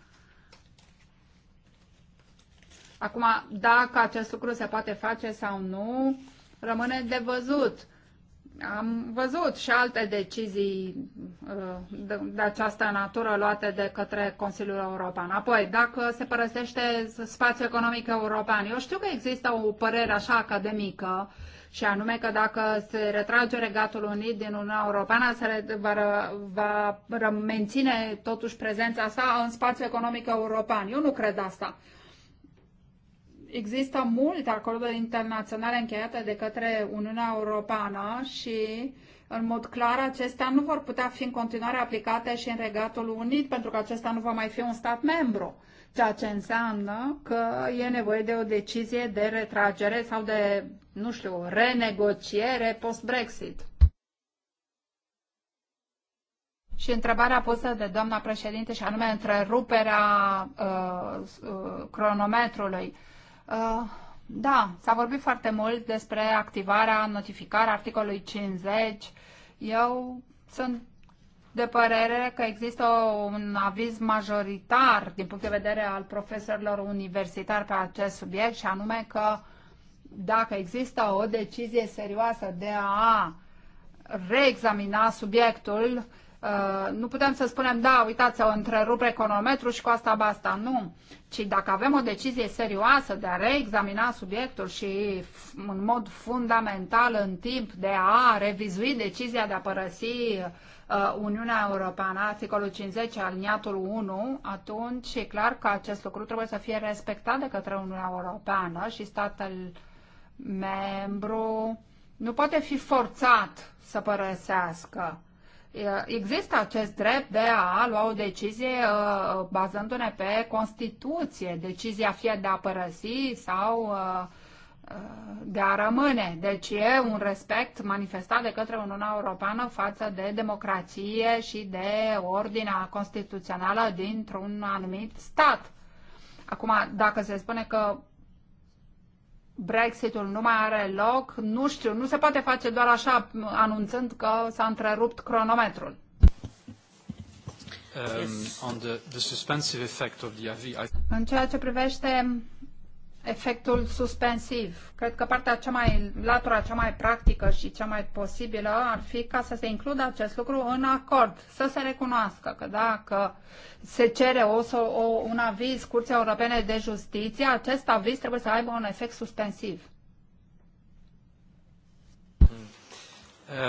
Acum, dacă acest lucru se poate face sau nu, rămâne de văzut am văzut și alte decizii uh, de, această natură luate de către Consiliul European. Apoi, dacă se părăsește spațiul economic european, eu știu că există o părere așa academică și anume că dacă se retrage Regatul Unit din Uniunea Europeană, se va, va menține totuși prezența sa în spațiul economic european. Eu nu cred asta există multe acorduri internaționale încheiate de către Uniunea Europeană și, în mod clar, acestea nu vor putea fi în continuare aplicate și în Regatul Unit, pentru că acesta nu va mai fi un stat membru, ceea ce înseamnă că e nevoie de o decizie de retragere sau de, nu știu, renegociere post-Brexit. Și întrebarea pusă de doamna președinte, și anume întreruperea uh, uh, cronometrului. Uh, Uh, da, s-a vorbit foarte mult despre activarea, notificarea articolului 50. Eu sunt de părere că există un aviz majoritar din punct de vedere al profesorilor universitari pe acest subiect și anume că dacă există o decizie serioasă de a reexamina subiectul, Uh, nu putem să spunem, da, uitați, o întrerupe econometru și cu asta basta. Nu. Ci dacă avem o decizie serioasă de a reexamina subiectul și în mod fundamental în timp de a revizui decizia de a părăsi uh, Uniunea Europeană, articolul 50, aliniatul 1, atunci e clar că acest lucru trebuie să fie respectat de către Uniunea Europeană și statul membru nu poate fi forțat să părăsească există acest drept de a lua o decizie bazându-ne pe Constituție, decizia fie de a părăsi sau de a rămâne. Deci e un respect manifestat de către Uniunea Europeană față de democrație și de ordinea constituțională dintr-un anumit stat. Acum, dacă se spune că Brexitul nu mai are loc, nu știu, nu se poate face doar așa anunțând că s-a întrerupt cronometrul. Um, on the, the suspensive effect of the I... În ceea ce privește efectul suspensiv. Cred că partea cea mai, latura cea mai practică și cea mai posibilă ar fi ca să se includă acest lucru în acord, să se recunoască că dacă se cere o, o, un aviz Curții Europene de Justiție, acest aviz trebuie să aibă un efect suspensiv.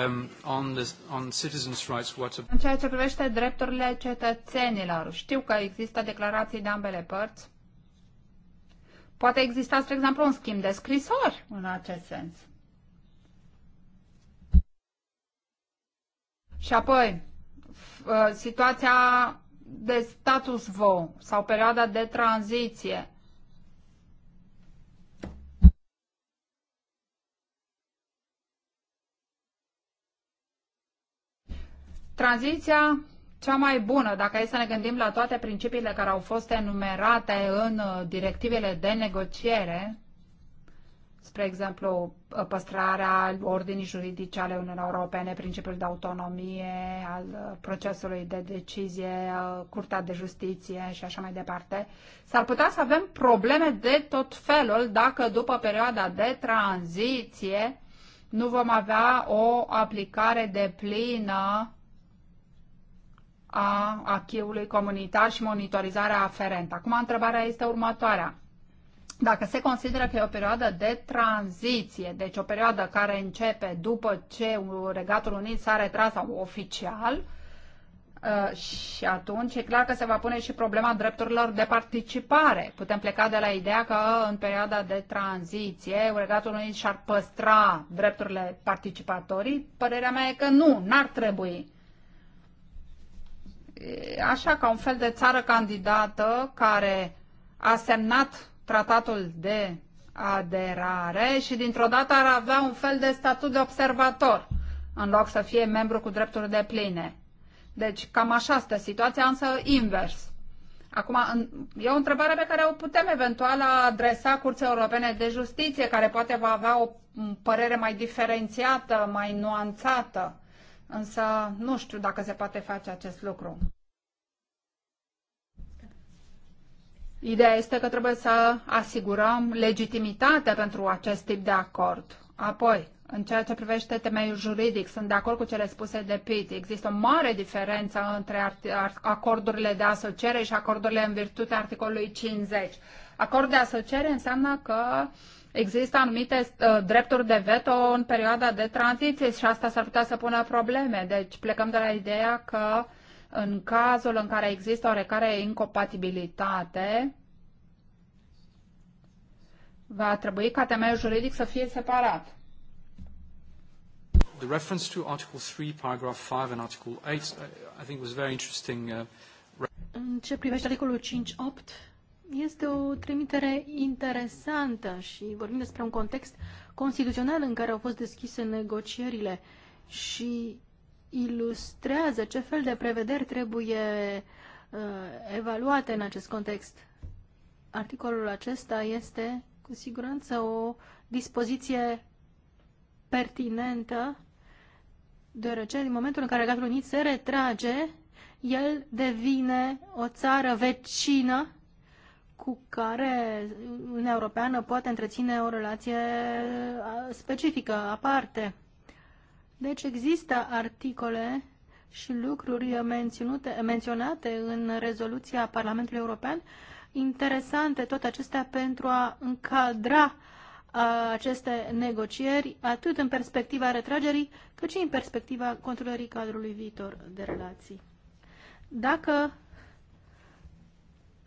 Um, on on citizens rights, În ceea ce privește drepturile cetățenilor, știu că există declarații de ambele părți Poate exista, spre exemplu, un schimb de scrisori în acest sens. Și apoi, uh, situația de status quo sau perioada de tranziție. Tranziția cea mai bună, dacă e să ne gândim la toate principiile care au fost enumerate în uh, directivele de negociere, spre exemplu, uh, păstrarea ordinii juridice ale Uniunii Europene, principiul de autonomie, al uh, procesului de decizie, Curtea de Justiție și așa mai departe, s-ar putea să avem probleme de tot felul dacă după perioada de tranziție nu vom avea o aplicare de plină a acheului comunitar și monitorizarea aferentă. Acum, întrebarea este următoarea. Dacă se consideră că e o perioadă de tranziție, deci o perioadă care începe după ce Regatul Unit s-a retras oficial, ă, și atunci e clar că se va pune și problema drepturilor de participare. Putem pleca de la ideea că în perioada de tranziție Regatul Unit și-ar păstra drepturile participatorii. Părerea mea e că nu, n-ar trebui așa ca un fel de țară candidată care a semnat tratatul de aderare și dintr-o dată ar avea un fel de statut de observator în loc să fie membru cu drepturi de pline. Deci cam așa stă situația, însă invers. Acum, e o întrebare pe care o putem eventual adresa Curții Europene de Justiție, care poate va avea o părere mai diferențiată, mai nuanțată însă nu știu dacă se poate face acest lucru. Ideea este că trebuie să asigurăm legitimitatea pentru acest tip de acord. Apoi, în ceea ce privește temeiul juridic, sunt de acord cu cele spuse de Pitt. Există o mare diferență între acordurile de asociere și acordurile în virtutea articolului 50. Acord de asociere înseamnă că uh, există anumite uh, drepturi de veto în perioada de tranziție și asta s-ar putea să pună probleme. Deci plecăm de la ideea că în cazul în care există oarecare incompatibilitate, va trebui ca temeiul juridic să fie separat. The reference to Article 3, Paragraph 5 and Article 8, I think was very interesting. Uh, în ce privește articolul 5, 8. Este o trimitere interesantă și vorbim despre un context constituțional în care au fost deschise negocierile și ilustrează ce fel de prevederi trebuie uh, evaluate în acest context. Articolul acesta este cu siguranță o dispoziție pertinentă, deoarece din momentul în care Regatul Unit se retrage, el devine o țară vecină cu care Uniunea Europeană poate întreține o relație specifică, aparte. Deci există articole și lucruri menționate, menționate în rezoluția Parlamentului European interesante tot acestea pentru a încadra aceste negocieri atât în perspectiva retragerii cât și în perspectiva controlării cadrului viitor de relații. Dacă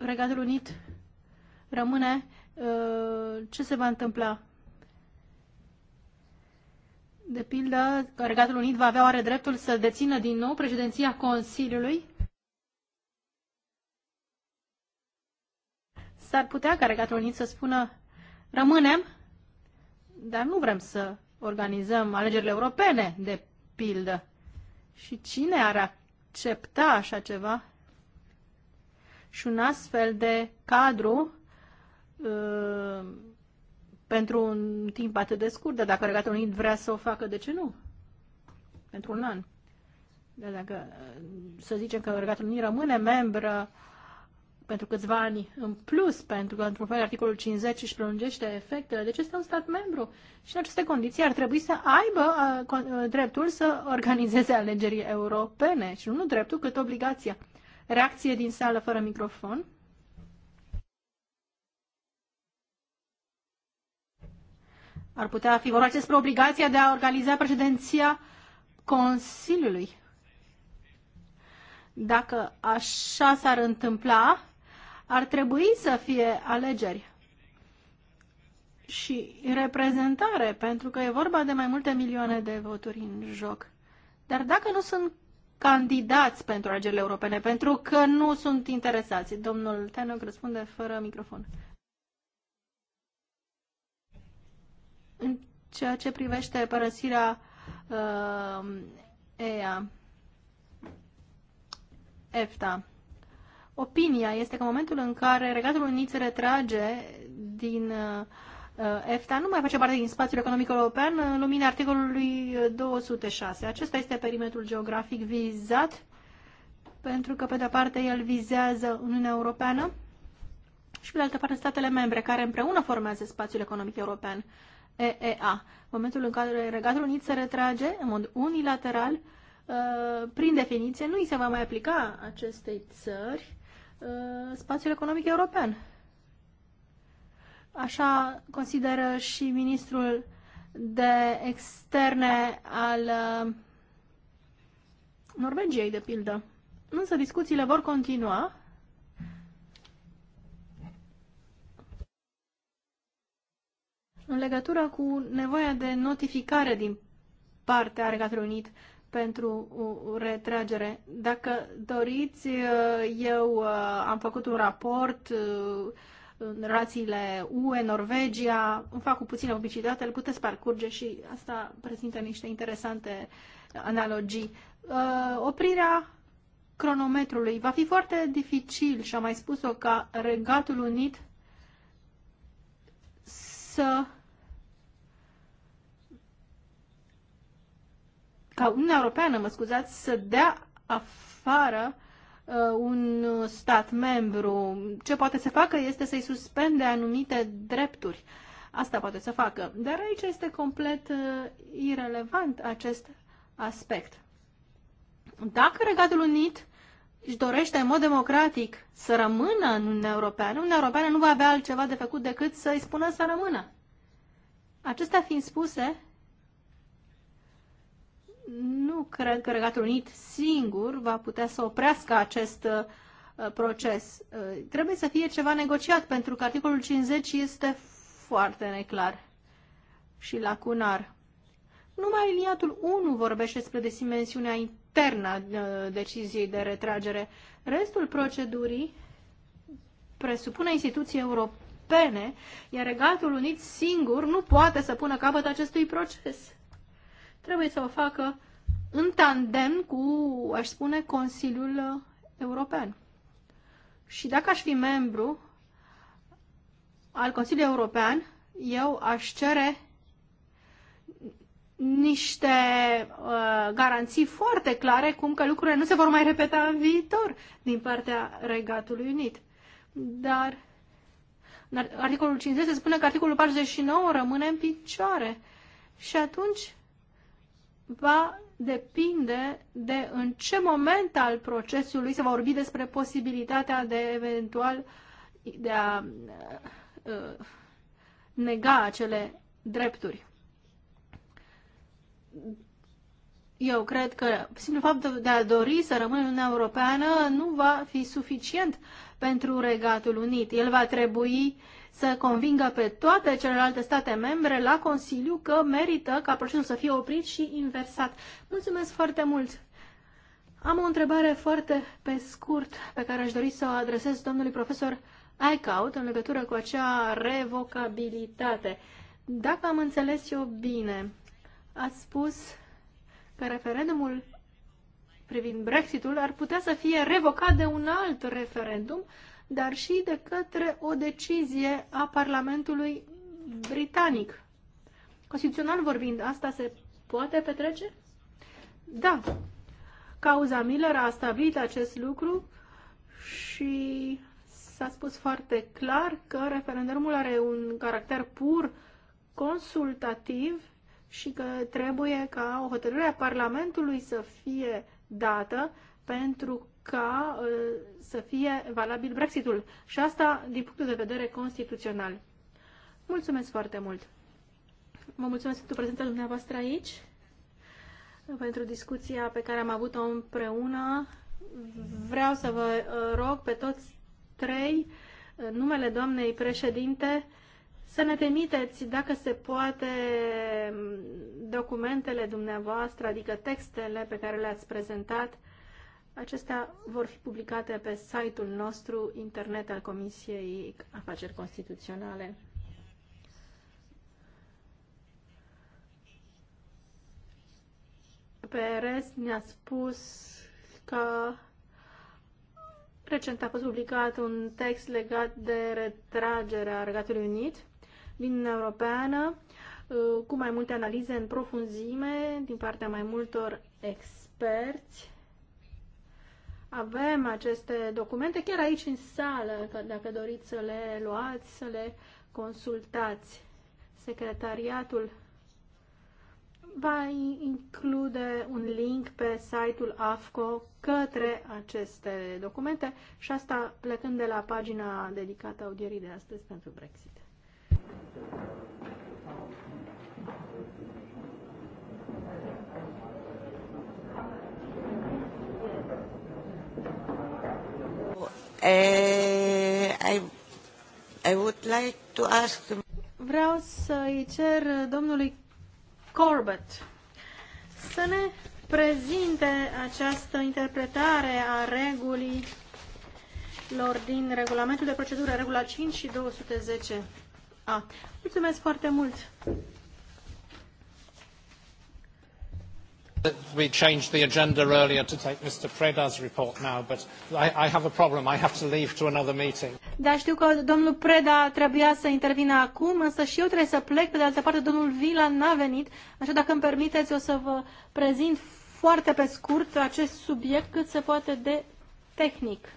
Regatul Unit rămâne, uh, ce se va întâmpla? De pildă, Regatul Unit va avea oare dreptul să dețină din nou președinția Consiliului? S-ar putea ca Regatul Unit să spună rămânem, dar nu vrem să organizăm alegerile europene, de pildă. Și cine ar accepta așa ceva? și un astfel de cadru uh, pentru un timp atât de scurt, dar dacă Regatul Unit vrea să o facă, de ce nu? Pentru un an. Dar dacă, uh, să zicem că Regatul Unit rămâne membră pentru câțiva ani în plus, pentru că într-un fel articolul 50 își prelungește efectele, deci este un stat membru și în aceste condiții ar trebui să aibă uh, dreptul să organizeze alegeri europene și nu dreptul cât obligația. Reacție din sală fără microfon. Ar putea fi vorba despre obligația de a organiza președinția Consiliului. Dacă așa s-ar întâmpla, ar trebui să fie alegeri și reprezentare, pentru că e vorba de mai multe milioane de voturi în joc. Dar dacă nu sunt candidați pentru alegerile europene, pentru că nu sunt interesați. Domnul Tenoc răspunde fără microfon. În ceea ce privește părăsirea uh, EA, EFTA, opinia este că în momentul în care Regatul Unit se retrage din uh, Uh, EFTA nu mai face parte din spațiul economic european uh, în lumina articolului 206. Uh, Acesta este perimetrul geografic vizat, pentru că, pe de-o parte, el vizează Uniunea Europeană și, pe de altă parte, statele membre, care împreună formează spațiul economic european, EEA. În momentul în care Regatul Unit se retrage, în mod unilateral, prin definiție, nu îi se va mai aplica acestei țări spațiul economic european. Așa consideră și ministrul de externe al uh, Norvegiei, de pildă. Însă discuțiile vor continua. În legătură cu nevoia de notificare din partea Regatului Unit pentru retragere. Dacă doriți, uh, eu uh, am făcut un raport în relațiile UE-Norvegia, îmi fac cu puțină publicitate, îl puteți parcurge și asta prezintă niște interesante analogii. Uh, oprirea cronometrului va fi foarte dificil, și am mai spus-o, ca Regatul Unit să ca Uniunea Europeană, mă scuzați, să dea afară uh, Uh, un stat membru. Ce poate să facă este să-i suspende anumite drepturi. Asta poate să facă. Dar aici este complet uh, irelevant acest aspect. Dacă Regatul Unit își dorește în mod democratic să rămână în Uniunea Europeană, Uniunea Europeană nu va avea altceva de făcut decât să i spună să rămână. Acestea fiind spuse, nu cred că Regatul Unit singur va putea să oprească acest uh, proces. Uh, trebuie să fie ceva negociat, pentru că articolul 50 este foarte neclar și lacunar. Numai liniatul 1 vorbește despre dimensiunea internă a uh, deciziei de retragere. Restul procedurii presupune instituții europene, iar Regatul Unit singur nu poate să pună capăt acestui proces trebuie să o facă în tandem cu, aș spune, Consiliul European. Și dacă aș fi membru al Consiliului European, eu aș cere niște uh, garanții foarte clare cum că lucrurile nu se vor mai repeta în viitor din partea Regatului Unit. Dar în articolul 50 se spune că articolul 49 rămâne în picioare. Și atunci va depinde de în ce moment al procesului se va vorbi despre posibilitatea de eventual de a uh, nega acele drepturi. Eu cred că simplul fapt de a dori să rămână în Uniunea Europeană nu va fi suficient pentru Regatul Unit. El va trebui uh, să convingă pe toate celelalte state membre la Consiliu că merită ca procesul să fie oprit și inversat. Mulțumesc foarte mult! Am o întrebare foarte pe scurt pe care aș dori să o adresez domnului profesor Aicaut în legătură cu acea revocabilitate. Dacă am înțeles eu bine, ați spus că referendumul privind Brexitul ar putea să fie revocat de un alt referendum dar și de către o decizie a Parlamentului Britanic. Constituțional vorbind, asta se poate petrece? Da. Cauza Miller a stabilit acest lucru și s-a spus foarte clar că referendumul are un caracter pur consultativ și că trebuie ca o hotărâre a Parlamentului să fie dată pentru ca uh, să fie valabil Brexitul și asta din punctul de vedere constituțional. Mulțumesc foarte mult! Mă mulțumesc pentru prezența dumneavoastră aici, pentru discuția pe care am avut-o împreună. Vreau să vă uh, rog pe toți trei, uh, numele doamnei președinte, să ne trimiteți, dacă se poate, documentele dumneavoastră, adică textele pe care le-ați prezentat Acestea vor fi publicate pe site-ul nostru internet al Comisiei Afaceri Constituționale. Perez ne-a spus că recent a fost publicat un text legat de retragerea Regatului Unit din Uniunea Europeană uh, cu mai multe analize în profunzime din partea mai multor experți avem aceste documente chiar aici în sală, că dacă doriți să le luați, să le consultați. Secretariatul va include un link pe site-ul AFCO către aceste documente și asta plecând de la pagina dedicată audierii de astăzi pentru Brexit. Eh, I, would like to ask... Vreau să-i cer domnului Corbett să ne prezinte această interpretare a regulii lor din regulamentul de procedură, regula 5 și 210. A. Mulțumesc foarte mult! We changed the agenda earlier to take Mr. Preda's report now, but I, I have a problem. I have to leave to another meeting. Da, știu că domnul Preda trebuia să intervină acum, însă și eu trebuie să plec. Pe de altă parte, domnul Vila n-a venit, așa dacă îmi permiteți, o să vă prezint foarte pe scurt acest subiect cât se poate de tehnic.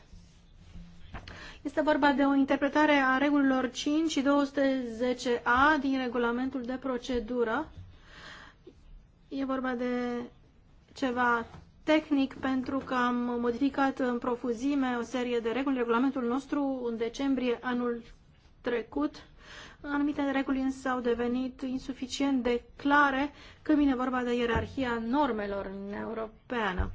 Este vorba de o interpretare a regulilor 5 și 210A din regulamentul de procedură E vorba de ceva tehnic pentru că am modificat în profuzime o serie de reguli, regulamentul nostru în decembrie anul trecut. Anumite reguli însă au devenit insuficient de clare când vine vorba de ierarhia normelor în europeană.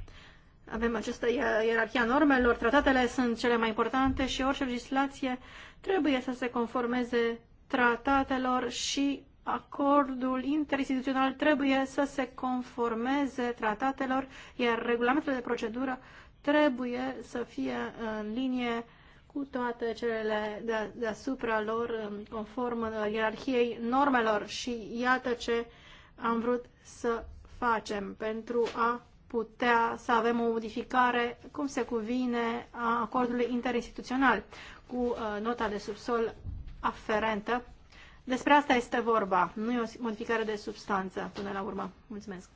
Avem această ierarhia normelor, tratatele sunt cele mai importante și orice legislație trebuie să se conformeze tratatelor și acordul interinstituțional trebuie să se conformeze tratatelor, iar regulamentele de procedură trebuie să fie în linie cu toate cele de deasupra lor, conform ierarhiei normelor. Și iată ce am vrut să facem pentru a putea să avem o modificare, cum se cuvine, a acordului interinstituțional cu uh, nota de subsol aferentă despre asta este vorba, nu e o modificare de substanță până la urmă. Mulțumesc.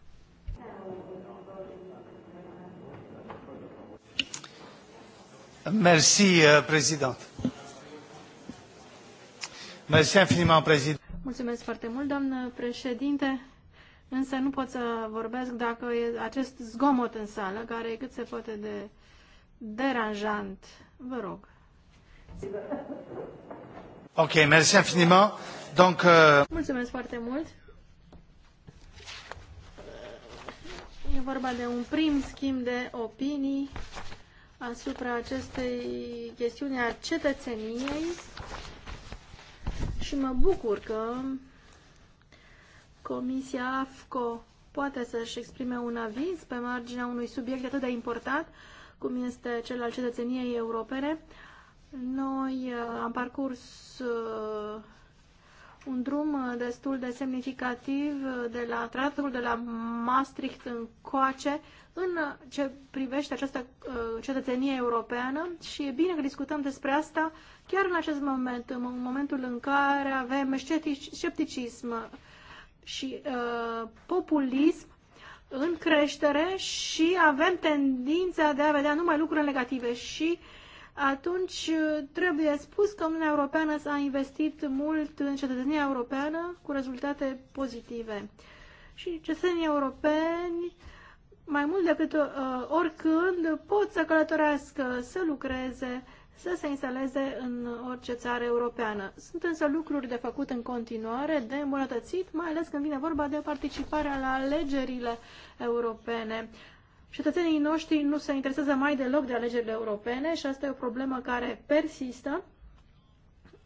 Mersi, uh, prezident. Mersi infiniment, prezident. Mulțumesc foarte mult, doamnă președinte. Însă nu pot să vorbesc dacă e acest zgomot în sală, care e cât se poate de deranjant. Vă rog. Ok, merci infiniment. Donc, uh... Mulțumesc foarte mult. E vorba de un prim schimb de opinii asupra acestei chestiuni a cetățeniei și mă bucur că Comisia AFCO poate să-și exprime un aviz pe marginea unui subiect atât de important cum este cel al cetățeniei europene. Noi uh, am parcurs uh, un drum uh, destul de semnificativ de la tratatul de la Maastricht în coace în ce privește această cetățenie europeană și e bine că discutăm despre asta chiar în acest moment, în momentul în care avem scepticism și uh, populism în creștere și avem tendința de a vedea numai lucruri negative și uh, atunci trebuie spus că Uniunea Europeană s-a investit mult în cetățenia europeană cu rezultate pozitive. Și cetățenii europeni, mai mult decât uh, oricând, pot să călătorească, să lucreze, să se instaleze în orice țară europeană. Sunt însă lucruri de făcut în continuare, de îmbunătățit, mai ales când vine vorba de participarea la alegerile europene. Cetățenii noștri nu se interesează mai deloc de alegerile europene și asta e o problemă care persistă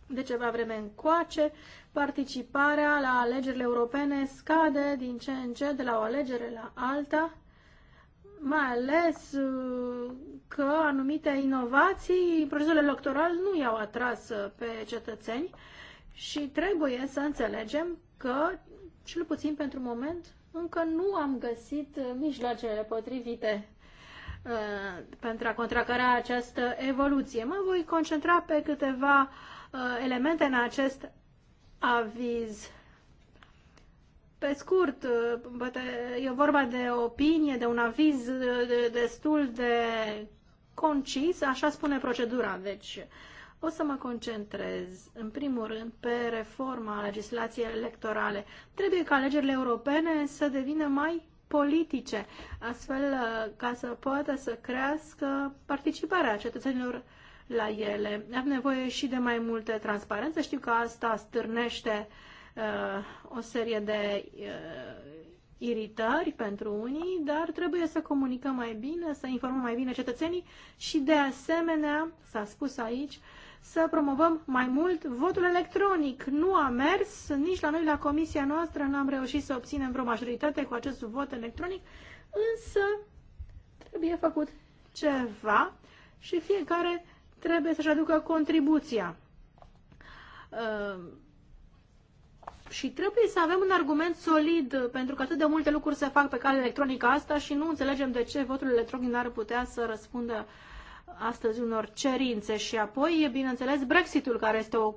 de ceva vreme încoace. Participarea la alegerile europene scade din ce în ce de la o alegere la alta, mai ales uh, că anumite inovații, procesul electoral nu i-au atras uh, pe cetățeni și trebuie să înțelegem că, cel puțin pentru moment, încă nu am găsit uh, mijloacele potrivite uh, pentru a contracara această evoluție. Mă voi concentra pe câteva uh, elemente în acest aviz. Pe scurt, uh, poate e vorba de opinie, de un aviz uh, destul de concis, așa spune procedura. Deci, o să mă concentrez, în primul rând, pe reforma legislației electorale. Trebuie ca alegerile europene să devină mai politice, astfel uh, ca să poată să crească participarea cetățenilor la ele. Am nevoie și de mai multe transparență. Știu că asta stârnește uh, o serie de uh, iritări pentru unii, dar trebuie să comunicăm mai bine, să informăm mai bine cetățenii și de asemenea, s-a spus aici, uh, să promovăm mai mult votul electronic. Nu a mers nici la noi, la comisia noastră, n-am reușit să obținem vreo majoritate cu acest vot electronic, însă trebuie făcut ceva și fiecare trebuie să-și aducă contribuția. Uh, și trebuie să avem un argument solid, pentru că atât de multe lucruri se fac pe cale electronică asta și nu înțelegem de ce votul electronic n-ar putea să răspundă uh, astăzi unor cerințe și apoi e bineînțeles Brexitul care este o,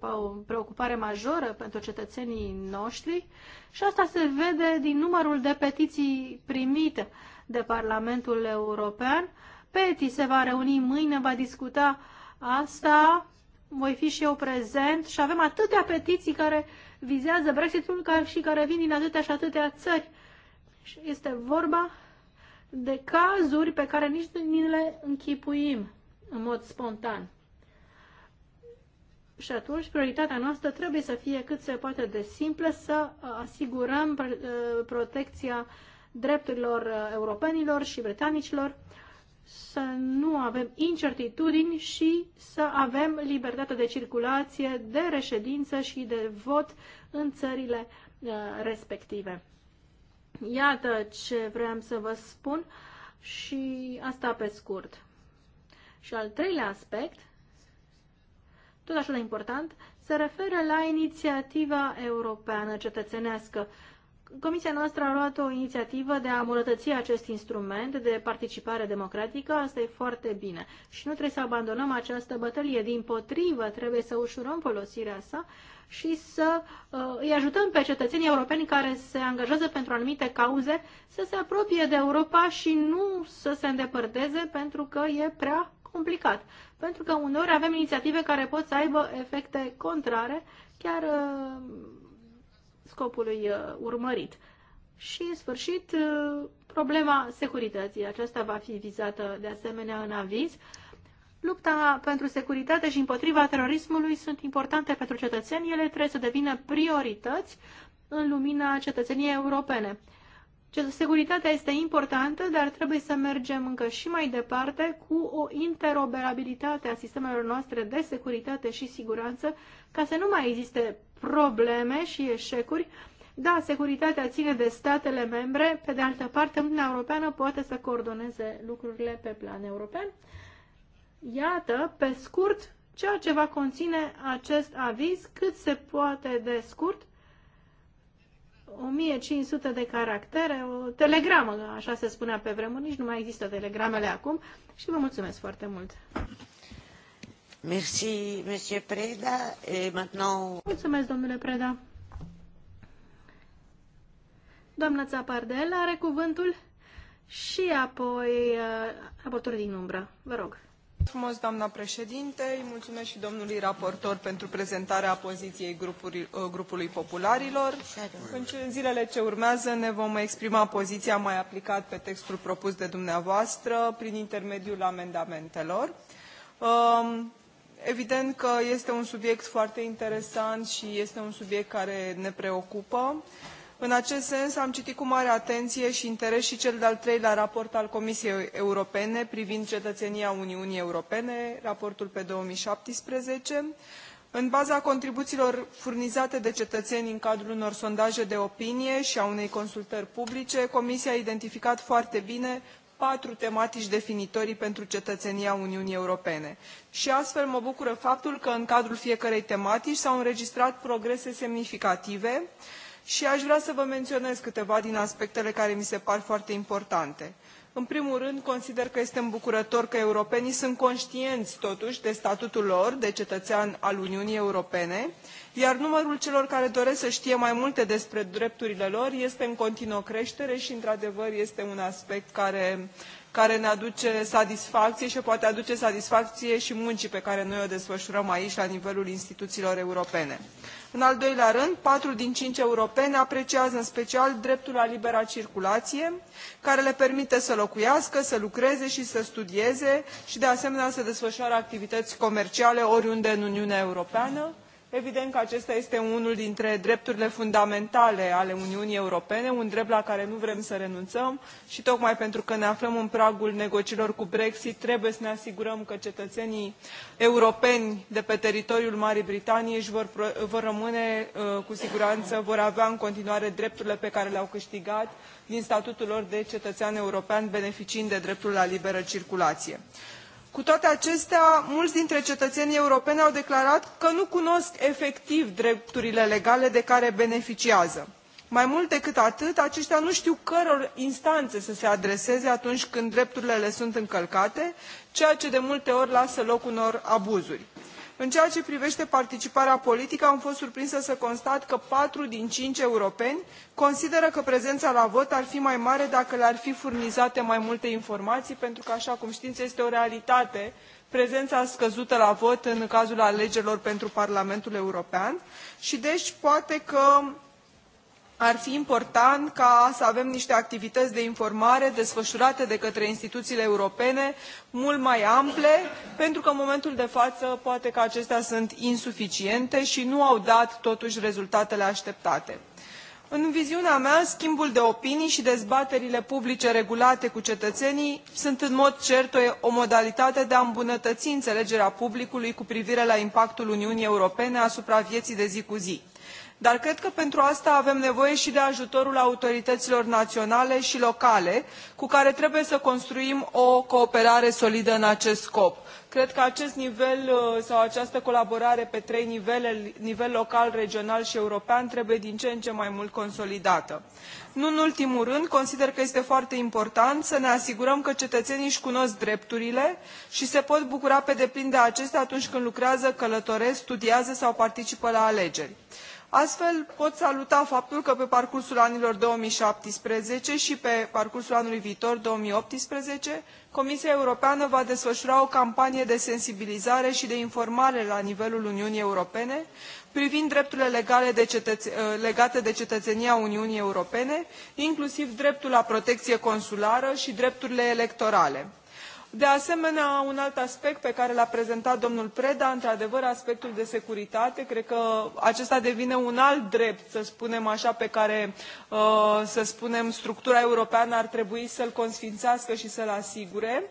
o preocupare majoră pentru cetățenii noștri și asta se vede din numărul de petiții primite de Parlamentul European. Peti se va reuni mâine, va discuta asta, voi fi și eu prezent și avem atâtea petiții care vizează Brexitul și care vin din atâtea și atâtea țări. Este vorba de cazuri pe care nici nu le închipuim în mod spontan. Și atunci prioritatea noastră trebuie să fie cât se poate de simplă să asigurăm uh, protecția drepturilor uh, europenilor și britanicilor, să nu avem incertitudini și să avem libertate de circulație, de reședință și de vot în țările uh, respective. Iată ce vreau să vă spun și asta pe scurt. Și al treilea aspect, tot așa de important, se referă la inițiativa europeană cetățenească. Comisia noastră a luat o inițiativă de a îmbunătăți acest instrument de participare democratică, asta e foarte bine. Și nu trebuie să abandonăm această bătălie, din potrivă trebuie să ușurăm folosirea sa și să uh, îi ajutăm pe cetățenii europeni care se angajează pentru anumite cauze să se apropie de Europa și nu să se îndepărteze pentru că e prea complicat. Pentru că uneori avem inițiative care pot să aibă efecte contrare, chiar uh, scopului uh, urmărit. Și, în sfârșit, uh, problema securității. Aceasta va fi vizată de asemenea în aviz. Lupta pentru securitate și împotriva terorismului sunt importante pentru cetățeni. Ele trebuie să devină priorități în lumina cetățeniei europene. Securitatea este importantă, dar trebuie să mergem încă și mai departe cu o interoperabilitate a sistemelor noastre de securitate și siguranță, ca să nu mai existe probleme și eșecuri. Da, securitatea ține de statele membre, pe de altă parte Uniunea Europeană poate să coordoneze lucrurile pe plan european. Iată, pe scurt, ceea ce va conține acest aviz cât se poate de scurt, 1500 de caractere, o telegramă, așa se spunea pe vremuri, nici nu mai există telegramele acum și vă mulțumesc foarte mult. Mulțumesc, domnule Preda. Doamna Țapardel are cuvântul și apoi uh, raportul din umbră. Vă rog. Frumos, doamna președinte, îi mulțumesc și domnului raportor pentru prezentarea poziției uh, grupului, popularilor. În zilele ce urmează ne vom exprima poziția mai aplicat pe textul propus de dumneavoastră prin intermediul amendamentelor. Um, Evident că este un subiect foarte interesant și este un subiect care ne preocupă. În acest sens, am citit cu mare atenție și interes și cel de-al treilea raport al Comisiei Europene privind cetățenia Uniunii Europene, raportul pe 2017. În baza contribuțiilor furnizate de cetățeni în cadrul unor sondaje de opinie și a unei consultări publice, Comisia a identificat foarte bine patru tematici definitorii pentru cetățenia uniunii europene și astfel mă bucură faptul că în cadrul fiecărei tematici s au înregistrat progrese semnificative și aș vrea să vă menționez câteva din aspectele care mi se par foarte importante. În primul rând, consider că este îmbucurător că europenii sunt conștienți totuși de statutul lor de cetățean al Uniunii Europene iar numărul celor care doresc să știe mai multe despre drepturile lor este în continuă creștere și într adevăr este un aspect care, care ne aduce satisfacție și poate aduce satisfacție și muncii pe care noi o desfășurăm aici la nivelul instituțiilor europene. în al doilea rând patru din cinci europeni apreciază în special dreptul la libera circulație care le permite să locuiască să lucreze și să studieze și de asemenea să desfășoare activități comerciale oriunde în uniunea europeană evident că acesta este unul dintre drepturile fundamentale ale uniunii europene un drept la care nu vrem să renunțăm și tocmai pentru că ne aflăm în pragul negocierilor cu brexit trebuie să ne asigurăm că cetățenii europeni de pe teritoriul marii britanii își vor, vor rămâne uh, cu siguranță vor avea în continuare drepturile pe care le au câștigat din statutul lor de cetățean european beneficiind de dreptul la liberă circulație cu toate acestea mulți dintre cetățenii europeni au declarat că nu cunosc efectiv drepturile legale de care beneficiază. mai mult decât atât aceștia nu știu căror instanțe să se adreseze atunci când drepturile le sunt încălcate ceea ce de multe ori lasă loc unor abuzuri în ceea ce privește participarea politică am fost surprinsă să constat că patru din cinci europeni consideră că prezența la vot ar fi mai mare dacă le ar fi furnizate mai multe informații pentru că așa cum știți este o realitate prezența scăzută la vot în cazul alegerilor pentru parlamentul european și deci poate că ar fi important ca să avem niște activități de informare desfășurate de către instituțiile europene mult mai ample pentru că în momentul de față poate că acestea sunt insuficiente și nu au dat totuși rezultatele așteptate. în viziunea mea schimbul de opinii și dezbaterile publice regulate cu cetățenii sunt în mod cert o modalitate de a îmbunătăți înțelegerea publicului cu privire la impactul uniunii europene asupra vieții de zi cu zi dar cred că pentru asta avem nevoie și de ajutorul autorităților naționale și locale cu care trebuie să construim o cooperare solidă în acest scop cred că acest nivel uh, sau această colaborare pe trei nivele nivel local regional și european trebuie din ce în ce mai mult consolidată. nu în ultimul rând consider că este foarte important să ne asigurăm că cetățenii își cunosc drepturile și se pot bucura pe deplin de acestea atunci când lucrează călătoresc studiază sau participă la alegeri astfel pot saluta faptul că pe parcursul anilor două mii șaptesprezece și pe parcursul anului viitor două mii optsprezece comisia europeană va desfășura o campanie de sensibilizare și de informare la nivelul uniunii europene privind drepturile de ă, legate de cetățenia uniunii europene inclusiv dreptul la protecție consulară și drepturile electorale de asemenea un alt aspect pe care l a prezentat domnul preda într adevăr aspectul de securitate cred că acesta devine un alt drept să spunem așa pe care uh, să spunem structura europeană ar trebui să l consfințească și să l asigure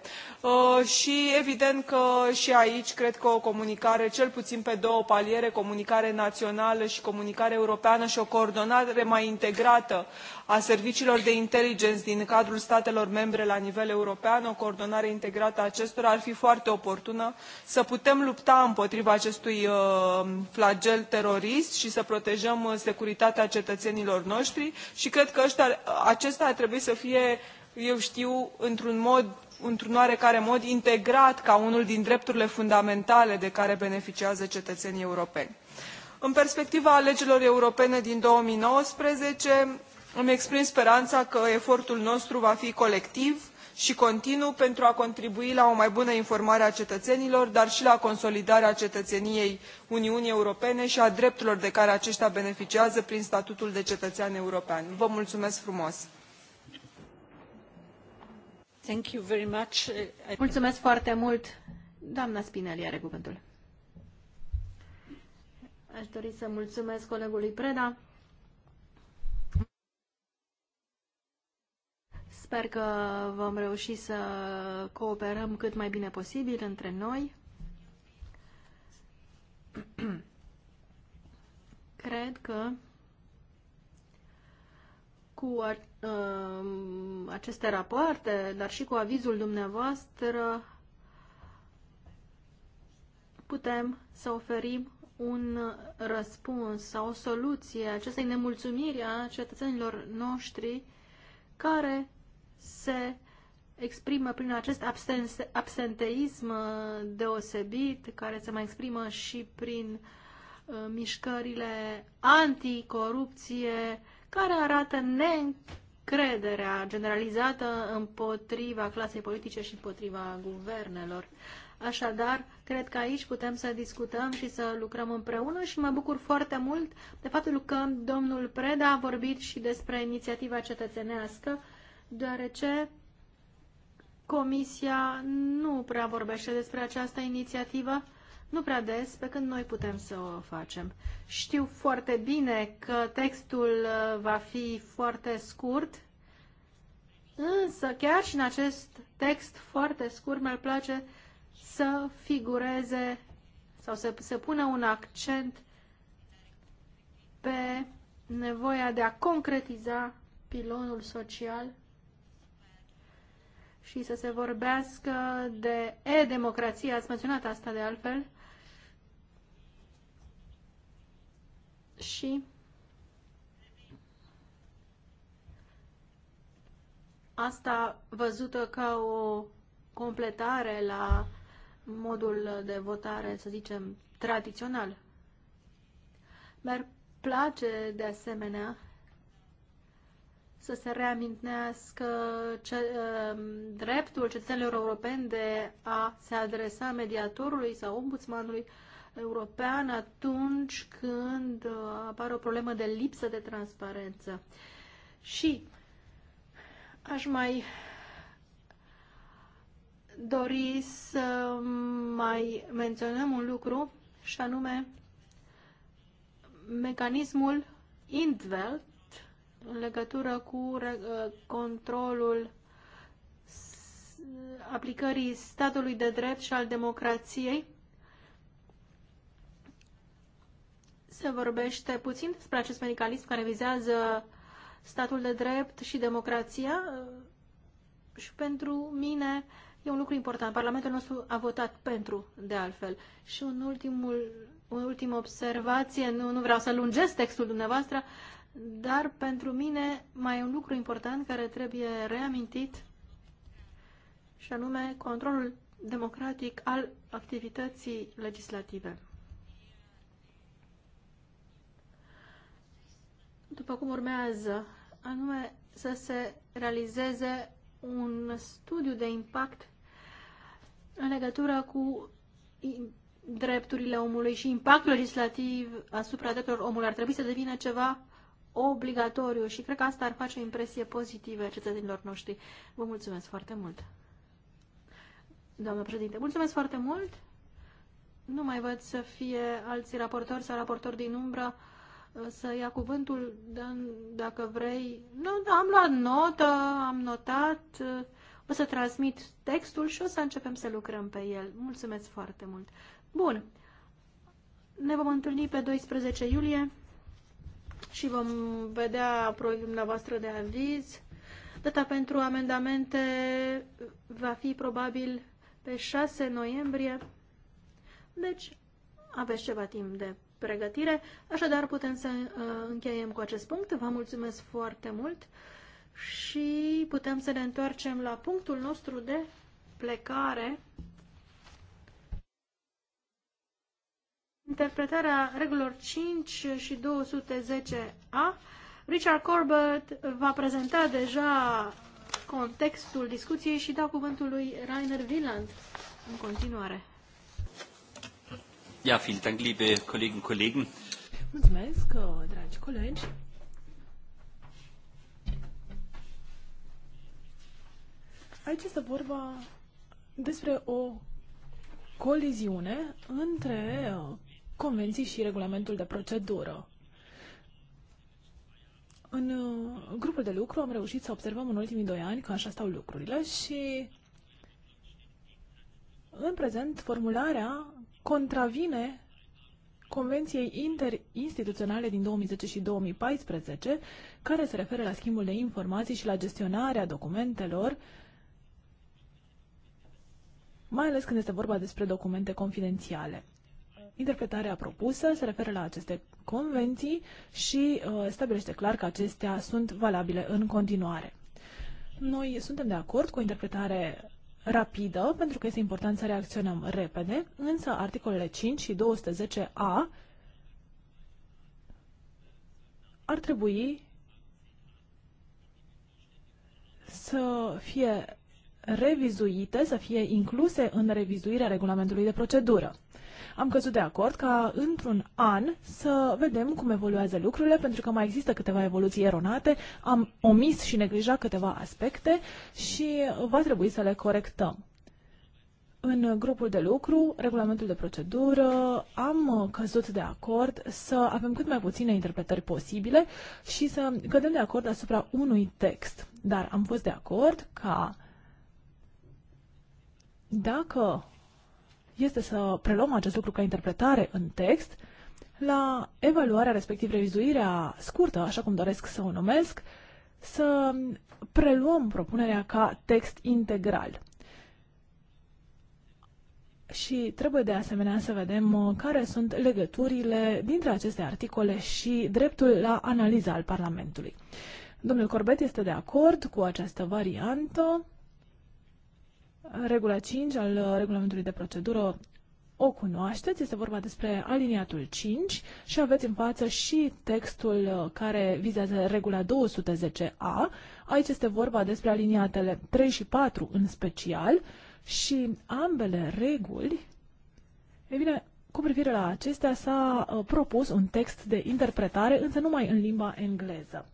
uh, și evident că și aici cred că o comunicare cel puțin pe două paliere comunicare națională și comunicare europeană și o coordonare mai integrată a serviciilor de inteligență din cadrul statelor membre la nivel european o coordonare integrată a acestora ar fi foarte oportună să putem lupta împotriva acestui uh, flagel terorist și să protejăm uh, securitatea cetățenilor noștri și cred că uh, acesta ar trebui să fie eu știu într un mod într un oarecare mod integrat ca unul din drepturile fundamentale de care beneficiază cetățenii europeni. în perspectiva alegerilor europene din două mii nouăsprezece îmi exprim speranța că efortul nostru va fi colectiv și continuu pentru a contribui la o mai bună informare a cetățenilor dar și la consolidarea cetățeniei uniunii europene și a drepturilor de care aceștia beneficiază prin statutul de cetățean european. vă mulțumesc frumos! Mulțumesc foarte mult! Doamna Spinelli are cuvântul. Aș dori să mulțumesc colegului Preda Sper că vom reuși să cooperăm cât mai bine posibil între noi. Cred că cu uh, aceste rapoarte, dar și cu avizul dumneavoastră, putem să oferim un răspuns sau o soluție acestei nemulțumiri a cetățenilor noștri care se exprimă prin acest absenteism uh, deosebit, care se mai exprimă și prin uh, mișcările anticorupție, care arată neîncrederea generalizată împotriva clasei politice și împotriva guvernelor. Așadar, cred că aici putem să discutăm și să lucrăm împreună și mă bucur foarte mult de faptul că domnul Preda a vorbit și despre inițiativa cetățenească deoarece Comisia nu prea vorbește despre această inițiativă, nu prea des, pe când noi putem să o facem. Știu foarte bine că textul uh, va fi foarte scurt, însă chiar și în acest text foarte scurt mi-ar place să figureze sau să se pună un accent pe nevoia de a concretiza pilonul social și să se vorbească de e-democrație. Ați menționat asta de altfel. Și asta văzută ca o completare la modul de votare, să zicem, tradițional. Mi-ar place, de asemenea, să se reamintească ce, um, dreptul cetățenilor europeni de a se adresa mediatorului sau ombudsmanului european atunci când uh, apare o problemă de lipsă de transparență. Și aș mai dori să mai menționăm un lucru și anume mecanismul Indvelt în legătură cu uh, controlul aplicării statului de drept și al democrației. Se vorbește puțin despre acest medicalism care vizează statul de drept și democrația uh, și pentru mine e un lucru important. Parlamentul nostru a votat pentru, de altfel. Și un ultimul, o ultimă observație, nu, nu vreau să lungesc textul dumneavoastră, dar pentru mine mai e un lucru important care trebuie reamintit și anume controlul democratic al activității legislative. După cum urmează, anume să se realizeze un studiu de impact în legătură cu drepturile omului și impactul legislativ asupra drepturilor omului ar trebui să devină ceva obligatoriu și cred că asta ar face o impresie pozitivă cetățenilor noștri. Vă mulțumesc foarte mult! Doamna președinte, mulțumesc foarte mult! Nu mai văd să fie alții raportori sau raportori din umbră uh, să ia cuvântul dacă vrei. Nu, am luat notă, am notat, uh, o să transmit textul și o să începem să lucrăm pe el. Mulțumesc foarte mult! Bun, ne vom întâlni pe 12 iulie și vom vedea proiectul dumneavoastră de aviz. Data pentru amendamente va fi probabil pe 6 noiembrie, deci aveți ceva timp de pregătire, așadar putem să uh, încheiem cu acest punct. Vă mulțumesc foarte mult și putem să ne întoarcem la punctul nostru de plecare. interpretarea regulilor 5 și 210a. Richard Corbett va prezenta deja contextul discuției și dau cuvântul lui Rainer Wieland în continuare. Ja, vielen Dank, liebe Kollegen, Kollegen. Mulțumesc, uh, dragi colegi. Aici este vorba despre o coliziune între uh, convenții și regulamentul de procedură. În uh, grupul de lucru am reușit să observăm în ultimii doi ani că așa stau lucrurile și în prezent formularea contravine Convenției Interinstituționale din 2010 și 2014, care se referă la schimbul de informații și la gestionarea documentelor, mai ales când este vorba despre documente confidențiale interpretarea propusă se referă la aceste convenții și uh, stabilește clar că acestea sunt valabile în continuare. Noi suntem de acord cu o interpretare rapidă, pentru că este important să reacționăm repede, însă articolele 5 și 210a ar trebui să fie revizuite, să fie incluse în revizuirea regulamentului de procedură. Am căzut de acord ca într-un an să vedem cum evoluează lucrurile, pentru că mai există câteva evoluții eronate. Am omis și neglijat câteva aspecte și va trebui să le corectăm. În grupul de lucru, regulamentul de procedură, am căzut de acord să avem cât mai puține interpretări posibile și să cădem de acord asupra unui text. Dar am fost de acord ca dacă este să preluăm acest lucru ca interpretare în text la evaluarea, respectiv revizuirea scurtă, așa cum doresc să o numesc, să preluăm propunerea ca text integral. Și trebuie de asemenea să vedem uh, care sunt legăturile dintre aceste articole și dreptul la analiza al Parlamentului. Domnul Corbet este de acord cu această variantă Regula 5 al uh, regulamentului de procedură o cunoașteți, este vorba despre aliniatul 5 și aveți în față și textul uh, care vizează regula 210A. Aici este vorba despre aliniatele 3 și 4 în special și ambele reguli, e bine, cu privire la acestea s-a uh, propus un text de interpretare, însă numai în limba engleză.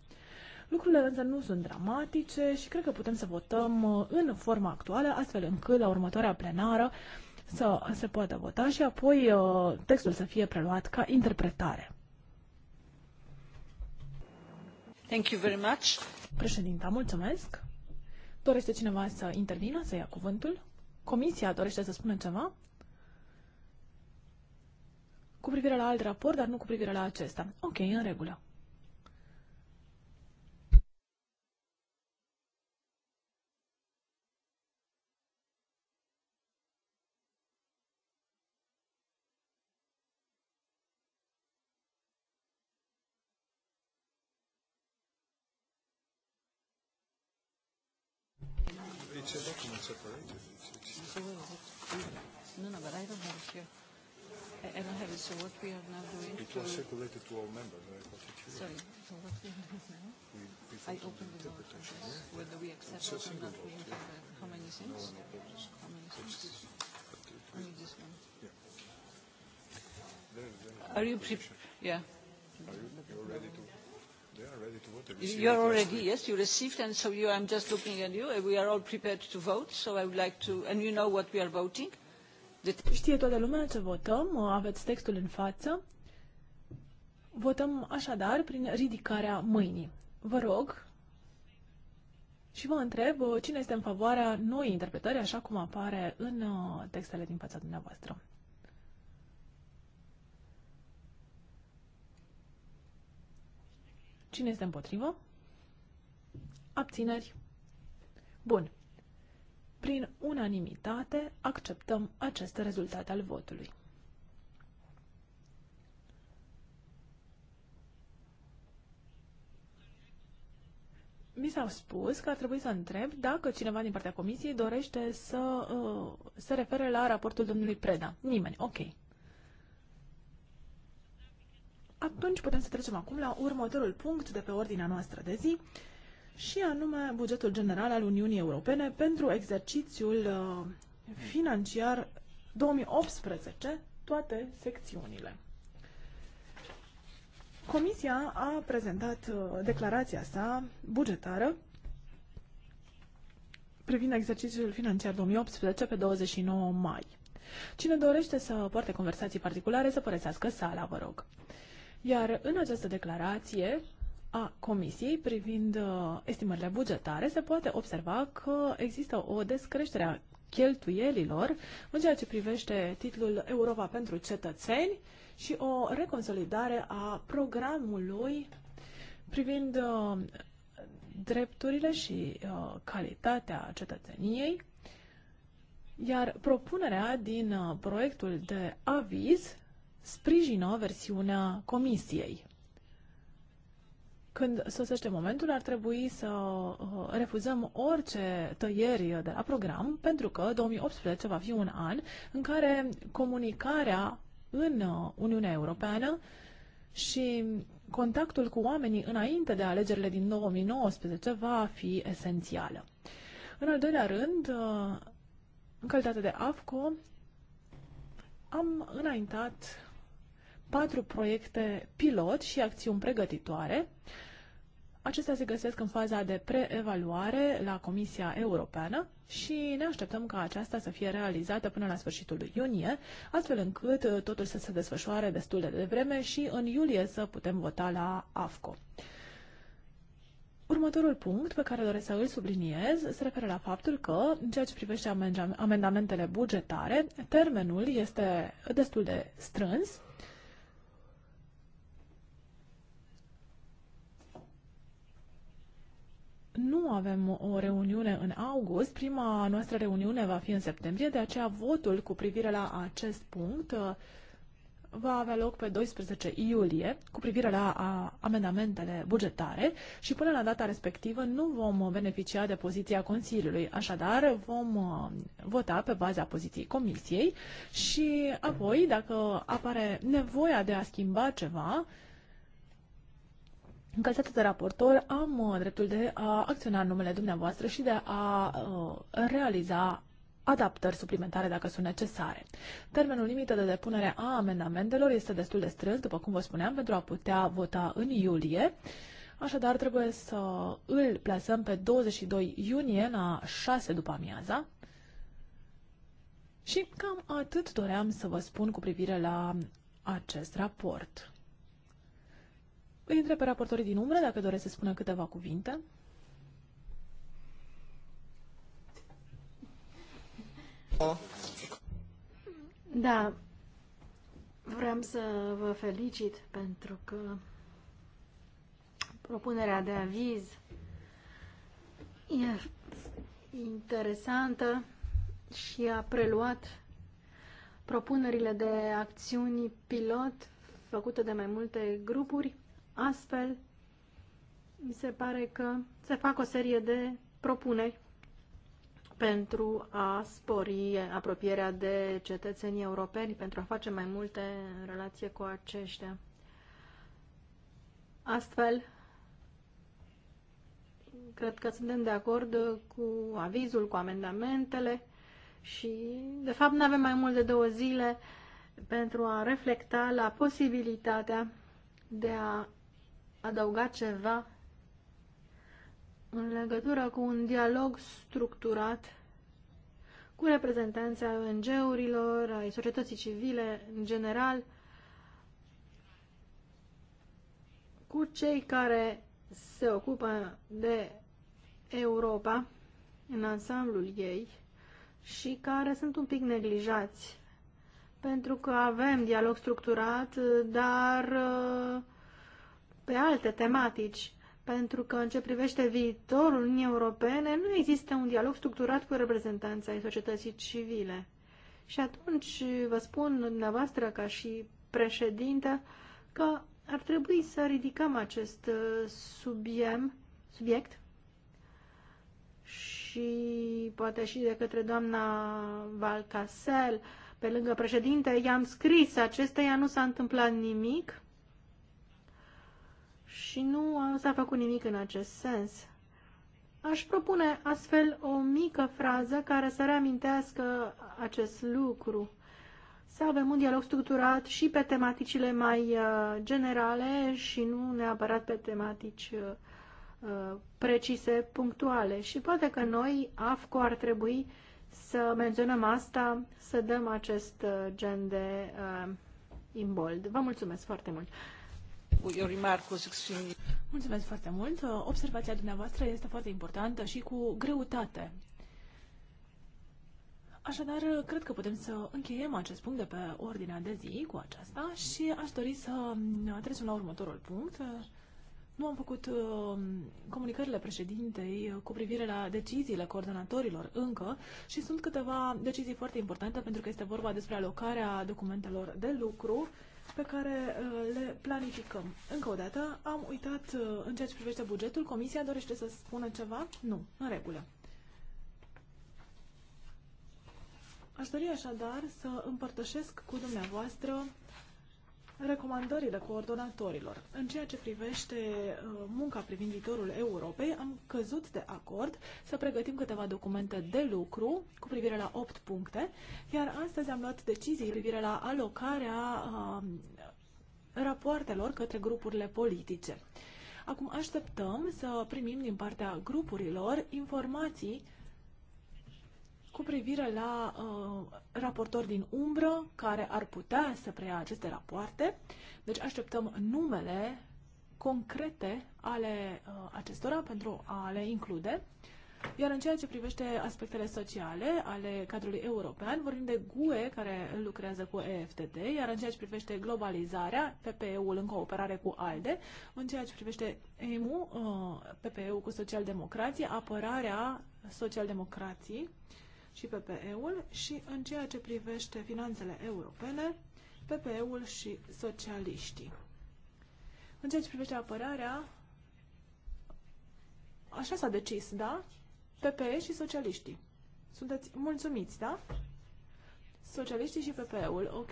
Lucrurile însă nu sunt dramatice și cred că putem să votăm uh, în forma actuală, astfel încât la următoarea plenară să se poată vota și apoi uh, textul să fie preluat ca interpretare. Thank you very much. Președinta, mulțumesc. Dorește cineva să intervină, să ia cuvântul? Comisia dorește să spună ceva? Cu privire la alt raport, dar nu cu privire la acesta. Ok, în regulă. no, no, but I don't have it here. I, I don't have it. So what we are now doing? It was circulated to all members. Sorry. So what we have now? We, we I opened the vote. Yes. Whether we accept it or not, vote, we have yeah. how many things? No one How many things? Only this one. Yeah. There, there. Are you prepared? Yeah. Are you, you're ready to? You are already, yes, you received, and so you, I'm just looking at you. and We are all prepared to vote, so I would like to, and you know what we are voting. Știe toată lumea ce votăm, aveți textul în față. Votăm așadar prin ridicarea mâinii. Vă rog și vă întreb cine este în favoarea noii interpretări, așa cum apare în uh, textele din fața dumneavoastră. Cine este împotrivă? Abțineri. Bun. Prin unanimitate acceptăm acest rezultat al votului. mi s-a spus că ar trebui să întreb dacă cineva din partea comisiei dorește să uh, se refere la raportul domnului Preda. Nimeni. Ok. Atunci putem să trecem acum la următorul punct de pe ordinea noastră de zi, și anume bugetul general al Uniunii Europene pentru exercițiul uh, financiar 2018, toate secțiunile. Comisia a prezentat uh, declarația sa bugetară privind exercițiul financiar 2018 pe 29 mai. Cine dorește să poarte conversații particulare, să părăsească sala, vă rog. Iar în această declarație a Comisiei privind uh, estimările bugetare se poate observa că există o descreștere a cheltuielilor în ceea ce privește titlul Europa pentru cetățeni și o reconsolidare a programului privind uh, drepturile și uh, calitatea cetățeniei, iar propunerea din proiectul de aviz sprijină versiunea Comisiei. Când sosește momentul, ar trebui să uh, refuzăm orice tăieri de la program, pentru că 2018 va fi un an în care comunicarea în uh, Uniunea Europeană și contactul cu oamenii înainte de alegerile din 2019 va fi esențială. În al doilea rând, uh, în calitate de AFCO, am înaintat patru proiecte pilot și acțiuni pregătitoare. Acestea se găsesc în faza de preevaluare la Comisia Europeană și ne așteptăm ca aceasta să fie realizată până la sfârșitul iunie, astfel încât uh, totul să se desfășoare destul de devreme și în iulie să putem vota la AFCO. Următorul punct pe care doresc să îl subliniez se referă la faptul că, în ceea ce privește amendamentele bugetare, termenul este destul de strâns. nu avem o reuniune în august. Prima noastră reuniune va fi în septembrie, de aceea votul cu privire la acest punct uh, va avea loc pe 12 iulie cu privire la a, amendamentele bugetare și până la data respectivă nu vom beneficia de poziția Consiliului. Așadar, vom uh, vota pe baza poziției Comisiei și apoi, dacă apare nevoia de a schimba ceva, în calitate de raportor, am uh, dreptul de a acționa în numele dumneavoastră și de a uh, realiza adaptări suplimentare dacă sunt necesare. Termenul limită de depunere a amendamentelor este destul de strâns, după cum vă spuneam, pentru a putea vota în iulie. Așadar, trebuie să îl plasăm pe 22 iunie la 6 după amiaza. Și cam atât doream să vă spun cu privire la acest raport. Îi întreb pe raportorii din umbră dacă doresc să spună câteva cuvinte. Da, vreau să vă felicit pentru că propunerea de aviz e interesantă și a preluat propunerile de acțiuni pilot făcute de mai multe grupuri Astfel, mi se pare că se fac o serie de propuneri pentru a spori apropierea de cetățenii europeni, pentru a face mai multe în relație cu aceștia. Astfel, cred că suntem de acord cu avizul, cu amendamentele și, de fapt, nu avem mai mult de două zile pentru a reflecta la posibilitatea de a adăuga ceva în legătură cu un dialog structurat cu reprezentanța ONG-urilor, ai societății civile în general, cu cei care se ocupă de Europa în ansamblul ei și care sunt un pic neglijați. Pentru că avem dialog structurat, dar uh, pe alte tematici, pentru că în ce privește viitorul Uniunii Europene nu există un dialog structurat cu reprezentanța ai societății civile. Și atunci vă spun dumneavoastră ca și președintă că ar trebui să ridicăm acest uh, subiem, subiect și poate și de către doamna Valcasel, pe lângă președinte, i-am scris acesteia, nu s-a întâmplat nimic și nu s-a făcut nimic în acest sens. Aș propune astfel o mică frază care să reamintească acest lucru. Să avem un dialog structurat și pe tematicile mai uh, generale și nu neapărat pe tematici uh, uh, precise, punctuale. Și poate că noi, AFCO, ar trebui să menționăm asta, să dăm acest gen de imbold. Vă mulțumesc foarte mult! Mulțumesc foarte mult. Observația dumneavoastră este foarte importantă și cu greutate. Așadar, cred că putem să încheiem acest punct de pe ordinea de zi cu aceasta și aș dori să trecem la următorul punct. Nu am făcut uh, comunicările președintei cu privire la deciziile coordonatorilor încă și sunt câteva decizii foarte importante pentru că este vorba despre alocarea documentelor de lucru pe care uh, le planificăm. Încă o dată, am uitat uh, în ceea ce privește bugetul. Comisia dorește să spună ceva? Nu. În regulă. Aș dori așadar să împărtășesc cu dumneavoastră recomandările coordonatorilor. În ceea ce privește uh, munca privind viitorul Europei, am căzut de acord să pregătim câteva documente de lucru cu privire la 8 puncte, iar astăzi am luat decizii cu privire la alocarea uh, rapoartelor către grupurile politice. Acum așteptăm să primim din partea grupurilor informații cu privire la uh, raportori din umbră care ar putea să preia aceste rapoarte. Deci așteptăm numele concrete ale uh, acestora pentru a le include. Iar în ceea ce privește aspectele sociale ale cadrului european, vorbim de GUE, care lucrează cu EFTD, iar în ceea ce privește globalizarea, PPE-ul în cooperare cu ALDE, în ceea ce privește EMU, uh, PPE-ul cu socialdemocrații, apărarea socialdemocrații, și PPE-ul și în ceea ce privește finanțele europene, PPE-ul și socialiștii. În ceea ce privește apărarea, așa s-a decis, da? PPE și socialiștii. Sunteți mulțumiți, da? Socialiștii și PPE-ul, ok.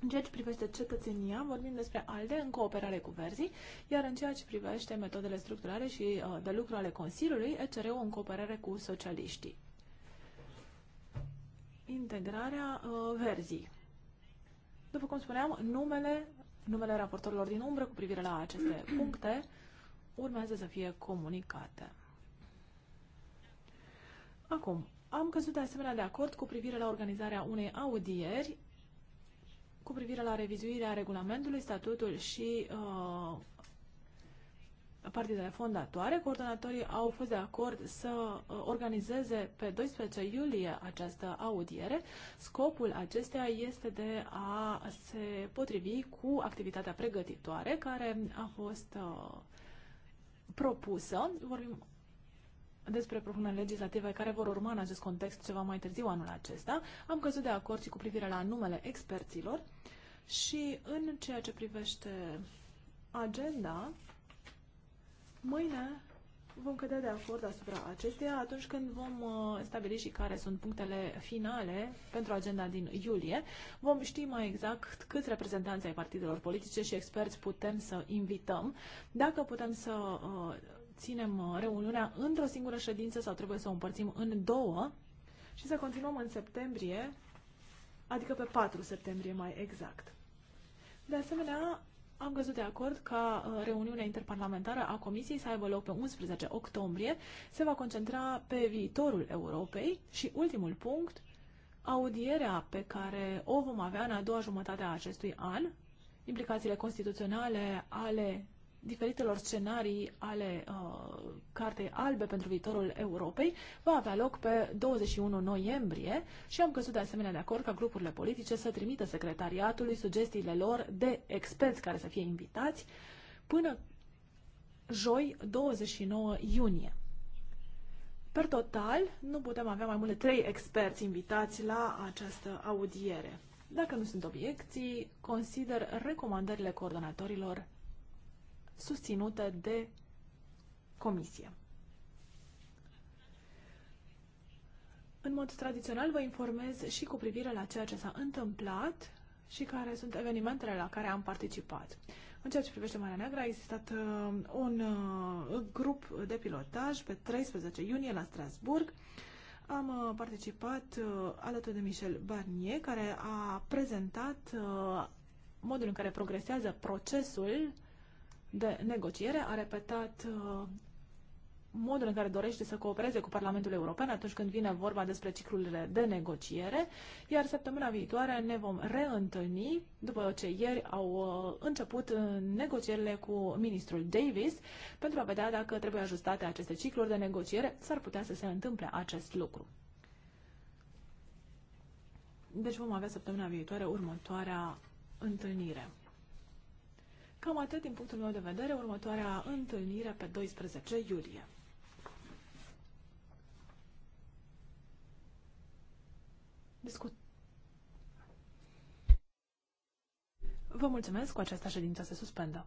În ceea ce privește cetățenia, vorbim despre ALDE în cooperare cu Verzii, iar în ceea ce privește metodele structurale și uh, de lucru ale Consiliului, ECR-ul în cooperare cu socialiștii integrarea uh, verzii. După cum spuneam, numele, numele raportorilor din umbră cu privire la aceste puncte urmează să fie comunicate. Acum, am căzut de asemenea de acord cu privire la organizarea unei audieri cu privire la revizuirea regulamentului, statutul și uh, partidele fondatoare, coordonatorii au fost de acord să uh, organizeze pe 12 iulie această audiere. Scopul acesteia este de a se potrivi cu activitatea pregătitoare care a fost uh, propusă. Vorbim despre propunerile legislative care vor urma în acest context ceva mai târziu anul acesta. Am căzut de acord și cu privire la numele experților și în ceea ce privește agenda, Mâine vom cădea de acord asupra acesteia atunci când vom uh, stabili și care sunt punctele finale pentru agenda din iulie. Vom ști mai exact câți reprezentanți ai partidelor politice și experți putem să invităm, dacă putem să uh, ținem uh, reuniunea într-o singură ședință sau trebuie să o împărțim în două și să continuăm în septembrie, adică pe 4 septembrie mai exact. De asemenea, am căzut de acord ca uh, reuniunea interparlamentară a Comisiei să aibă loc pe 11 octombrie. Se va concentra pe viitorul Europei și ultimul punct, audierea pe care o vom avea în a doua jumătate a acestui an, implicațiile constituționale ale diferitelor scenarii ale uh, Cartei Albe pentru viitorul Europei va avea loc pe 21 noiembrie și am căzut de asemenea de acord ca grupurile politice să trimită secretariatului sugestiile lor de experți care să fie invitați până joi 29 iunie. Per total, nu putem avea mai mult de trei experți invitați la această audiere. Dacă nu sunt obiecții, consider recomandările coordonatorilor susținute de comisie. În mod tradițional vă informez și cu privire la ceea ce s-a întâmplat și care sunt evenimentele la care am participat. În ceea ce privește Marea Neagră, a existat uh, un uh, grup de pilotaj pe 13 iunie la Strasburg. Am uh, participat uh, alături de Michel Barnier, care a prezentat uh, modul în care progresează procesul de negociere, a repetat uh, modul în care dorește să coopereze cu Parlamentul European atunci când vine vorba despre ciclurile de negociere, iar săptămâna viitoare ne vom reîntâlni după ce ieri au uh, început uh, negocierile cu ministrul Davis pentru a vedea dacă trebuie ajustate aceste cicluri de negociere, s-ar putea să se întâmple acest lucru. Deci vom avea săptămâna viitoare următoarea întâlnire. Cam atât din punctul meu de vedere, următoarea întâlnire pe 12 iulie. Discut. Vă mulțumesc, cu această ședință se suspendă.